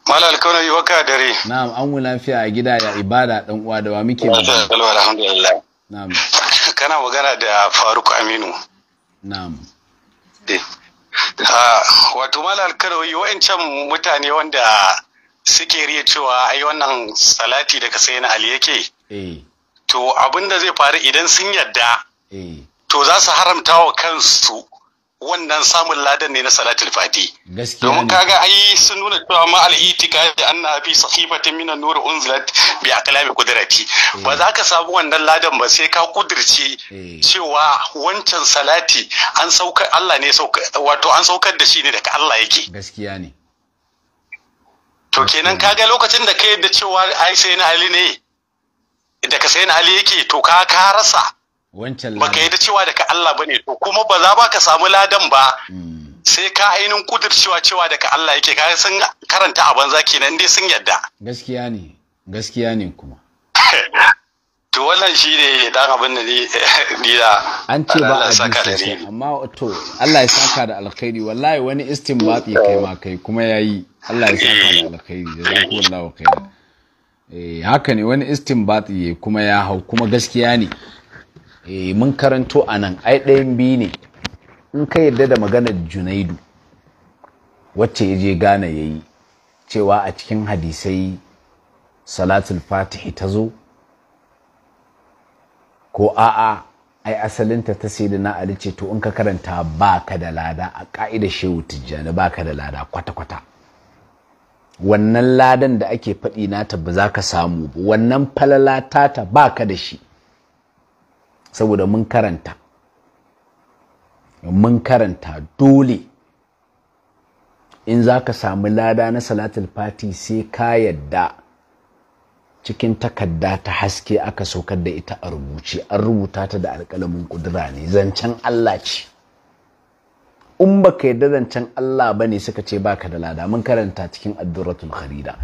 Malal kauna yi waka dare. Na'am, an wula lafiya a gida ya ibada dan uwa da wa muke magana. Alhamdulillah. Na'am. Kana magana da Faruk Aminu. Na'am. Eh. Ah, wato malal yi wa'ancan mutane wanda suke riya cewa ai wannan salati daga na ali yake. Eh. to abin da zai faru idan sun yadda eh. to za su haramta wa kansu wannan samun ladan ne na salatul fati domin kaga ai sun nuna cewa ma al-itika da anna fi sahifatin min an-nur unzilat bi aqlami qudrati eh. ba za ka samu wannan ladan ba sai ka kudirce eh. cewa wancan salati an sauka Allah ne sauka wato an saukar da shi ne daga Allah yake gaskiya ne to kenan kaga lokacin da ka yadda cewa ai sai na hali ne da ka sayan hali yake to ka ka rasa wancan ka yi da cewa daga Allah bane to kuma ba za ba ka samu ladan ba hmm. sai ka ainihin kudircewa cewa daga Allah yake ka sun karanta a banza kenan dai sun yadda gaskiya ne gaskiya ne kuma *laughs* to wannan shi ne dan abin da ni *laughs* da an ce ba a sosai amma to Allah ya saka da alkhairi wallahi wani istinbati kai ma kai kuma yayi Allah ya saka da alkhairi jazakumullahu khairan Eh, haka ne wani istin ya kuma ya hau kuma gaskiya ne eh, mun karanto a nan ai ɗayan biyu ne in ka yarda da maganar junaidu wacce ya je gane ya yi cewa a cikin hadisai salatul fatihi ta zo ko a'a ai asalinta ta sai da na'ali ce to in ka karanta ba ka da lada a ka'idar shehu tijjani ba ka da lada kwata-kwata wannan ladan da ake faɗi nata ba za ka samu ba wannan falala ta ba ka da shi saboda mun karanta mun karanta dole in za ka samu lada na salatul fati sai ka yadda cikin takarda ta haske aka saukar da ita a rubuce an rubuta ta da alkalamin ƙudura ne zancen Allah ce in ka yarda zancen Allah bane suka ce baka da lada mun karanta cikin adduratul kharida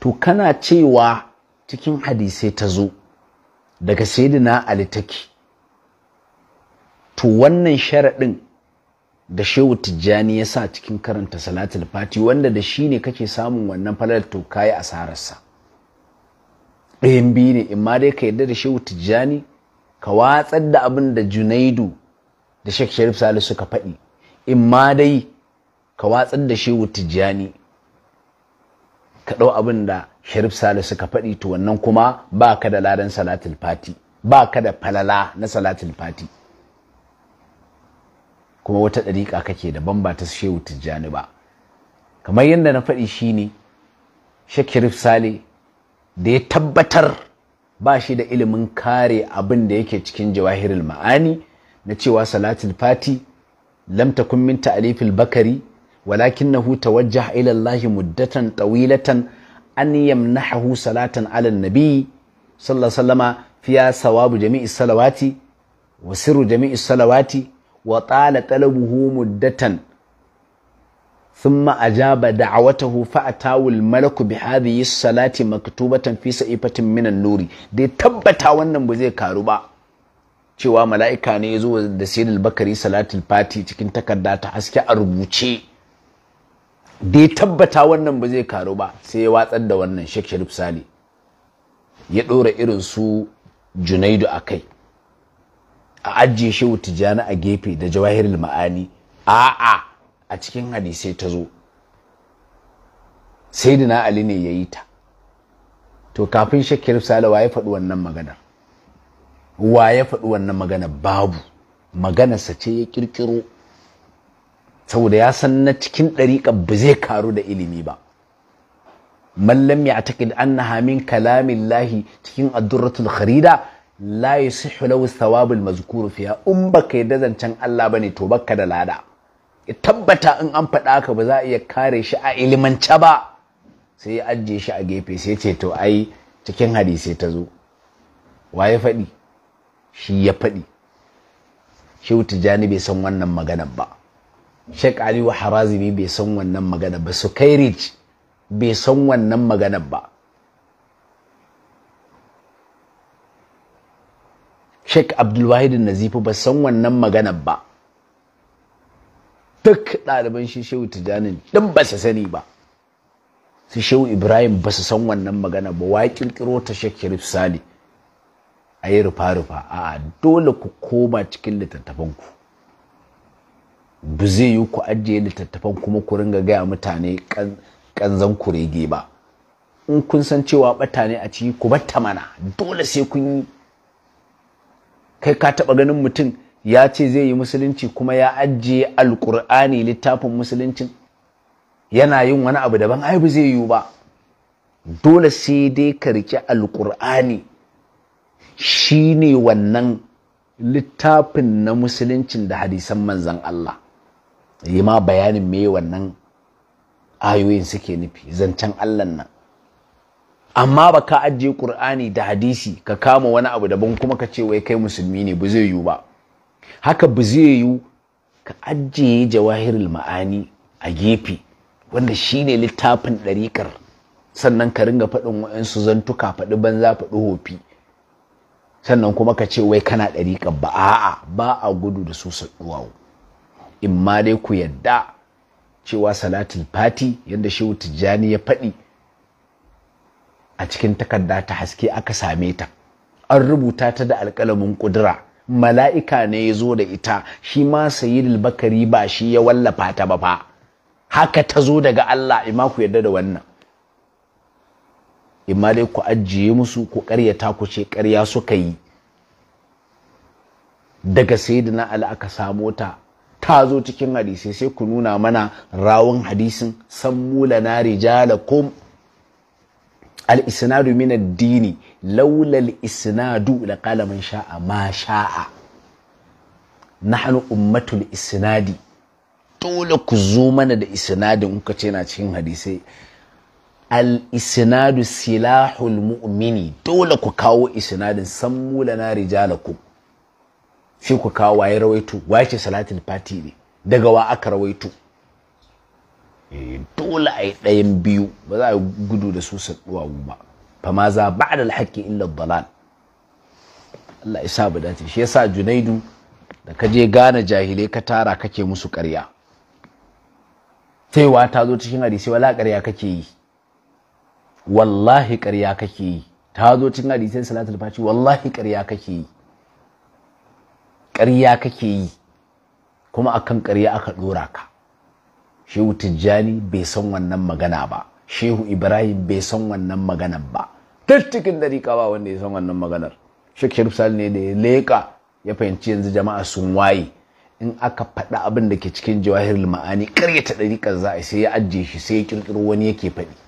to kana cewa cikin hadisai ta zo daga saidina Ali taki to wannan sharaɗin da shehu tijjani ya sa cikin karanta salatul fati wanda da shi ne kake samun wannan falalar to kayi asararsa ɗayan biyu ne in ma dai ka yarda da shehu tijjani ka watsar da abin da junaidu da shek sharif salisu suka faɗi in ma dai ka watsar da shehu tijjani ka ɗau abin da sharif salisu suka faɗi to wannan kuma ba ka da ladan salatul fati ba ka da falala na salatul fati kuma wata ɗariƙa kake daban ba ta shehu tijjani ba kamar yadda na faɗi shine shakirif sale da ya tabbatar ba shi da ilimin kare abin da yake cikin jawahirul ma'ani na cewa salatul fati lam takun min ta'lif al-bakari walakinahu tawajjaha ila Allah muddatan tawilatan an yamnahu salatan ala an-nabi sallallahu alaihi wasallama fiya sawabu jami'i salawati wa sirru jami'i salawati wa muddatan ثم أجاب دعوته فأتاه الملك بهذه الصلاة مكتوبة في سئفة من النور دي تبتا wannan ba zai karu ba cewa mala'ika ne ya zo da sayyidul bakari salatul fati cikin takarda ta haske a rubuce da ya tabbata wannan ba zai karu ba sai ya watsar da wannan shek Sharif sali ya ɗora irin su Junaidu a kai a ajiye shehu Tijjani a gefe da jawahirul ma'ani a'a a cikin hadisai ta zo sayyidina Ali ne ya yi ta to kafin sharif sali wa ya faɗi wannan maganar wa ya faɗi wannan magana babu maganarsa ce ya ƙirƙiro saboda ya san na cikin ɗariƙa ba zai karu da ilimi ba mallam ya da annaha min kalamin lahi cikin addurratul kharida la yusihu lahu thawabul mazkuru fiha in baka yadda zancen Allah bane to baka da lada tabbata in an faɗa ka ba za a iya kare shi a ilimance ba sai ya ajiye shi a gefe sai ce to ai cikin hadisi ta zo Wa ya faɗi shi ya faɗi shehu tijjani bai san wannan maganar ba shek aliyu harazimi bai san wannan maganar ba su Rich bai san wannan maganar ba shek abdulwahid nazifu ba san wannan maganar ba duk ɗaliban shi shehu tijjanin ɗin ba su sani ba su shehu ibrahim ba su san wannan magana ba wa ƙirƙiro ta shek sali a yi rufa-rufa a dole ku koma cikin littattafanku ba zai yi ku ajiye littattafan kuma ku ringa gaya mutane kanzan kurege ba in kun san cewa bata ne a ciki ku bata mana dole sai kun yi kai ka taɓa ganin mutum ya ce zai yi musulunci kuma ya ajiye alkur'ani littafin musuluncin yana yin wani abu daban ai ba zai yiwu ba dole sai dai ka riƙe alkur'ani shi ne wannan littafin na musuluncin da hadisan manzan Allah yi ma bayanin me wannan ayoyin suke nufi zancen Allah nan amma ba ka ajiye ƙur'ani da hadisi ka kama wani abu daban kuma ka ce wai kai musulmi ne ba zai yiwu ba haka ba zai yiwu ka ajiye jawahirul ma'ani a gefe wanda shi ne littafin ɗarikar. sannan ka ringa faɗin zan zantuka faɗi banza faɗi hofi sannan kuma ka ce wai kana ɗariƙa ba a'a ba a gudu da su su in ma dai ku yadda cewa salatul fati yadda shehu tijjani ya faɗi a cikin takarda ta haske aka same ta an rubuta ta da alƙalamin ƙudura mala'ika ne ya zo da ita shi ma sayidul bakari ba shi ya wallafa ta ba fa haka ta zo daga Allah ima ku yadda da wannan imma dai ku ajiye musu ku ƙaryata ku ce ƙarya suka yi daga sayyidina ali aka samo ta ta zo cikin hadisi sai ku nuna mana rawun hadisin sammula na rijalakum al-isnadu min ad-dini laula al-isnadu qala man sha'a ma sha'a nahnu ummatul isnadi dole ku zo mana da isnadin kuka ce na cikin hadisai al-isnadu silahul mu'mini dole ku kawo isnadin mula na rijalakum sai ku kawo waye rawaito wace salatin fati ne daga wa aka rawaito eh, dole a yi ɗayan biyu ba za a gudu da su saduwawu ba fa ma za ba da alhaƙi illa dalal Allah ya sa bu dace shi yasa Junaidu da ka je gane jahilai ka tara kake musu ƙarya taiwa ta zo cikin hadisi wala ƙarya kake yi wallahi ƙarya kake yi ta zo cin hadisai salatul faci wallahi karya kake yi ƙarya kake yi kuma akan karya aka ɗora ka shehu tijjani bai san wannan magana ba shehu ibrahim bai san wannan maganar ba tattikin ka ba wanda ya san wannan maganar shek sal ne da ya leƙa ya fahimci yanzu jama'a sun waye in aka faɗa abin da ke cikin jawahirul ma'ani karya ta ɗariƙar za a sai ya ajiye shi sai ya ƙirƙiro wani yake faɗi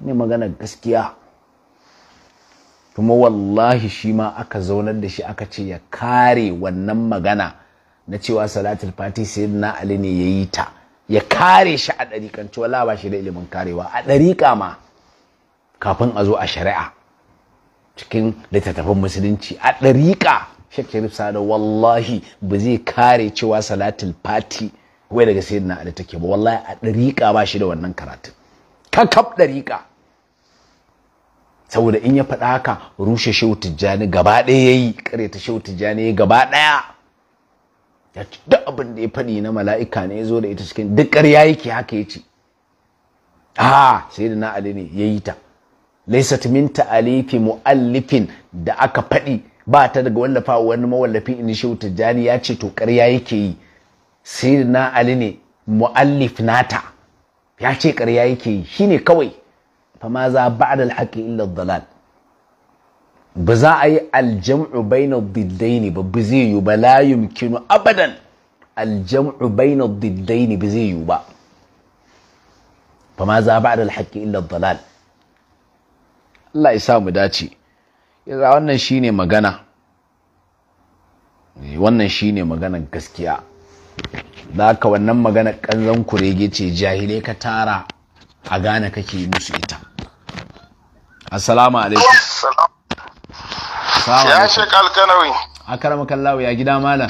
ne magana gaskiya kuma wallahi shi ma aka zaunar da shi aka ce ya kare wannan magana na cewa salatul fati na ali ne ya yi ta ya kare shi a ɗariƙan wala ba shi da ilimin karewa a ɗariƙa ma kafin a zo a shari'a cikin littattafan musulunci a ɗariƙa shek sharif sada wallahi ba zai kare cewa salatul fati wai daga sayyidina ali take ba wallahi a ɗariƙa ba shi da wannan karatun kakaf ɗariƙa saboda in ya faɗa haka rushe shehu tijjani gaba ɗaya ya yi ƙareta shehu tijjani ya gaba ɗaya ya ci duk abin da ya faɗi na mala'ika ne ya zo da ita cikin duk ƙarya yake haka ya ce a sai da na ne ya yi ta laisat min ta'alifi mu'allifin da aka faɗi ba ta daga wallafa wani mawallafin in shehu tijjani ya ce to ƙarya yake yi sai da na ali ne mu'allif nata ya ce ƙarya yake yi shi ne kawai fama za ba'da illa dalal ba za a yi aljam'u baina ba ba zai yi ba la abadan aljam'u baina ba ba za ba'da alhaqi illa mu dace wannan shine magana gaskiya za ka wannan maganar kanzon kurege ce jahilai ka tara a gane kake musu ita assalamu alaikum ya shek alkanawi akarama kallawo ya gida malam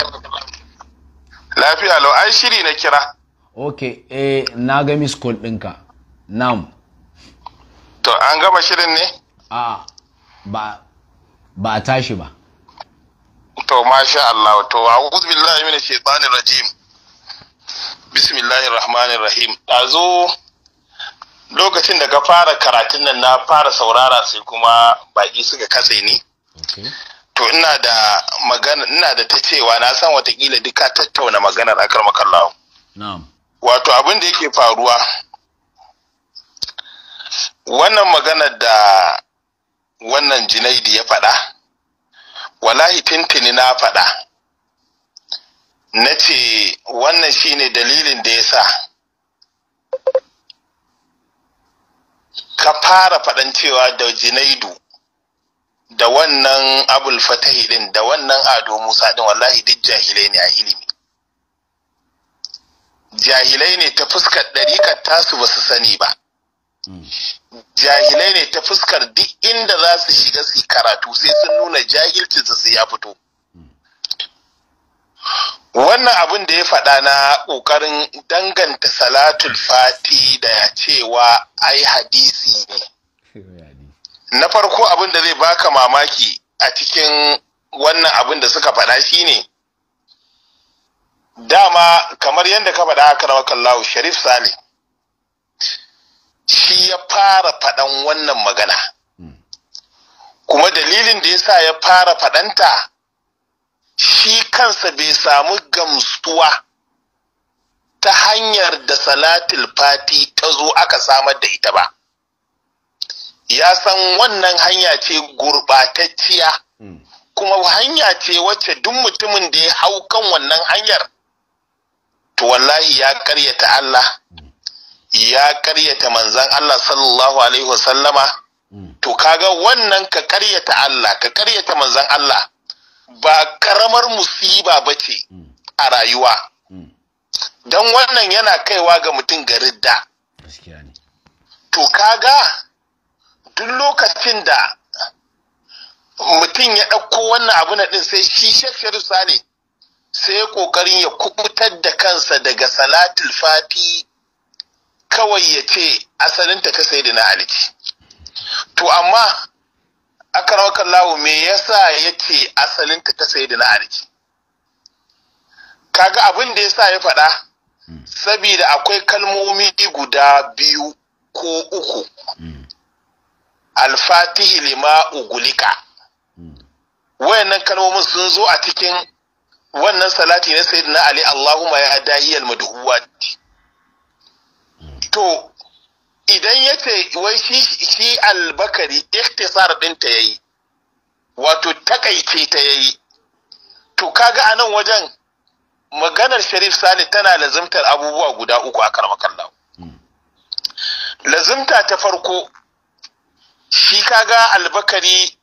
lafiya lau ai shiri na kira ok eh na ga miss call ɗinka nam to an gama shirin ne a ba ba tashi ba to masha Allah to a'udhu billahi minash shaitanir rajim bismillahir rahmanir rahim dazo lokacin da ka fara karatun nan na fara saurara sai kuma baki suka katse ni to ina da magana ina da ta cewa na san watakila duka tattauna maganar akar makallawo wato abin da yake faruwa wannan maganar da wannan jinaidi ya faɗa Walahi tintini na faɗa na ce wannan shine dalilin da ya sa ka fara faɗan cewa da Junaidu da wannan Abul Fatahi din da wannan Ado Musa din wallahi duk jahilai ne a ilimi jahilai ne ta fuskar ɗarikar tasu ba su sani ba jahilai ne ta fuskar duk inda za su shiga su karatu sai sun nuna jahilcinsu su ya fito wannan abin da ya faɗa na ƙoƙarin danganta salatul fati da ya cewa ai hadisi ne na farko abin da zai baka mamaki a cikin wannan abin da suka faɗa shi ne. dama kamar yadda ka faɗa aka rawa kallahu sharif sale shi ya fara faɗan wannan magana hmm. kuma dalilin da ya sa ya fara faɗanta shi kansa bai samu gamsuwa ta hanyar da salatul fati ta zo aka samar da ita ba ya san wannan hanya ce gurɓatacciya hmm. kuma hanya ce wacce duk mutumin da ya hau kan wannan hanyar to wallahi ya karyata Allah ya karyata manzan Allah sallallahu alaihi wasallama hmm. to kaga wannan ka karyata Allah ka karyata manzan Allah ba karamar musiba ba ce mm. a rayuwa mm. don wannan yana kaiwa ga mutum garidda to kaga duk lokacin da mutum ya ɗauko wannan abu na ɗin sai shi shafiyar ne, sai ƙoƙarin ya kubutar da kansa daga salatul fati kawai ya ce asalinta ta sai da na alici to amma wakar lawo me yasa yake asalin ta sai da arki kaga abin da yasa ya faɗa hmm. saboda akwai kalmomi guda biyu ko uku hmm. alfatihi lima ugulika hmm. wayannan kalmomin sun zo a cikin wannan salati na sayyidina ali allahumma ya hadahiyal madhuwati to idan ya ce wai shi albakari ikhtisar ɗinta ya yi wato takaice ta ya to kaga a nan wajen maganar sharif Sani tana lazimtar abubuwa guda uku a karmakalla hmm. lazimta ta farko shi kaga albakari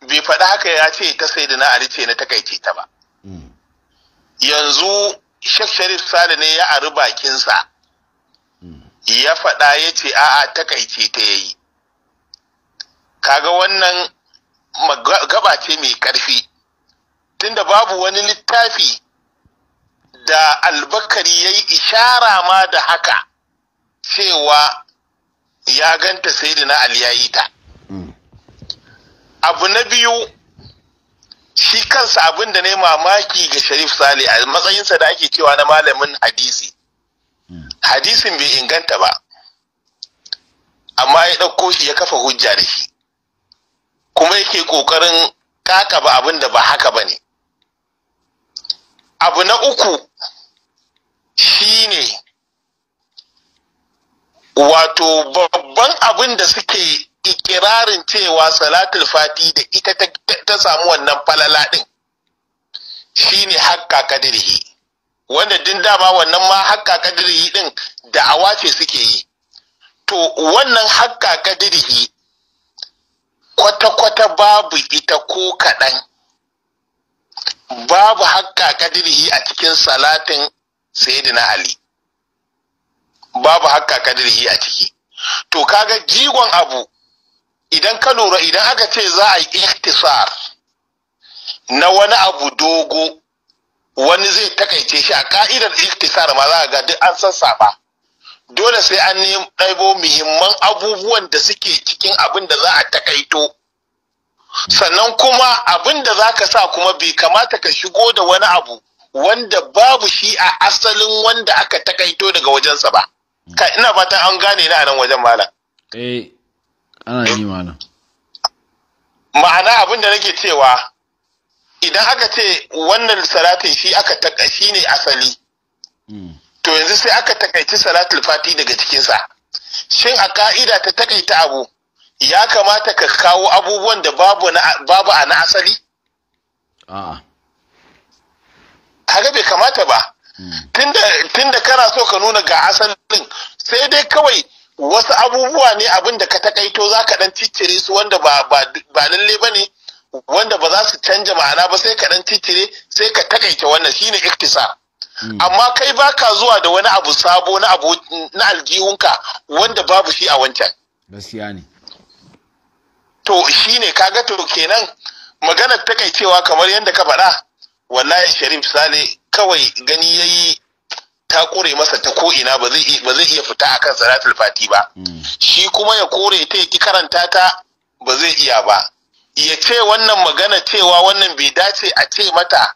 bai faɗi haka ya ce ta sai da na ce na takaice ta ba hmm. yanzu shek sharif Sani ne ya ari bakinsa ya faɗa ya ce a'a takaice ta yayi kaga wannan gaba ce mai ƙarfi tunda babu wani littafi da albakari ya yi ishara ma da haka cewa ya ganta sai na Aliyayi ta mm. abu na biyu shi kansa abin da ne mamaki ga sharif sale a matsayinsa da ake cewa na malamin hadisi hadisin bai inganta ba amma ya ɗauko shi ya kafa hujja da shi kuma yake ƙoƙarin ba abin da ba haka ba ne abu na uku shine wato babban abin da suke ikirarin cewa salatul fati da ita ta samu wannan falala ɗin shine hakka kadirhi wanda din dama wannan ma hakka kadirihi din da awafe suke yi to wannan hakka kadirihi kwata-kwata babu ita ko kaɗan babu hakka kadirihi a cikin salatin sayyidina ali babu hakka kadirihi a ciki to kaga jigon abu idan ka lura idan aka ce za a yi ikhtisar na wani abu dogo wani zai takaice shi a ka'idar iktisar ma za ga duk an sassafa dole sai an ɗaibo muhimman abubuwan da suke cikin abin da za a takaito sannan kuma abin da za ka sa kuma bai kamata ka shigo da wani abu wanda babu shi a asalin wanda aka takaito daga wajensa ba ka ina fatan an gane na nan wajen malam eh ana yi malam ma'ana abin da nake cewa idan aka ce wannan salatin shi aka taka shi ne asali hmm. to yanzu sai aka takaici salatul fati daga cikinsa shin a ka'ida ta takaita abu ya kamata ka kawo abubuwan da babu a na asali Haka bai kamata ba hmm. tunda kana so ka nuna ga asalin sai dai kawai wasu abubuwa ne abin da ka takaito za ka dan ciccire su wanda ba lalle ba ne wanda ba za su canja ma'ana ba sai ka dan titire sai ka takaita wannan shine iktisa hmm. amma kai baka zuwa da wani abu sabo na abu na aljihunka wanda babu shi a wancan gaskiya ne to shine kaga to kenan maganar takaicewa kamar yadda ka faɗa wallahi sharif sale kawai gani yayi ta kore masa ta ko ina ba zai iya fita akan salatul fati ba hmm. shi kuma ya kore ta ki karanta ta ba zai iya ba ya ce wannan magana cewa wannan bai dace a ce mata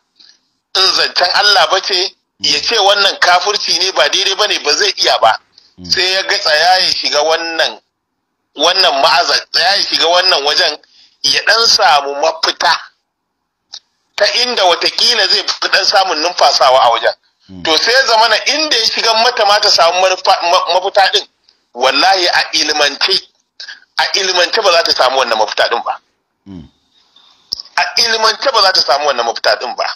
in zancen Allah ba ce ya ce wannan kafirci ne ba daidai ba ne ba zai iya ba mm. sai ya ga tsaya ya shiga wannan wannan ma'aza tsaya ya shiga wannan wajen ya dan samu mafita ta inda watakila zai fi dan samun numfasawa a wajen mm. to sai ya zamana inda ya shiga mata ma ta samu mafita din wallahi a ilimance a ilimance ba za ta samu wannan mafita din ba a ilimance ba za ta samu wannan mafita din ba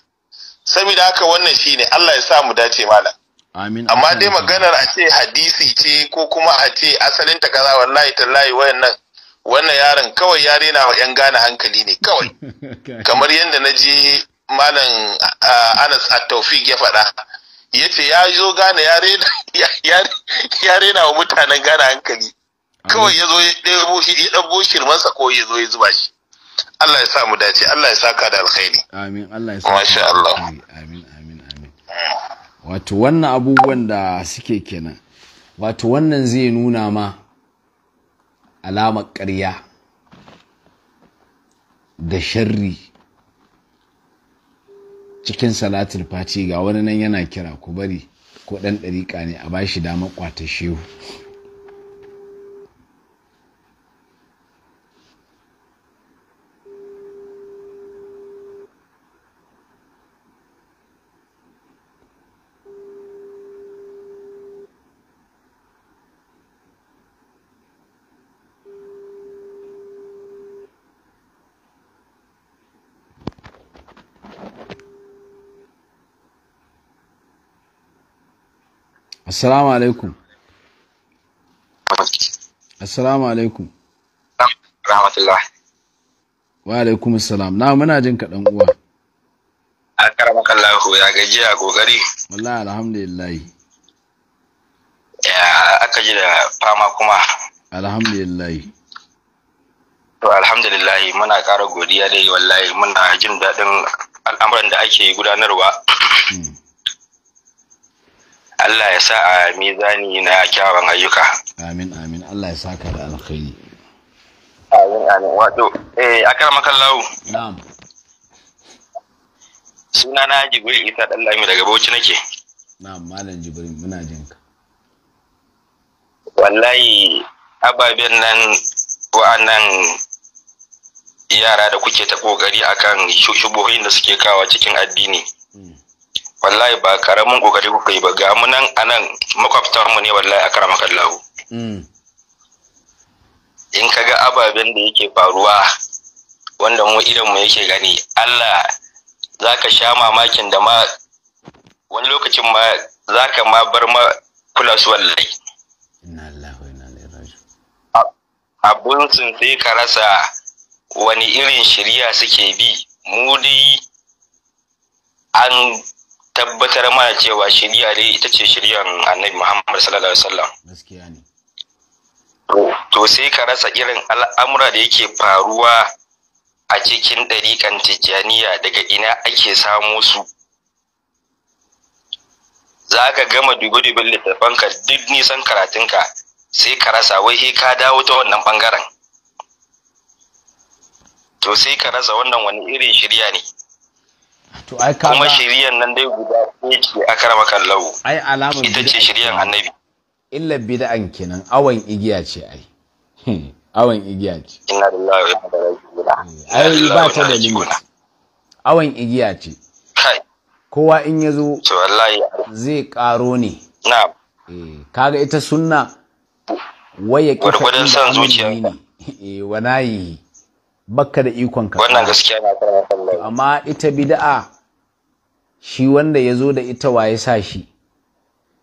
saboda haka wannan shine Allah ya sa mu dace mala amma dai maganar a ce hadisi ce ko kuma a ce asalin ta kaza wallahi tallahi wayannan wannan yaron kawai ya rena wa yan gane hankali ne kawai *laughs* kamar yadda na ji malam Anas At-Tawfiq ya faɗa ya ce ya zo gane ya rena wa mutanen gane hankali kawai ya zo ya ɗabo shirmansa ko ya zo ya zuba shi Allah ya sa mu dace Allah ya saka da alkhairi amin Allah ya sa masha Allah amin amin amin wato wannan abubuwan da suke kenan wato wannan zai nuna ma alamar ƙarya da sharri cikin salatul fati ga wani nan yana kira ku bari ko ɗan ɗariƙa ne a bashi damar ƙwata shehu Assalamu alaikum. Assalamu alaikum. Rahmatullah. Wa alaikum assalam. Na muna jin ka dan uwa. Akarama kallahu ya gaji a kokari. Wallahi alhamdulillah. Ya aka ji da fama kuma. Alhamdulillah. To alhamdulillah muna ƙara godiya dai wallahi muna jin daɗin al'amuran da ake gudanarwa. Hmm. Allah ya sa a mizani na kyawun ayyuka amin amin Allah ya sa ka da alkhairi amin amin wato eh akan makallahu na'am suna na jibril ita dan lami daga bauchi nake na'am malam jibril muna jin ka wallahi ababen nan wa'annan yara da kuke ta kokari akan shubuhin da suke kawo cikin addini mm. wallahi ba karamin kokari kuka yi ba ga mu nan anan makwabtar mu ne wallahi a karama kallahu mm. in kaga ababen da yake faruwa wanda mu idan mu yake gani Allah zaka sha mamakin da ma wani lokacin ma zaka ma bar ma kula su wallahi inna wa inna ilaihi raji'un abun sun sai ka rasa wani irin shirya suke bi mu dai an tabbatar mana cewa shirya dai ita ce shiryan annabi Muhammad sallallahu alaihi wasallam gaskiya ne to sai ka rasa irin al'amura da yake faruwa a cikin ɗariƙan tijjaniya daga ina ake samo su za ka gama dube littafan ka duk nisan karatunka sai ka rasa wai ka dawo ta wannan ɓangaren to sai ka rasa wannan wani irin shirya ne to ai ka kuma shiriyan nan dai guda ɗaya ce karama makallahu ai alamun ita ce shiriyan annabi illa bid'an kenan awan igiya ce ai hmm. awan igiya ce inna lillahi wa inna ilaihi raji'un hmm. ai ba ta da awan igiya ce kowa in ya zo zai karo ne eh, kaga ita sunna waya kifa san amini Eh wanayi bakka da ikon ka wannan gaskiya na karanta amma ita bid'a shi wanda ya da ita wa shi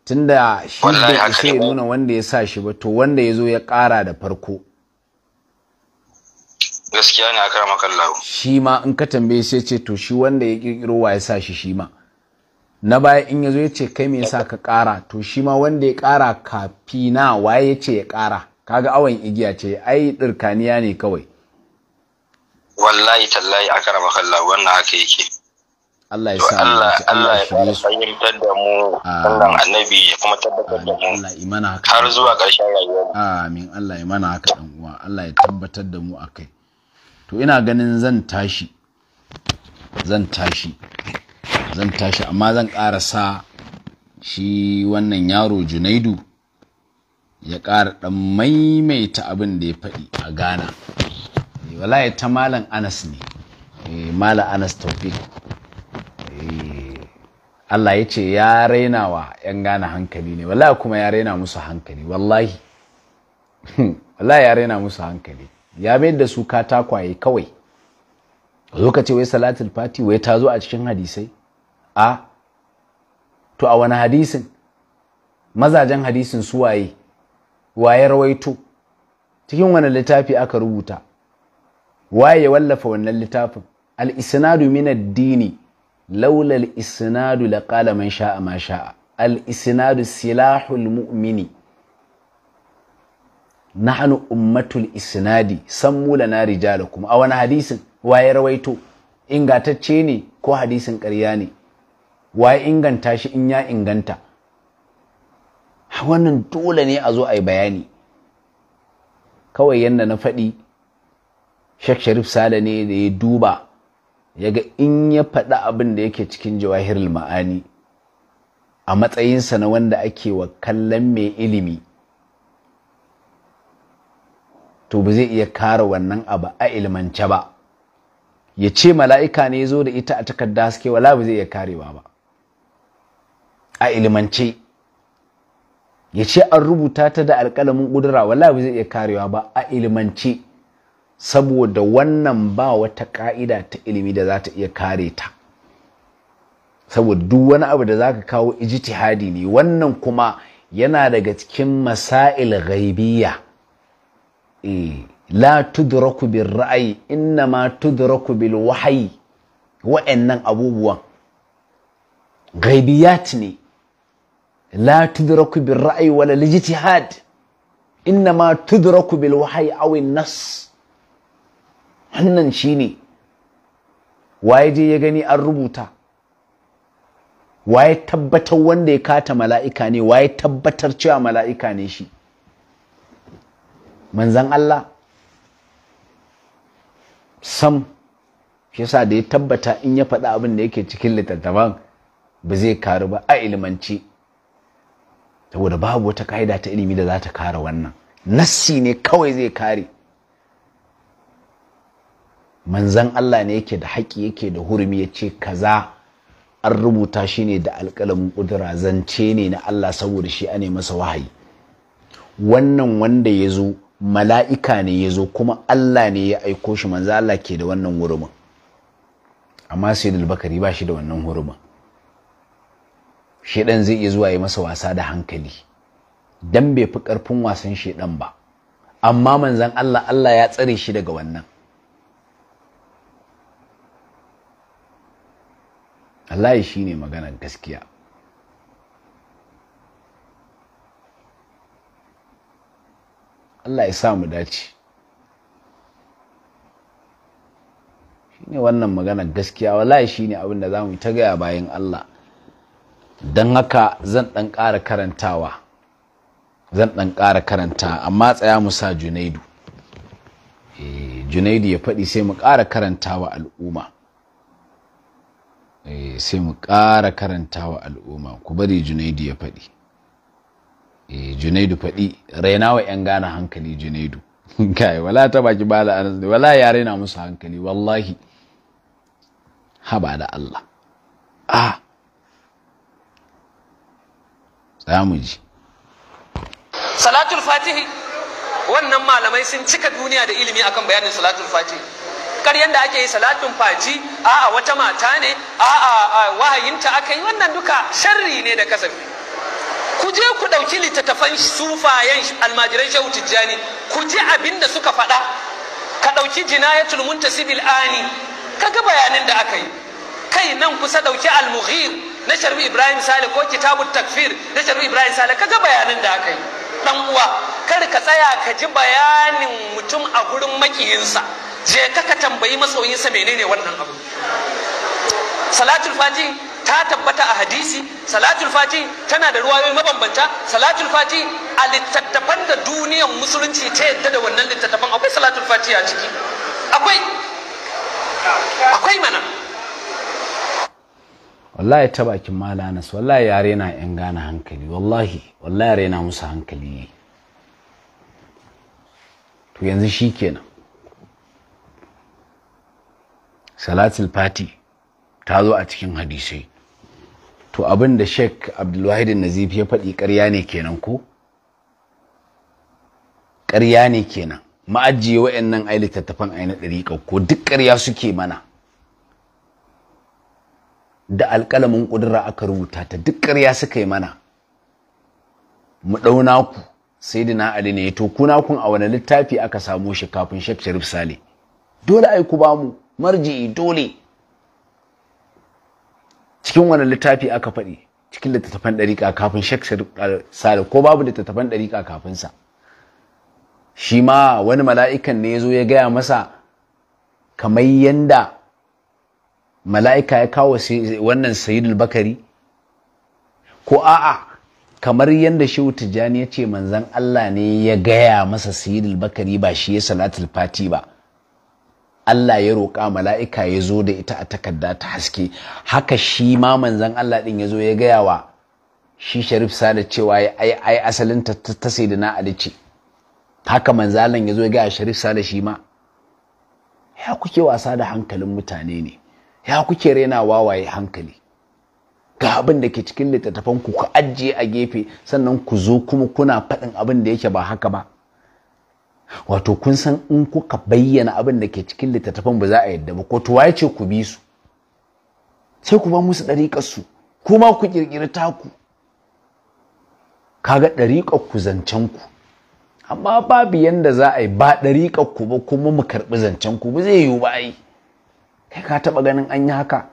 tunda shi da nuna wanda ya shi ba to wanda ya ya ƙara da farko gaskiya ne aka rama kallahu shi ma in ka tambaye sai ce to shi wanda ya ƙirƙiro wa ya shi shi ma na baya in yazo zo ya ce kai me yasa ka ƙara to shi ma wanda ya ƙara kafina na waye ya ce ya ƙara kaga awon igiya ce ai ɗirkaniya ne kawai wallahi tallahi a karama kalla wannan haka yake Allah ya sa Allah Allah ya fahimtar da mu Allah annabi ya kuma tabbatar da mu Allah imana haka har zuwa ƙarshen rayuwar amin Allah ya mana haka dan uwa Allah ya tabbatar da mu akai to ina ganin zan tashi zan tashi zan tashi amma zan ƙarasa shi wannan yaro Junaidu ya ƙara ɗan maimaita abin da ya faɗi a Ghana wallahi ta malam anas ne eh, malam anas taufik eh, Allah ya ce ya raina wa 'yan gane hankali ne wallahi kuma ya raina musu hankali wallahi *laughs* wallahi ya raina musu hankali ya mayar da su katakwaye kawai zo ka ce wai salatul fati wai ta zo a cikin hadisai a to a wani hadisin mazajen hadisin su waye waye rawaito cikin wani littafi aka rubuta waye wallafa wannan littafin al-isnadu min ad-dini laula al-isnadu laqala man sha'a ma sha'a al-isnadu silahul mu'mini nahnu ummatul isnadi sammu lana rijalakum a wani hadisin waye rawaito ingatacce ne ko hadisin ƙarya ne waye inganta shi in ya inganta wannan dole ne a zo a yi bayani kawai yadda na faɗi Sheikh Sharif Sale ne da ya duba ya ga in ya faɗi abin da yake cikin jawahirul ma'ani a matsayinsa na wanda ake wa kallon mai ilimi to ba zai iya kare wannan abu a ilmance ba ya ce mala'ika ne ya zo da ita a takarda haske wala ba zai iya karewa ba a ilmance ya ce an rubuta ta da alkalamin ƙudura wala ba zai iya karewa ba a ilimance saboda wannan ba wata ka'ida ta ilimi da za ta iya kare ta saboda duk wani abu da za ka kawo ijtihadi ne wannan kuma yana daga cikin masail ghaibiya eh, la tudraku bil ra'ayi inna ma tudraku bil wahayi wa'annan abubuwan ghaibiyat ne la tudraku bil ra'ayi wala lijtihad inna ma tudraku bil wahayi aw nas shi shine waye je ya gani an rubuta waye tabbatar wanda ya kata mala'ika ne waye tabbatar cewa mala'ika ne shi manzan Allah sam yasa da ya tabbata in ya faɗa abin da yake cikin littattafan ba zai karu ba a ilimance saboda babu wata ka'ida ta ilimi da za ta kare wannan nassi ne kawai zai kare manzan Allah ne yake da haƙi yake da hurumi ya ce kaza an rubuta shi ne da alƙalamin ƙudura zance ne na Allah saboda shi ane masa wahayi wannan wanda ya zo mala'ika ne ya zo kuma Allah ne ya aiko shi manzan Allah ke da wannan hurumin amma sayyidul dalbakari ba shi da wannan hurumin shedan zai iya zuwa ya masa wasa da hankali dan bai fi ƙarfin wasan shedan ba amma manzan Allah Allah ya tsare shi daga wannan shi shine maganan gaskiya Allah ya sa mu dace shine wannan maganar gaskiya wallahi shine abin da za zamu ta gaya bayan Allah don haka zan ɗan ƙara karantawa zan ɗan ƙara karanta amma tsaya mu sa Junaidu eh, Junaidu ya faɗi sai mu ƙara karantawa al'umma Eh, sai mu ƙara karanta wa al'umma ku bari junaidu ya faɗi eh, junaidu faɗi raina wa 'yan gane hankali junaidu *laughs* kai wala ta baki bala anas wala ya raina musu hankali wallahi haba da Allah a za mu ji salatul fatihi wannan malamai sun cika duniya da ilimi akan bayanin salatul fatihi ƙaryen da ake yi salatin faji a'a wata mata ne a'a wahayinta aka yi wannan duka sharri ne da kasafi ku je ku ɗauki littattafan sufayen almajiran shehu tijjani ku ji abin da suka faɗa ka ɗauki jinayatul muntasibil ani ka ga bayanin da aka yi kai nan kusa ɗauki almughir na sharbi ibrahim sale ko kitabut takfir na sharbi ibrahim sale ka ga bayanin da aka yi dan uwa kar ka tsaya ka ji bayanin mutum a gurin makiyinsa je ka ka tambayi masoyinsa menene wannan abu salatul fati ta tabbata a hadisi salatul fati tana da ruwayoyi mabambanta salatul fati a littattafan da duniyar musulunci ta yadda da wannan littattafan akwai salatul fati a ciki akwai akwai mana wallahi ta bakin mala anas wallahi yare na yan gane hankali wallahi wallahi yare na musu hankali to yanzu shikenan salatul fati ta zo a cikin hadisai to abin da sheik da nazif ya faɗi ƙarya ne kenan ko ƙarya ne kenan ma'ajiye a ai littattafan ai na ɗariƙa ko duk ƙarya suke mana da alƙalamin ƙudura aka rubuta ta duk ƙarya suka yi mana mu ɗauna ku sai dina ali ne to kuna kun a wani littafi aka samo shi kafin shek sharif sale dole ai ku mu. marji'i dole cikin wani littafi aka faɗi cikin littattafan ɗariƙa kafin shek ko babu littattafan ɗariƙa kafin sa shi ma wani mala'ikan ne ya zo ya gaya masa kamar yanda mala'ika ya kawo wannan sayidul bakari ko a'a kamar yadda shehu tijjani ya ce manzan Allah ne ya gaya masa sayidul bakari ba shi ya salatul fati ba Allah ya roƙa mala'ika ya zo da ita a takarda ta haske haka shi ma manzan Allah ɗin ya zo ya gaya wa shi sharif sada cewa ya ai ai asalin ta ta da Ali ce haka manzalan ya zo ya gaya sharif sada shi ma ya kuke wasa da hankalin mutane ne ya kuke rena wawaye hankali ga abin da ke cikin littattafan ku ku ajiye a gefe sannan ku zo kuma kuna faɗin abin da yake ba haka ba wato kun san in kuka bayyana abin da ke cikin littattafan ba za a yadda ba ko to waye ce ku bi su sai ku ba musu ɗariƙar su ma ku ƙirƙiri taku kaga ɗariƙar ku zancen ku amma babu yanda za a yi ba ɗariƙar ku ba kuma mu karɓi zancen ku ba zai yiwu ba ai kai ka taɓa ganin an yi haka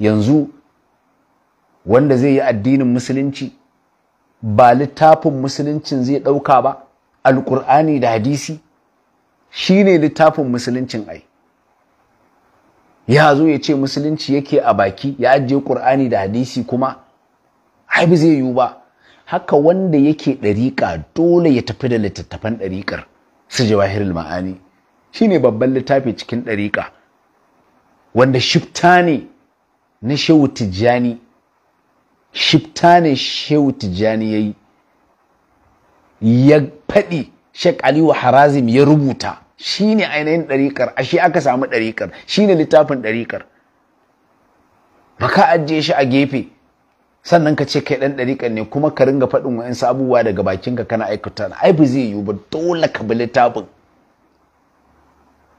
yanzu wanda zai yi addinin musulunci ba littafin musuluncin zai ɗauka ba alkur'ani da hadisi shi ne littafin musuluncin ai ya zo ya ce musulunci yake a baki ya ajiye ƙur'ani da hadisi kuma haibu zai yiwu ba haka wanda yake ɗariƙa dole ya tafi da littattafan ɗariƙar su jawahirul ma'ani Shi ne babban littafi cikin ɗariƙa wanda shifta ne na shehu tijjani shifta ne shehu tijjani ya yi ya faɗi Sheikh Aliyu Harazim ya rubuta shine ainihin ɗariƙar a shi aka samu ɗariƙar shine littafin ɗariƙar baka ajiye shi a gefe sannan ka ce kai ɗan ɗariƙar ne kuma ka ringa faɗin wa'insu sabuwa daga bakinka kana aikata ai ba zai yiwu ba dole ka bi littafin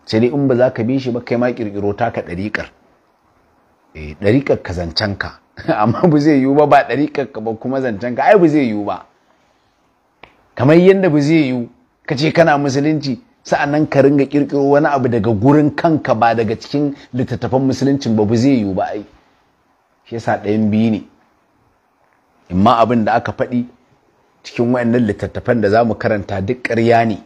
sai dai in ba za ka bi shi ba kai ma ƙirƙiro taka ɗariƙar eh, ɗariƙar ka zancen ka *laughs* amma ba zai yiwu ba ba ɗariƙar ka ba kuma zancen ka ai ba zai yiwu ba kamar yadda ba zai yiwu ka ce kana musulunci nan ka ringa kirkiro wani abu daga gurin kanka ba daga cikin littattafan musuluncin ba ba zai yiwu ba ai shi yasa ɗayan biyu ne imma abin da aka faɗi cikin wayannan littattafan da za mu karanta duk ƙarya ne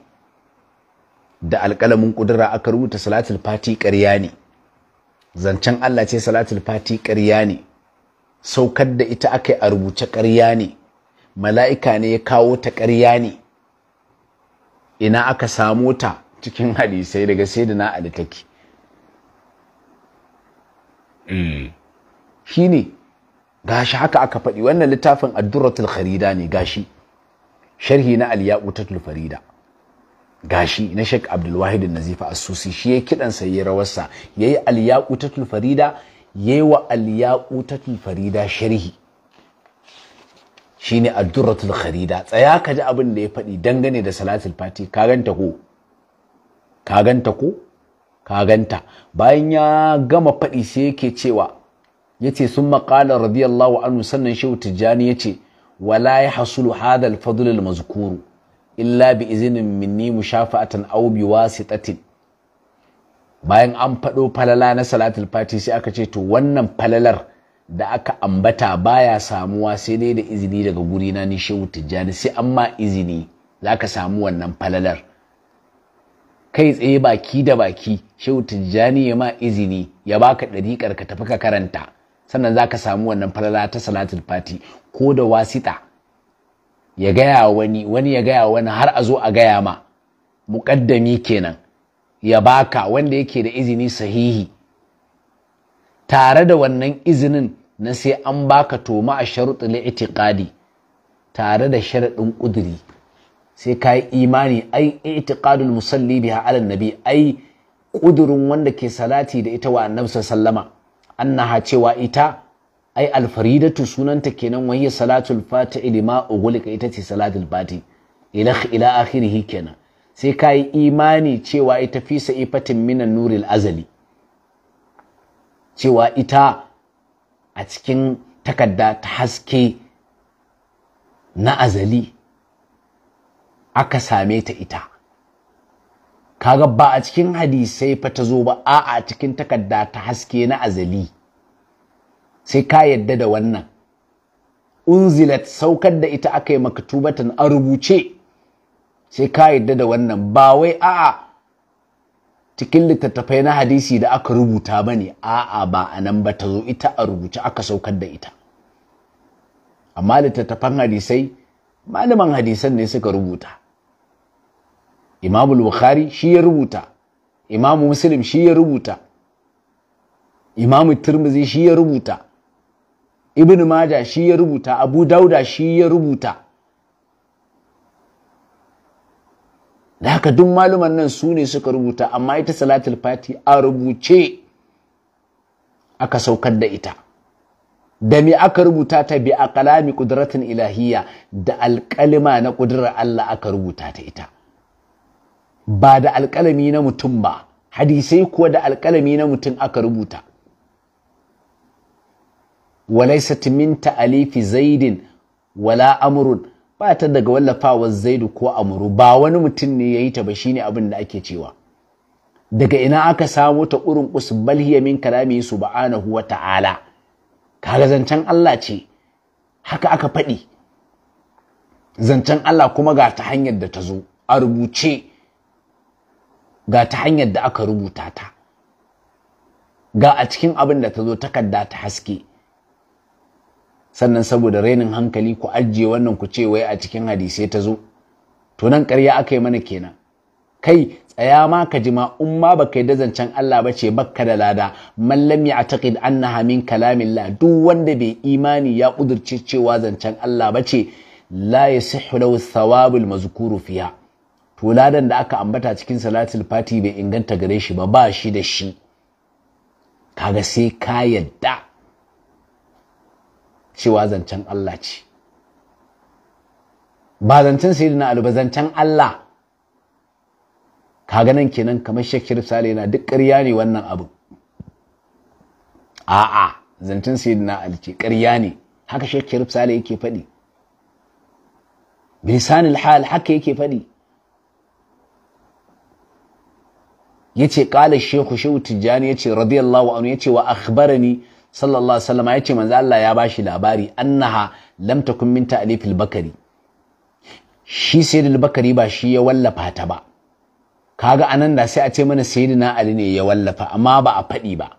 da alƙalamin ƙudura aka rubuta salatul fati ƙarya ne zancen Allah ce salatul fati ƙarya ne saukar da ita aka yi a rubuce ƙarya ne mala'ika ne ya kawo ta ƙarya ne ina aka samo ta cikin hadisai daga sayyidina Shi take Ga eh. gashi haka aka faɗi wannan littafin addurratul kharida ne gashi sharhi na al-yaqutatul farida gashi na Sheikh Abdul Wahid Nazifa As-Susi shi ya kidan sa ya rawarsa yayi al-yaqutatul farida yayi wa al-yaqutatul farida sharhi shine addurratul kharida tsaya ka ji abin da ya faɗi dangane da salatul fati ka ganta ko ka ganta ko ka ganta bayan ya gama faɗi sai yake cewa yace sun maƙala radiyallahu anhu sannan shehu tijjani yace wala ya hasulu hada al-fadl mazkuru illa bi izinin minni mushafa'atan aw bi wasitatin bayan an faɗo falala na salatul fati sai aka ce to wannan falalar da aka ambata baya samuwa sai dai da izini daga guri na ni shehu tijjani sai an ma izini zaka samu wannan falalar kai tsaye baki da baki shehu tijjani ya ma izini ya baka ɗariƙar ka tafi ka karanta sannan zaka samu wannan falala ta salatul fati ko da wasita ya gaya wani wani ya gaya wani har a zo a gaya ma muƙaddami kenan ya baka wanda yake da izini sahihi tare da wannan izinin na sai an baka to ma a sharuɗi na itiƙadi tare da sharaɗin ƙuduri sai ka yi imani ai itiƙadul musalli biha ala nabi ai ƙudurin wanda ke salati da ita wa annabi sallama annaha cewa ita ai alfaridatu sunanta kenan wahiyya salatul fati ilima ugulika ita ce salatul fati ila ila akhirihi kenan sai ka yi imani cewa ita fi sa'ifatin minan nuril azali cewa ita a cikin takarda ta haske na azali aka same ta ita kaga ba a cikin hadisai fa ta zo ba a'a cikin takarda ta haske na azali sai ka yadda da wannan unzilat saukar da ita aka yi makatubatan a rubuce sai ka yadda da wannan ba wai a'a cikin littattafai na hadisi da aka rubuta ba ne a'a ba a nan ba ta zo ita a rubuce aka saukar da ita amma littattafan hadisai malaman hadisan ne suka rubuta imamul bukhari shi ya rubuta imamu muslim shi ya rubuta imamu turmuzi shi ya rubuta ibn maja shi ya rubuta abu dauda shi ya rubuta da haka duk maluman nan su ne suka rubuta amma ita salatul fati a rubuce aka saukar da ita da me aka rubuta ta bi a kalami kudratin ilahiyya da alkalima na kudurar Allah aka rubuta ta ita ba da alkalami na mutum ba hadisai kuwa da alkalami na mutum aka rubuta walaisat min alifi zaidin wala amrun ba ta daga wallafawar zaidu ko amuru ba wani mutum ne ya yi ta ba shi ne abin da ake cewa daga ina aka samo ta urin ƙus bal min kalami ana huwa ta'ala kaga zancen Allah ce haka aka faɗi zancen Allah kuma ga ta hanyar da ta zo a rubuce ga ta hanyar da aka rubuta ta ga a cikin abin da ta zo takarda ta haske sannan saboda rainin hankali ku ajiye wannan ku ce wai a cikin hadisai ta zo to nan karya aka yi mana kenan kai tsaya ma ka ji ma in ma baka yi zancen Allah ba ce bakka da lada mallam ya taqid annaha min kalamillah duk wanda bai imani ya kudurce cewa zancen Allah ba ce la yasihhu lahu thawabul mazkuru fiha to ladan da aka ambata cikin salatul fati bai inganta gare shi ba ba shi da shi kaga sai ka yadda cewa zancen Allah ce ba zancen sayyidina na ba zancen Allah Ka ganin kenan kamar Shakir Sale na duk ƙarya ne wannan abu a'a zancen sayyidina na ce ƙarya ne haka Shakir Sale yake faɗi bilisanil hal haka yake faɗi yace Shehu, Shehu Tijjani ya yace radiyallahu anhu yace wa akhbarani sallallahu alaihi wasallam yace manzo Allah ya bashi labari annaha lam takun min ta'lifil bakari shi sayyidul bakari ba shi ya wallafa ta ba kaga anan da sai a ce mana sayyidina ali ne ya wallafa amma ba a faɗi ba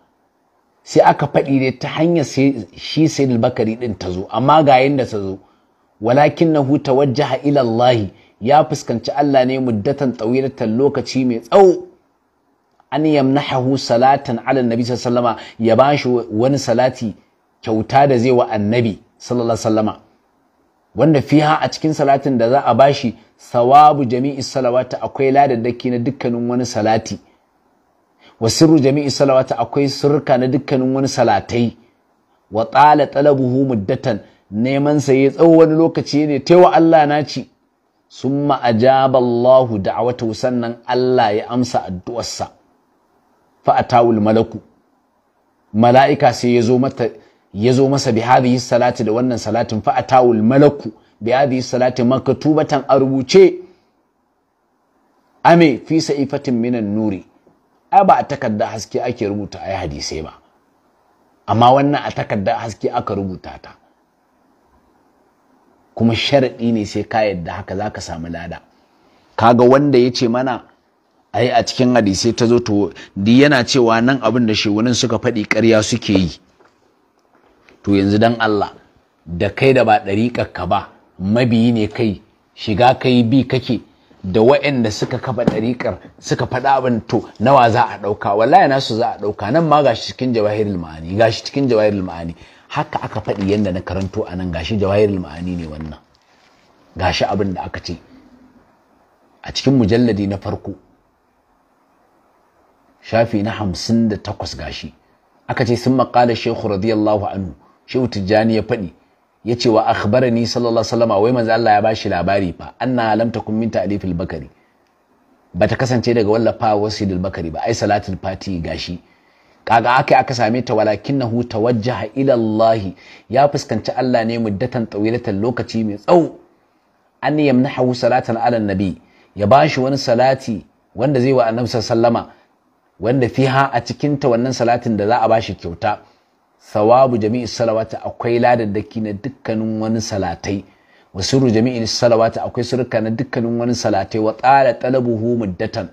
sai aka faɗi ne ta hanyar shi sayyidul bakari din ta zo amma ga yanda ta zo walakinahu tawajjaha ila Allah ya fuskanci Allah ne muddatan tsawilatan lokaci mai tsawo an yamnahu salatan ala nabi sallama ya bashi wani salati kyauta da zai wa annabi sallallahu sallama wanda fiha a cikin salatin da za a bashi sawabu jami'i salawata akwai ladaddaki na dukkanin wani salati wa sirru jami'i salawata akwai surka na dukkanin wani salatai wa tsala talabuhu muddatan neman sa ya tsawo wani lokaci ne taiwa Allah na ci summa ajaba Allahu wata sannan Allah ya amsa addu'arsa fa'atawul malaku mala'ika sai ya zo masa bi hadhihi salati da wannan salatin fa'atawul malaku bi hadhihi salati maktubatan a rubuce ame fi sa'ifatin minan nuri ai ba a takarda haske ake rubuta ai hadisai ba amma wannan a takarda haske aka rubuta ta kuma sharaɗi ne sai ka yadda haka za ka samu lada kaga wanda ya ce mana ai a cikin hadisai ta zo to di yana cewa nan abin da shegunin suka faɗi ƙarya suke yi to yanzu dan Allah da kai da ba ka ba mabiyi ne kai shiga kai bi kake da waɗanda suka kafa ɗariƙar suka faɗa abin to nawa za a ɗauka wallahi nasu za a ɗauka nan ma gashi cikin jawahirul ma'ani gashi cikin jawahirul ma'ani haka aka faɗi yanda na karanto a nan gashi jawahirul ma'ani ne wannan gashi abin da aka ce a cikin mujalladi na farko shafi na hamsin da takwas gashi aka ce sun makala shehu radiyallahu anhu shehu tijjani ya faɗi ya ce wa akhbarani sallallahu alaihi wai manzo Allah ya bashi labari fa anna lam takun min ta'lif bakari bata kasance daga wallafa wasu al-bakari ba ai salatul fati gashi kaga aka aka same ta walakinahu tawajjaha ila Allah ya fuskanci Allah ne muddatan tawilatan lokaci mai tsawo an yamnahu salatan ala nabi ya bashi wani salati wanda zai wa annabi sallama wanda fiha a cikinta wannan salatin da za a bashi kyauta sawabu jami'i salawata akwai ladaddaki na dukkanin wani salatai wa sirru jami'i salawati akwai suruka na dukkanin wani salatai wa tsara talabuhu muddatan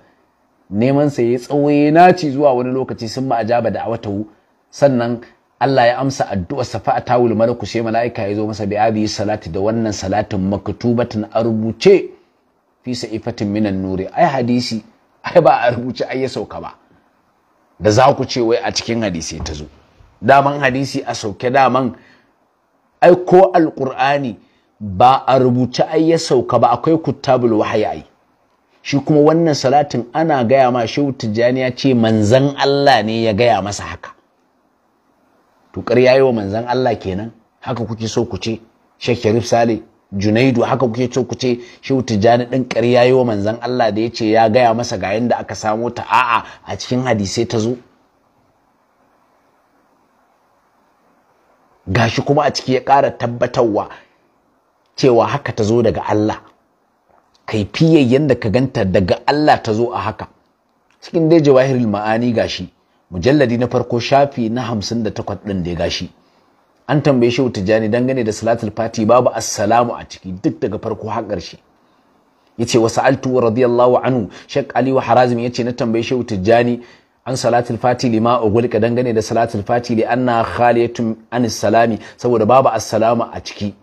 neman sa yayi tsawaye naci zuwa wani lokaci sun ma ajaba da awatahu sannan Allah ya amsa addu'a safa a tawul malaku sai mala'ika ya zo masa bi abi salati da wannan salatin maktubatan a rubuce fi sa'ifatin minan nuri ai hadisi ai ba a rubuce ai ya sauka ba da za ku ce wai a cikin hadisi ta zo daman hadisi a sauke daman ai ko alkur'ani ba a rubuta ai ya sauka ba akwai kuttabul wahayi ai shi kuma wannan salatin ana gaya ma shehu tijjani ya ce manzan Allah ne ya gaya masa haka to ƙarya yi wa manzan Allah kenan haka kuke so ku ce shekharif Saleh. junaidu haka kuke ce ku ce shi tijjani din ƙarya yi wa manzon Allah da ya ce ya gaya masa ga yanda aka samo ta a'a a cikin hadisai ta zo gashi kuma a ciki ya ƙara tabbatarwa cewa haka ta zo daga Allah kaifiyar yanda ka ganta daga Allah ta zo a haka cikin dai jawahirul ma'ani gashi mujalladi na farko shafi na 58 din da gashi an tambaye shehu tijjani dangane da salatul fati babu assalamu a ciki duk daga farko har ƙarshe yace wa sa'altu radiyallahu anhu shek ali wa harazim yace na tambaye shehu tijjani an salatul fati lima ugulka dangane da salatul fati li anna khaliyatun an salami saboda babu assalamu a ciki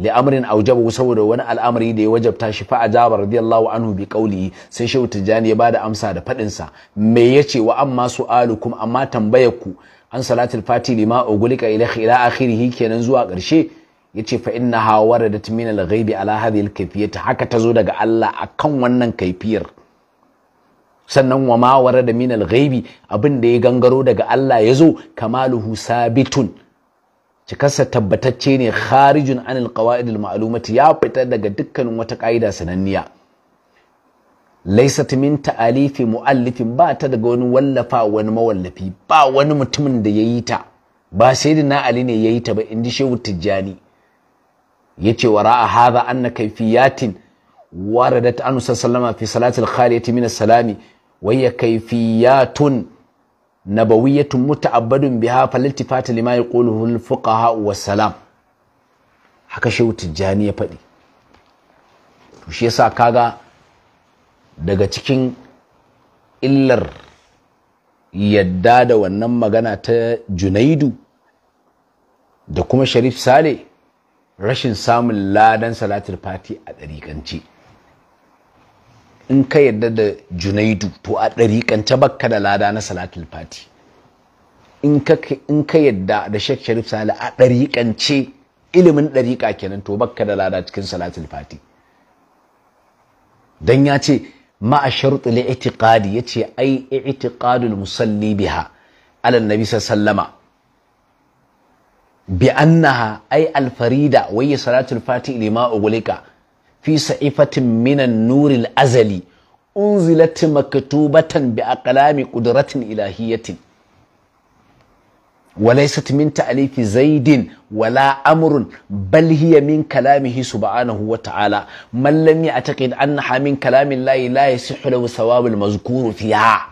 li amrin aujabu saboda wani al'amari da ya wajabta shi fa ajaba radiyallahu anhu bi qawlihi sai shehu tijjani ya bada amsa da fadin sa me yace wa amma su'alukum amma tambayarku ku an salatul fati lima ogulika ila ila akhirih kenan zuwa ƙarshe yace fa innaha waradat min al-ghaibi ala hadhihi al-kayfiyati haka zo daga Allah akan wannan kaifiyar sannan wa ma warada min al-ghaibi abin da ya gangaro daga Allah yazo kamaluhu sabitun cikarsa tabbatacce ne kharijun anil qawaid malumati ya fita daga dukkanin wata ka'ida sananniya laisat min ta'alifi mu'allifin ba ta daga wani wallafa wani mawallafi ba wani mutumin da ya yi ta ba sayyidina ali ne ya yi ta ba inda shehu tijjani yace wara'a hadha anna kayfiyatin waradat anhu sallama fi salatil khaliyati ya as-salami wa hiya kayfiyatun nabawiyyatun muta'abbadun biha faliltifat lima yaquluhu al-fuqaha was-salam haka shehu tijjani ya faɗi to shi yasa kaga daga cikin illar yadda da wannan magana ta junaidu da kuma sharif sale rashin samun ladan salatul fati a ɗariƙance in ka yadda da junaidu to a ɗariƙance bakka da lada na salatul fati in ka yadda da shek sharif sale a ɗariƙance ilimin ɗariƙa kenan to bakka da lada cikin salatul fati don ya ce ma'a sharuɗi Itikadi itiqadi yace ai itiqadul musalli biha ala nabi sallama bi annaha ai alfarida wai salatul fati lima ugulika fi sa'ifatin minan nuril azali unzilat maktubatan bi aqlami qudratin ilahiyatin وليست من تأليف Wala Amrun, أمر بل هي من كلامه سبحانه وتعالى من لم يعتقد أنها من كلام الله لا يصح له ثواب المذكور فيها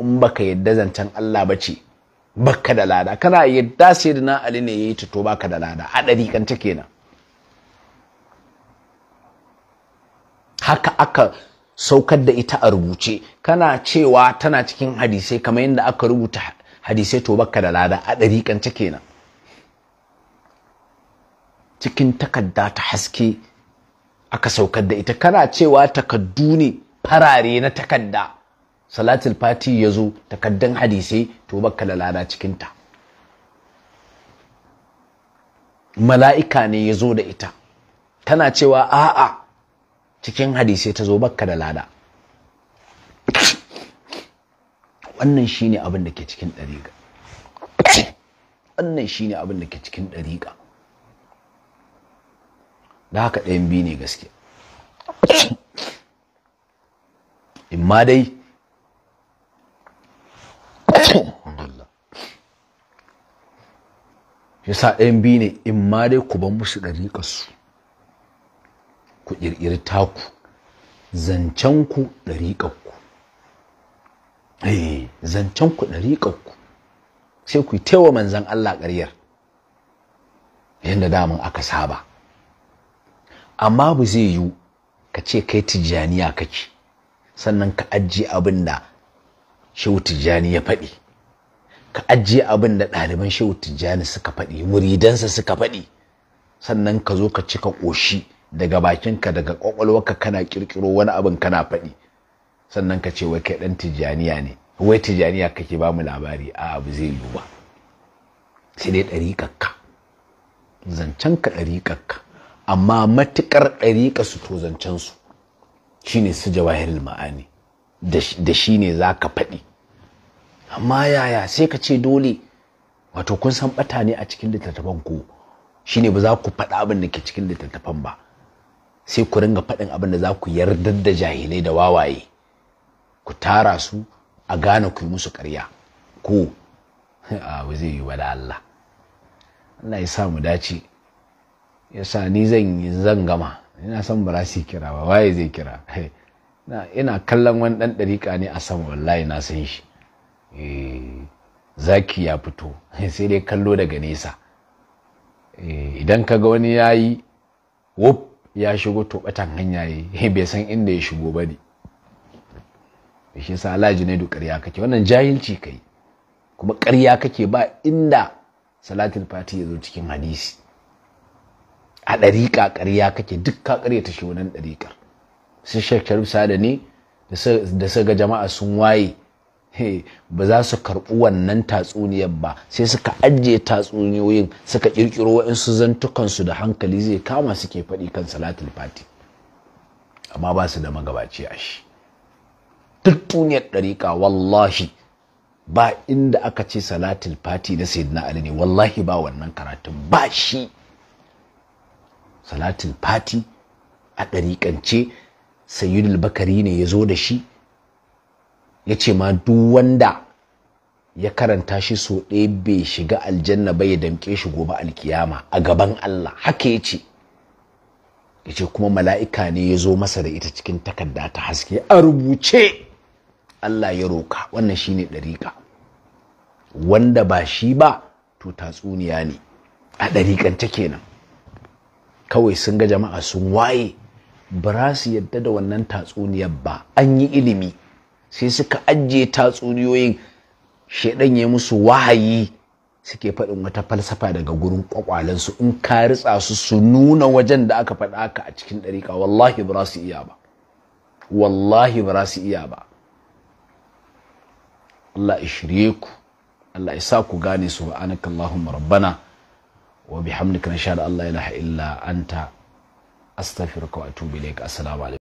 in baka yadda zancen Allah ba ce baka da lada kana yadda sai da na Ali ne yayi to baka da lada haɗari ɗarikan ta kenan haka aka saukar da ita a rubuce kana cewa tana cikin hadisai kamar yadda aka rubuta hadisai to baka da lada a ɗariƙance kenan cikin takadda ta haske aka saukar da ita kana cewa takaddu ne farare na takadda salatul fati ya zo takaddan hadisai to bakka da lada cikinta mala'ika ne ya zo da ita tana cewa a'a cikin hadisai ta zo bakka da lada wannan shine abin da ke cikin ɗariƙa wannan shine abin da ke cikin ɗariƙa da haka ɗayan biyu ne gaske in ma dai sa ɗayan biyu ne in ma dai ku ban musu ɗariƙarsu ku ƙirƙiri taku zancenku ɗariƙarku eh zancen ku ku, sai ku taiwa manzan Allah ƙaryar yadda damun aka saba amma ba zai yiwu ka ce kai tijjaniya kake sannan ka ajiye abin da shehu tijjani ya faɗi ka ajiye abin da ɗaliban shehu tijjani suka faɗi muridansa suka faɗi sannan ka zo ka cika ƙoshi daga bakinka daga ƙwaƙwalwarka kana ƙirƙiro wani abin kana faɗi sannan ka ce wai kai dan tijjaniya ne wai tijaniya kake ba mu labari a abu zai yiwu ba sai dai ɗariƙarka zancen ka ɗariƙarka amma matuƙar ɗariƙa su to zancen su shine su jawahir ma'ani da shi ne za ka faɗi amma yaya sai ka ce dole wato kun san ɓata ne a cikin littattafan ku shine ba za ku faɗa abin da ke cikin littattafan ba sai ku ringa faɗin abin da za ku yardar da jahilai da wawaye ku tara su a gane ku yi musu ƙarya ko a ba zai yi Allah Allah ya sa mu dace ya sa ni zan yi zan gama ina son ba su kira ba waye zai kira ina kallon wani ɗan ɗariƙa ne a sama wallahi na san shi eh, zaki ya fito *laughs* sai dai kallo daga nesa eh, idan kaga wani ya yi wop ya shigo to batan hanya *laughs* bai san inda ya shigo ba ne shi yasa Allah Junaidu ƙarya kake wannan jahilci kai kuma ƙarya kake ba inda salatul fati ya zo cikin hadisi a ɗariƙa ƙarya kake duk ka ƙarya ta shi wannan ɗariƙar su Sheikh Sharif Sada ne da su ga jama'a sun waye ba za su karɓi wannan tatsuniyar ba sai suka ajiye tatsuniyoyin suka ƙirƙiro waɗansu zantukansu da hankali zai kama suke faɗi kan salatul fati amma ba su da magabaci a shi duk duniyar ɗariƙa wallahi ba inda aka ce salatul fati na sayyidina ali ne wallahi ba wannan karatun ba shi salatul fati a ɗariƙance sayyidul bakari ne ya zo da shi ya ce ma duk wanda ya karanta shi so ɗaya bai shiga aljanna ba ya damƙe shi gobe alkiyama a gaban Allah haka ya ce ya ce kuma mala'ika ne ya zo masa da ita cikin takarda ta haske a rubuce Allah ya roka wannan shine ɗariƙa wanda ba shi ba to tatsuniya ne a ɗariƙance kenan kawai sun ga jama'a sun waye ba su yadda da wannan tatsuniyar ba an yi ilimi sai suka ajiye tatsuniyoyin shaidan ya musu wahayi suke faɗin wata falsafa daga gurin kwakwalensu in ka ritsa su su nuna wajen da aka faɗa aka a cikin ɗariƙa wallahi ba su iya ba wallahi ba su iya ba Allah ya shirye ku Allah ya sa ku gane subhanaka Allahumma rabbana wa bihamdika nashhadu an la ilaha illa anta astaghfiruka wa atubu ilaik assalamu alaikum